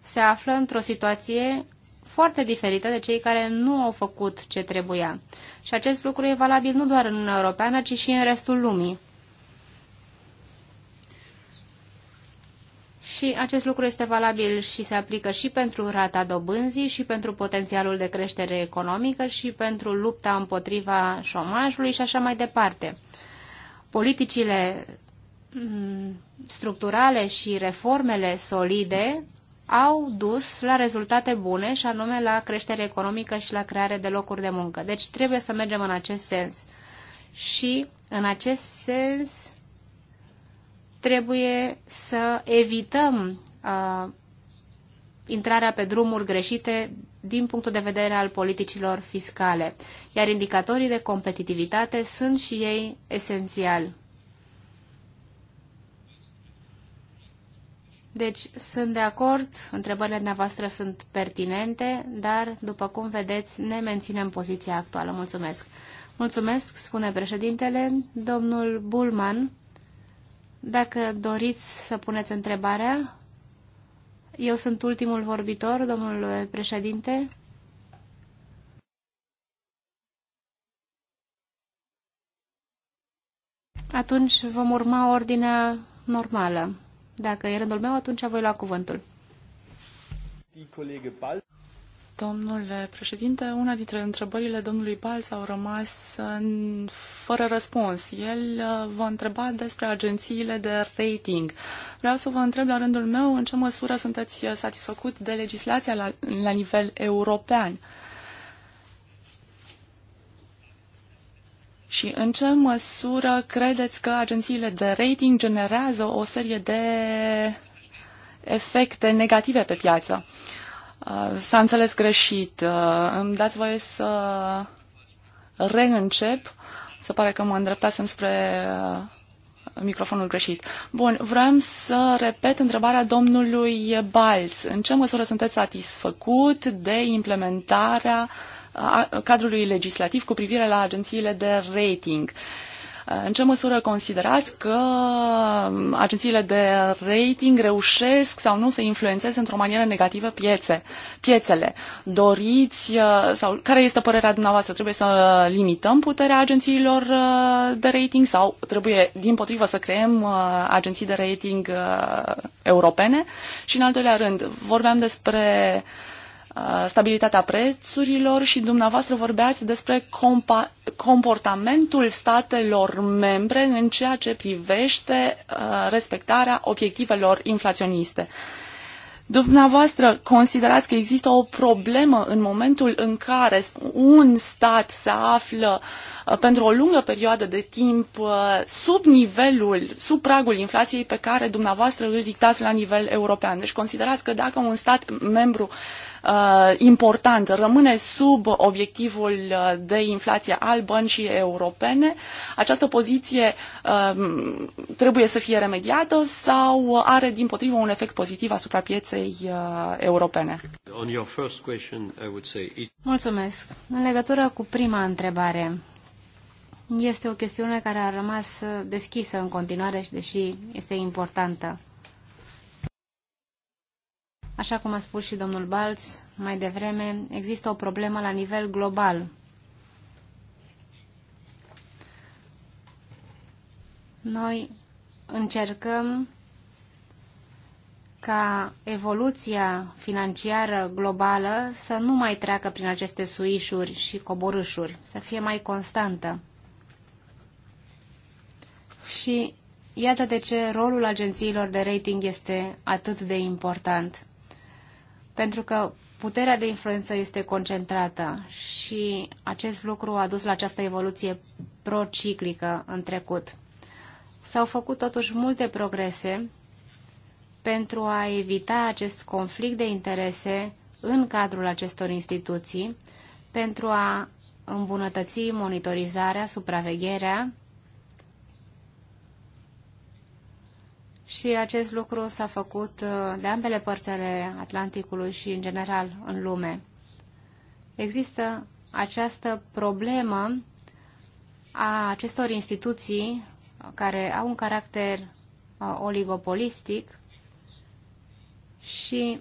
S2: se află într-o situație foarte diferită de cei care nu au făcut ce trebuia. Și acest lucru e valabil nu doar în Uniunea Europeană, ci și în restul lumii. Și acest lucru este valabil și se aplică și pentru rata dobânzii, și pentru potențialul de creștere economică, și pentru lupta împotriva șomajului și așa mai departe. Politicile mm, structurale și reformele solide au dus la rezultate bune și anume la creștere economică și la creare de locuri de muncă. Deci trebuie să mergem în acest sens. Și în acest sens trebuie să evităm uh, intrarea pe drumuri greșite din punctul de vedere al politicilor fiscale, iar indicatorii de competitivitate sunt și ei esențiali. Deci sunt de acord, întrebările dumneavoastră sunt pertinente, dar, după cum vedeți, ne menținem poziția actuală. Mulțumesc! Mulțumesc, spune președintele, domnul Bulman. Dacă doriți să puneți întrebarea, eu sunt ultimul vorbitor, domnul președinte. Atunci vom urma ordinea normală.
S3: Dacă e rândul meu, atunci voi lua cuvântul. Domnule președinte, una dintre întrebările domnului Balz au rămas în, uh, fără răspuns. El uh, vă întreba despre agențiile de rating. Vreau să vă întreb la rândul meu în ce măsură sunteți uh, satisfăcut de legislația la, la nivel european. Uh, Și în ce măsură credeți că agențiile de rating generează o serie de efecte negative pe piață? Uh, s-a înțeles greșit. Uh, îmi dați voie să reîncep. Se pare că mă îndreptasem spre uh, microfonul greșit. Bun, vreau să repet întrebarea domnului Balz. În ce măsură sunteți satisfăcut de implementarea uh, cadrului legislativ cu privire la agențiile de rating. Uh, în ce măsură considerați că um, agențiile de rating reușesc sau nu să influențeze într-o manieră negativă piețe, piețele? Doriți uh, sau care este părerea dumneavoastră? Trebuie să limităm puterea agențiilor uh, de rating sau trebuie din potrivă să creăm agenții de rating europene? Și în al doilea rând, vorbeam despre uh, Uh, stabilitatea prețurilor și dumneavoastră vorbeați despre comportamentul statelor membre în ceea ce privește uh, respectarea obiectivelor inflaționiste. Dumneavoastră considerați că există o problemă în momentul în care un stat se află uh, pentru o lungă perioadă de timp sub nivelul, sub pragul inflației pe care dumneavoastră îl dictați la nivel european. Deci considerați că dacă un stat membru uh, uh, importantă, rămâne sub obiectivul uh, de inflație al băncii europene. Această poziție uh, trebuie să fie remediată sau are din potrivă un efect pozitiv asupra pieței uh, europene?
S1: Question, it...
S3: Mulțumesc. În legătură cu prima întrebare,
S2: este o chestiune care a rămas uh, deschisă în continuare și deși este importantă. Așa cum a spus și domnul Balț mai devreme, există o problemă la nivel global. Noi încercăm ca evoluția financiară globală să nu mai treacă prin aceste suișuri și coborâșuri, să fie mai constantă. Și iată de ce rolul agențiilor de rating este atât de important pentru că puterea de influență este concentrată și acest lucru a dus la această evoluție prociclică în trecut. S-au făcut totuși multe progrese pentru a evita acest conflict de interese în cadrul acestor instituții, pentru a îmbunătăți monitorizarea, supravegherea și acest lucru s-a făcut uh, de ambele părți ale Atlanticului și în general în lume. Există această problemă a acestor instituții care au un caracter uh, oligopolistic și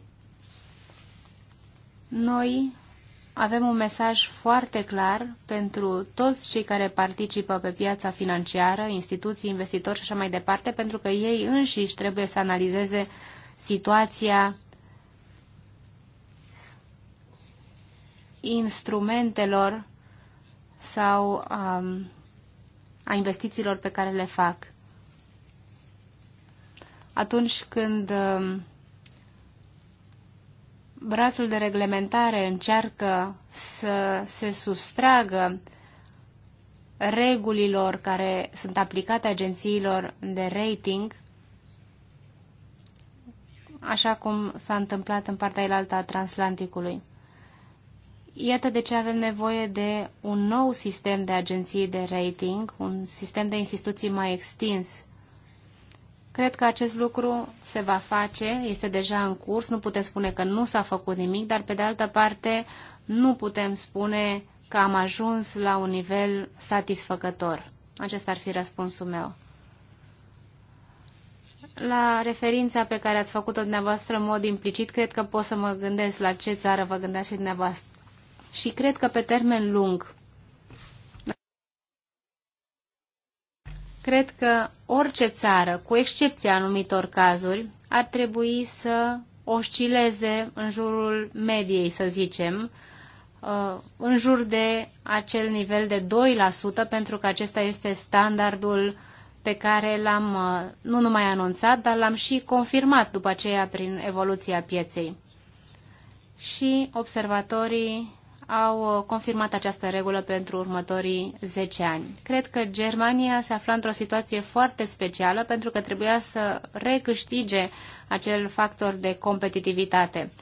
S2: noi avem un mesaj foarte clar pentru toți cei care participă pe piața financiară, instituții, investitori și așa mai departe, pentru că ei înșiși trebuie să analizeze situația instrumentelor sau um, a investițiilor pe care le fac. Atunci când um, brațul de reglementare încearcă să se sustragă regulilor care sunt aplicate agențiilor de rating, așa cum s-a întâmplat în partea elaltă a Transatlanticului. Iată de ce avem nevoie de un nou sistem de agenții de rating, un sistem de instituții mai extins Cred că acest lucru se va face, este deja în curs, nu putem spune că nu s-a făcut nimic, dar pe de altă parte nu putem spune că am ajuns la un nivel satisfăcător. Acesta ar fi răspunsul meu. La referința pe care ați făcut-o dumneavoastră în mod implicit, cred că pot să mă gândesc la ce țară vă gândeați și dumneavoastră. Și cred că pe termen lung Cred că orice țară, cu excepția anumitor cazuri, ar trebui să oscileze în jurul mediei, să zicem, uh, în jur de acel nivel de 2%, pentru că acesta este standardul pe care l-am uh, nu numai anunțat, dar l-am și confirmat după aceea prin evoluția pieței. Și observatorii au uh, confirmat această regulă pentru următorii 10 ani. Cred că Germania se afla într-o situație foarte specială pentru că trebuia să recâștige acel factor de competitivitate.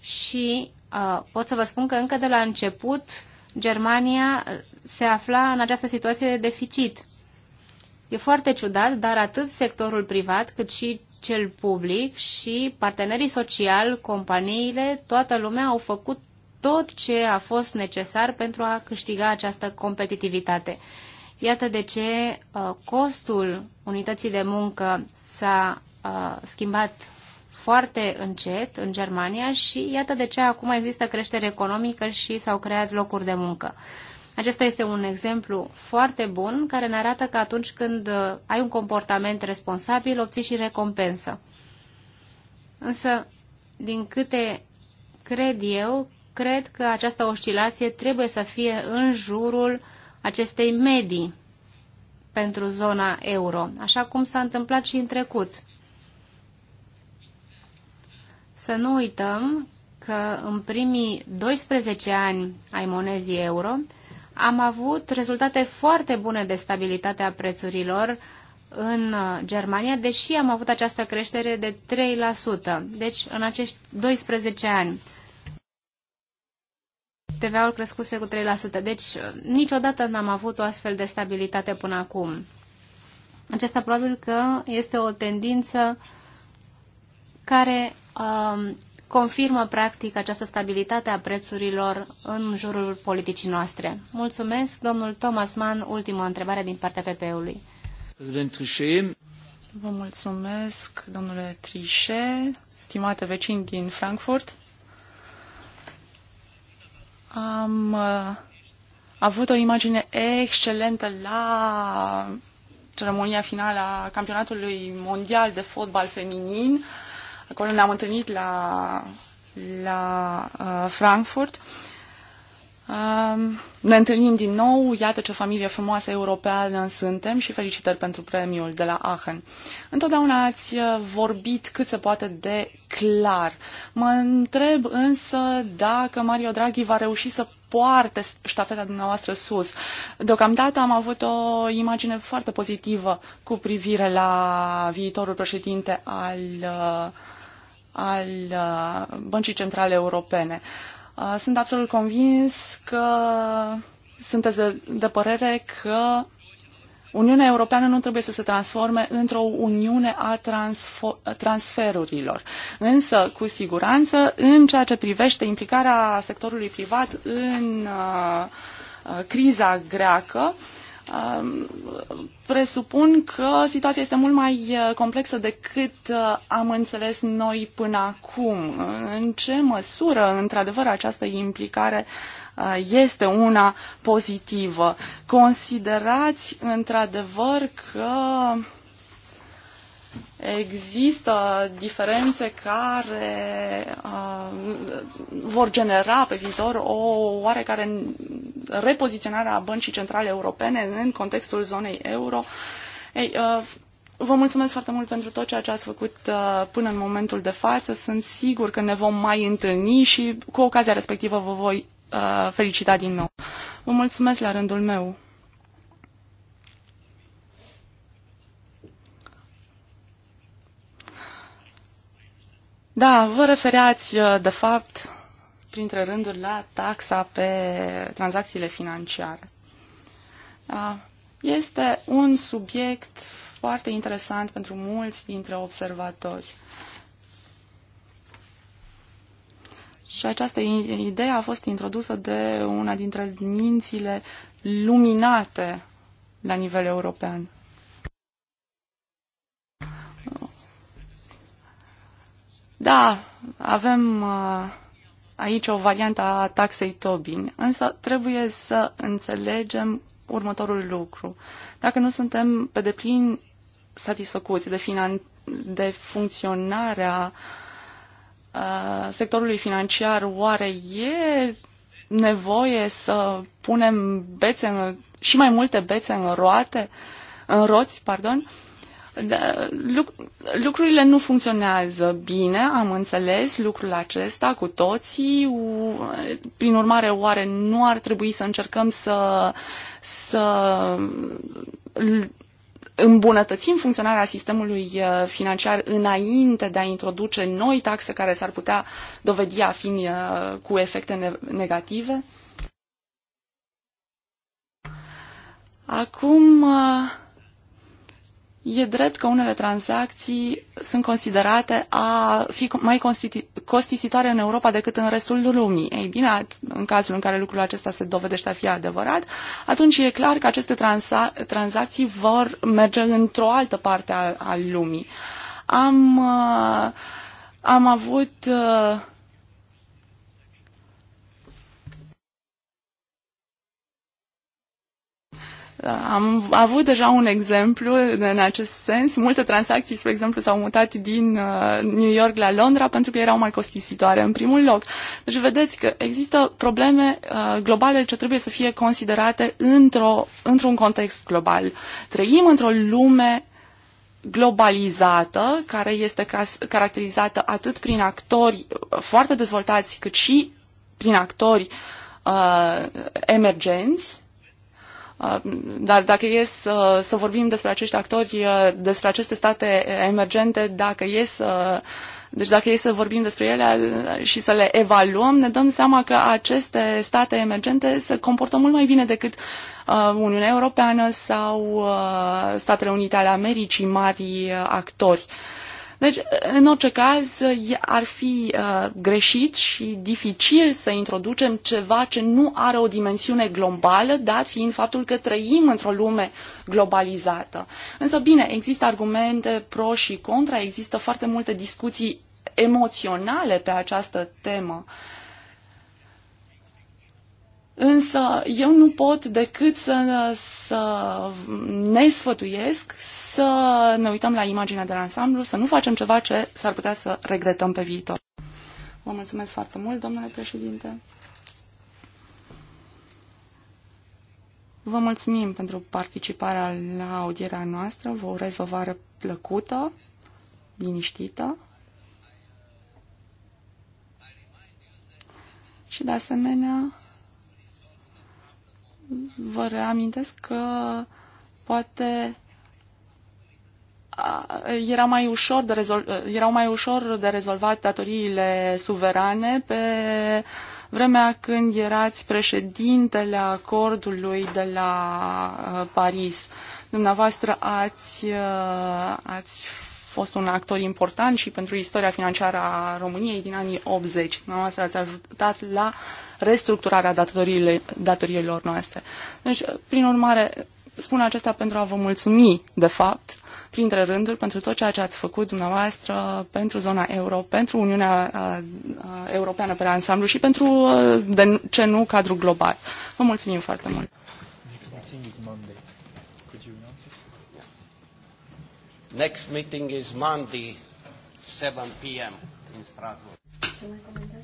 S2: Și uh, pot să vă spun că încă de la început Germania uh, se afla în această situație de deficit. E foarte ciudat, dar atât sectorul privat cât și cel public și partenerii sociali, companiile, toată lumea au făcut tot ce a fost necesar pentru a câștiga această competitivitate. Iată de ce uh, costul unității de muncă s-a uh, schimbat foarte încet în Germania și iată de ce acum există creștere economică și s-au creat locuri de muncă. Acesta este un exemplu foarte bun care ne arată că atunci când uh, ai un comportament responsabil, obții și recompensă. Însă, din câte cred eu, cred că această oscilație trebuie să fie în jurul acestei medii pentru zona euro, așa cum s-a întâmplat și în trecut. Să nu uităm că în primii 12 ani ai monezii euro am avut rezultate foarte bune de stabilitate a prețurilor în Germania, deși am avut această creștere de 3%, deci în acești 12 ani. TVA-ul crescuse cu 3%. Deci niciodată n-am avut o astfel de stabilitate până acum. Acesta probabil că este o tendință care uh, confirmă practic această stabilitate a prețurilor în jurul politicii noastre. Mulțumesc, domnul Thomas Mann, ultima întrebare
S3: din partea PP-ului. Vă mulțumesc, domnule Trichet, stimate vecini din Frankfurt am uh, avut o imagine excelentă la ceremonia finală a campionatului mondial de fotbal feminin. Acolo ne-am întâlnit la, la uh, Frankfurt Um, ne întâlnim din nou, iată ce familie frumoasă europeană suntem și felicitări pentru premiul de la Aachen. Întotdeauna ați uh, vorbit cât se poate de clar. Mă întreb însă dacă Mario Draghi va reuși să poarte ștafeta dumneavoastră sus. Deocamdată am avut o imagine foarte pozitivă cu privire la viitorul președinte al, uh, al uh, Băncii Centrale Europene. Uh, Uh, sunt absolut convins că sunteți de, de părere că Uniunea Europeană nu trebuie să se transforme într-o uniune a transferurilor. Însă, cu siguranță, în ceea ce privește implicarea sectorului privat în uh, uh criza greacă, uh, presupun că situația este mult mai uh, complexă decât uh, am înțeles noi până acum. În ce măsură, într-adevăr, această implicare uh, este una pozitivă? Considerați, într-adevăr, că uh, Există diferențe care uh, vor genera pe viitor o oarecare repoziționare a băncii centrale europene în contextul zonei euro. Ei, uh, vă mulțumesc foarte mult pentru tot ceea ce ați făcut uh, până în momentul de față. Sunt sigur că ne vom mai întâlni și cu ocazia respectivă vă voi uh, felicita din nou. Vă mulțumesc la rândul meu. Da, vă refereați, uh, de fapt, printre rânduri, la taxa pe tranzacțiile financiare. Uh, este un subiect foarte interesant pentru mulți dintre observatori. Și această idee a fost introdusă de una dintre mințile luminate la nivel european. Da, avem uh, aici o variantă a taxei Tobin, însă trebuie să înțelegem următorul lucru. Dacă nu suntem pe deplin satisfăcuți de, finan- de funcționarea uh, sectorului financiar, oare e nevoie să punem bețe în, și mai multe bețe în roate, în roți, pardon? Uh, da, lucrurile nu funcționează bine, am înțeles lucrul acesta cu toții. Prin urmare, oare nu ar trebui să încercăm să, să îmbunătățim funcționarea sistemului uh, financiar înainte de a introduce noi taxe care s-ar putea dovedi a fi uh, cu efecte negative? Acum uh, E drept că unele tranzacții sunt considerate a fi mai costisitoare în Europa decât în restul lumii. Ei bine, în cazul în care lucrul acesta se dovedește a fi adevărat, atunci e clar că aceste transa- tranzacții vor merge într-o altă parte a, a lumii. Am, uh, am avut uh, Uh, am avut deja un exemplu în acest sens. Multe tranzacții, spre exemplu, s-au mutat din uh, New York la Londra pentru că erau mai costisitoare în primul loc. Deci vedeți că există probleme uh, globale ce trebuie să fie considerate într-o, într-un context global. Trăim într-o lume globalizată, care este caracterizată atât prin actori foarte dezvoltați, cât și prin actori uh, emergenți Uh, dar dacă e să, să vorbim despre acești actori, uh, despre aceste state emergente, dacă e să deci dacă e să vorbim despre ele uh, și să le evaluăm, ne dăm seama că aceste state emergente se comportă mult mai bine decât Uniunea Europeană sau Statele Unite ale Americii, mari actori uh, deci, în orice caz, ar fi uh, greșit și dificil să introducem ceva ce nu are o dimensiune globală, dat fiind faptul că trăim într-o lume globalizată. Însă, bine, există argumente pro și contra, există foarte multe discuții emoționale pe această temă. Uh, Însă eu nu pot decât să, să ne sfătuiesc, să ne uităm la imaginea de ansamblu, să nu facem ceva ce s-ar putea să regretăm pe viitor. Vă mulțumesc foarte mult, domnule președinte. Vă mulțumim pentru participarea la audierea noastră. Vă urez o vară plăcută, liniștită. Și de asemenea, vă reamintesc că poate era mai ușor de rezolv, erau mai ușor de rezolvat datoriile suverane pe vremea când erați președintele acordului de la Paris. Dumneavoastră ați, ați fost un actor important și pentru istoria financiară a României din anii 80. Dumneavoastră ați ajutat la uh, restructurarea datoriilor noastre. Deci, prin urmare, spun acesta pentru a vă mulțumi, de fapt, printre rânduri, pentru tot ceea ce ați făcut dumneavoastră pentru zona euro, pentru Uniunea uh, uh, Europeană pe ansamblu și pentru, uh, de ce nu, cadrul global. Vă mulțumim foarte mult!
S1: Next meeting is Monday, 7 p.m. in
S2: Strasbourg.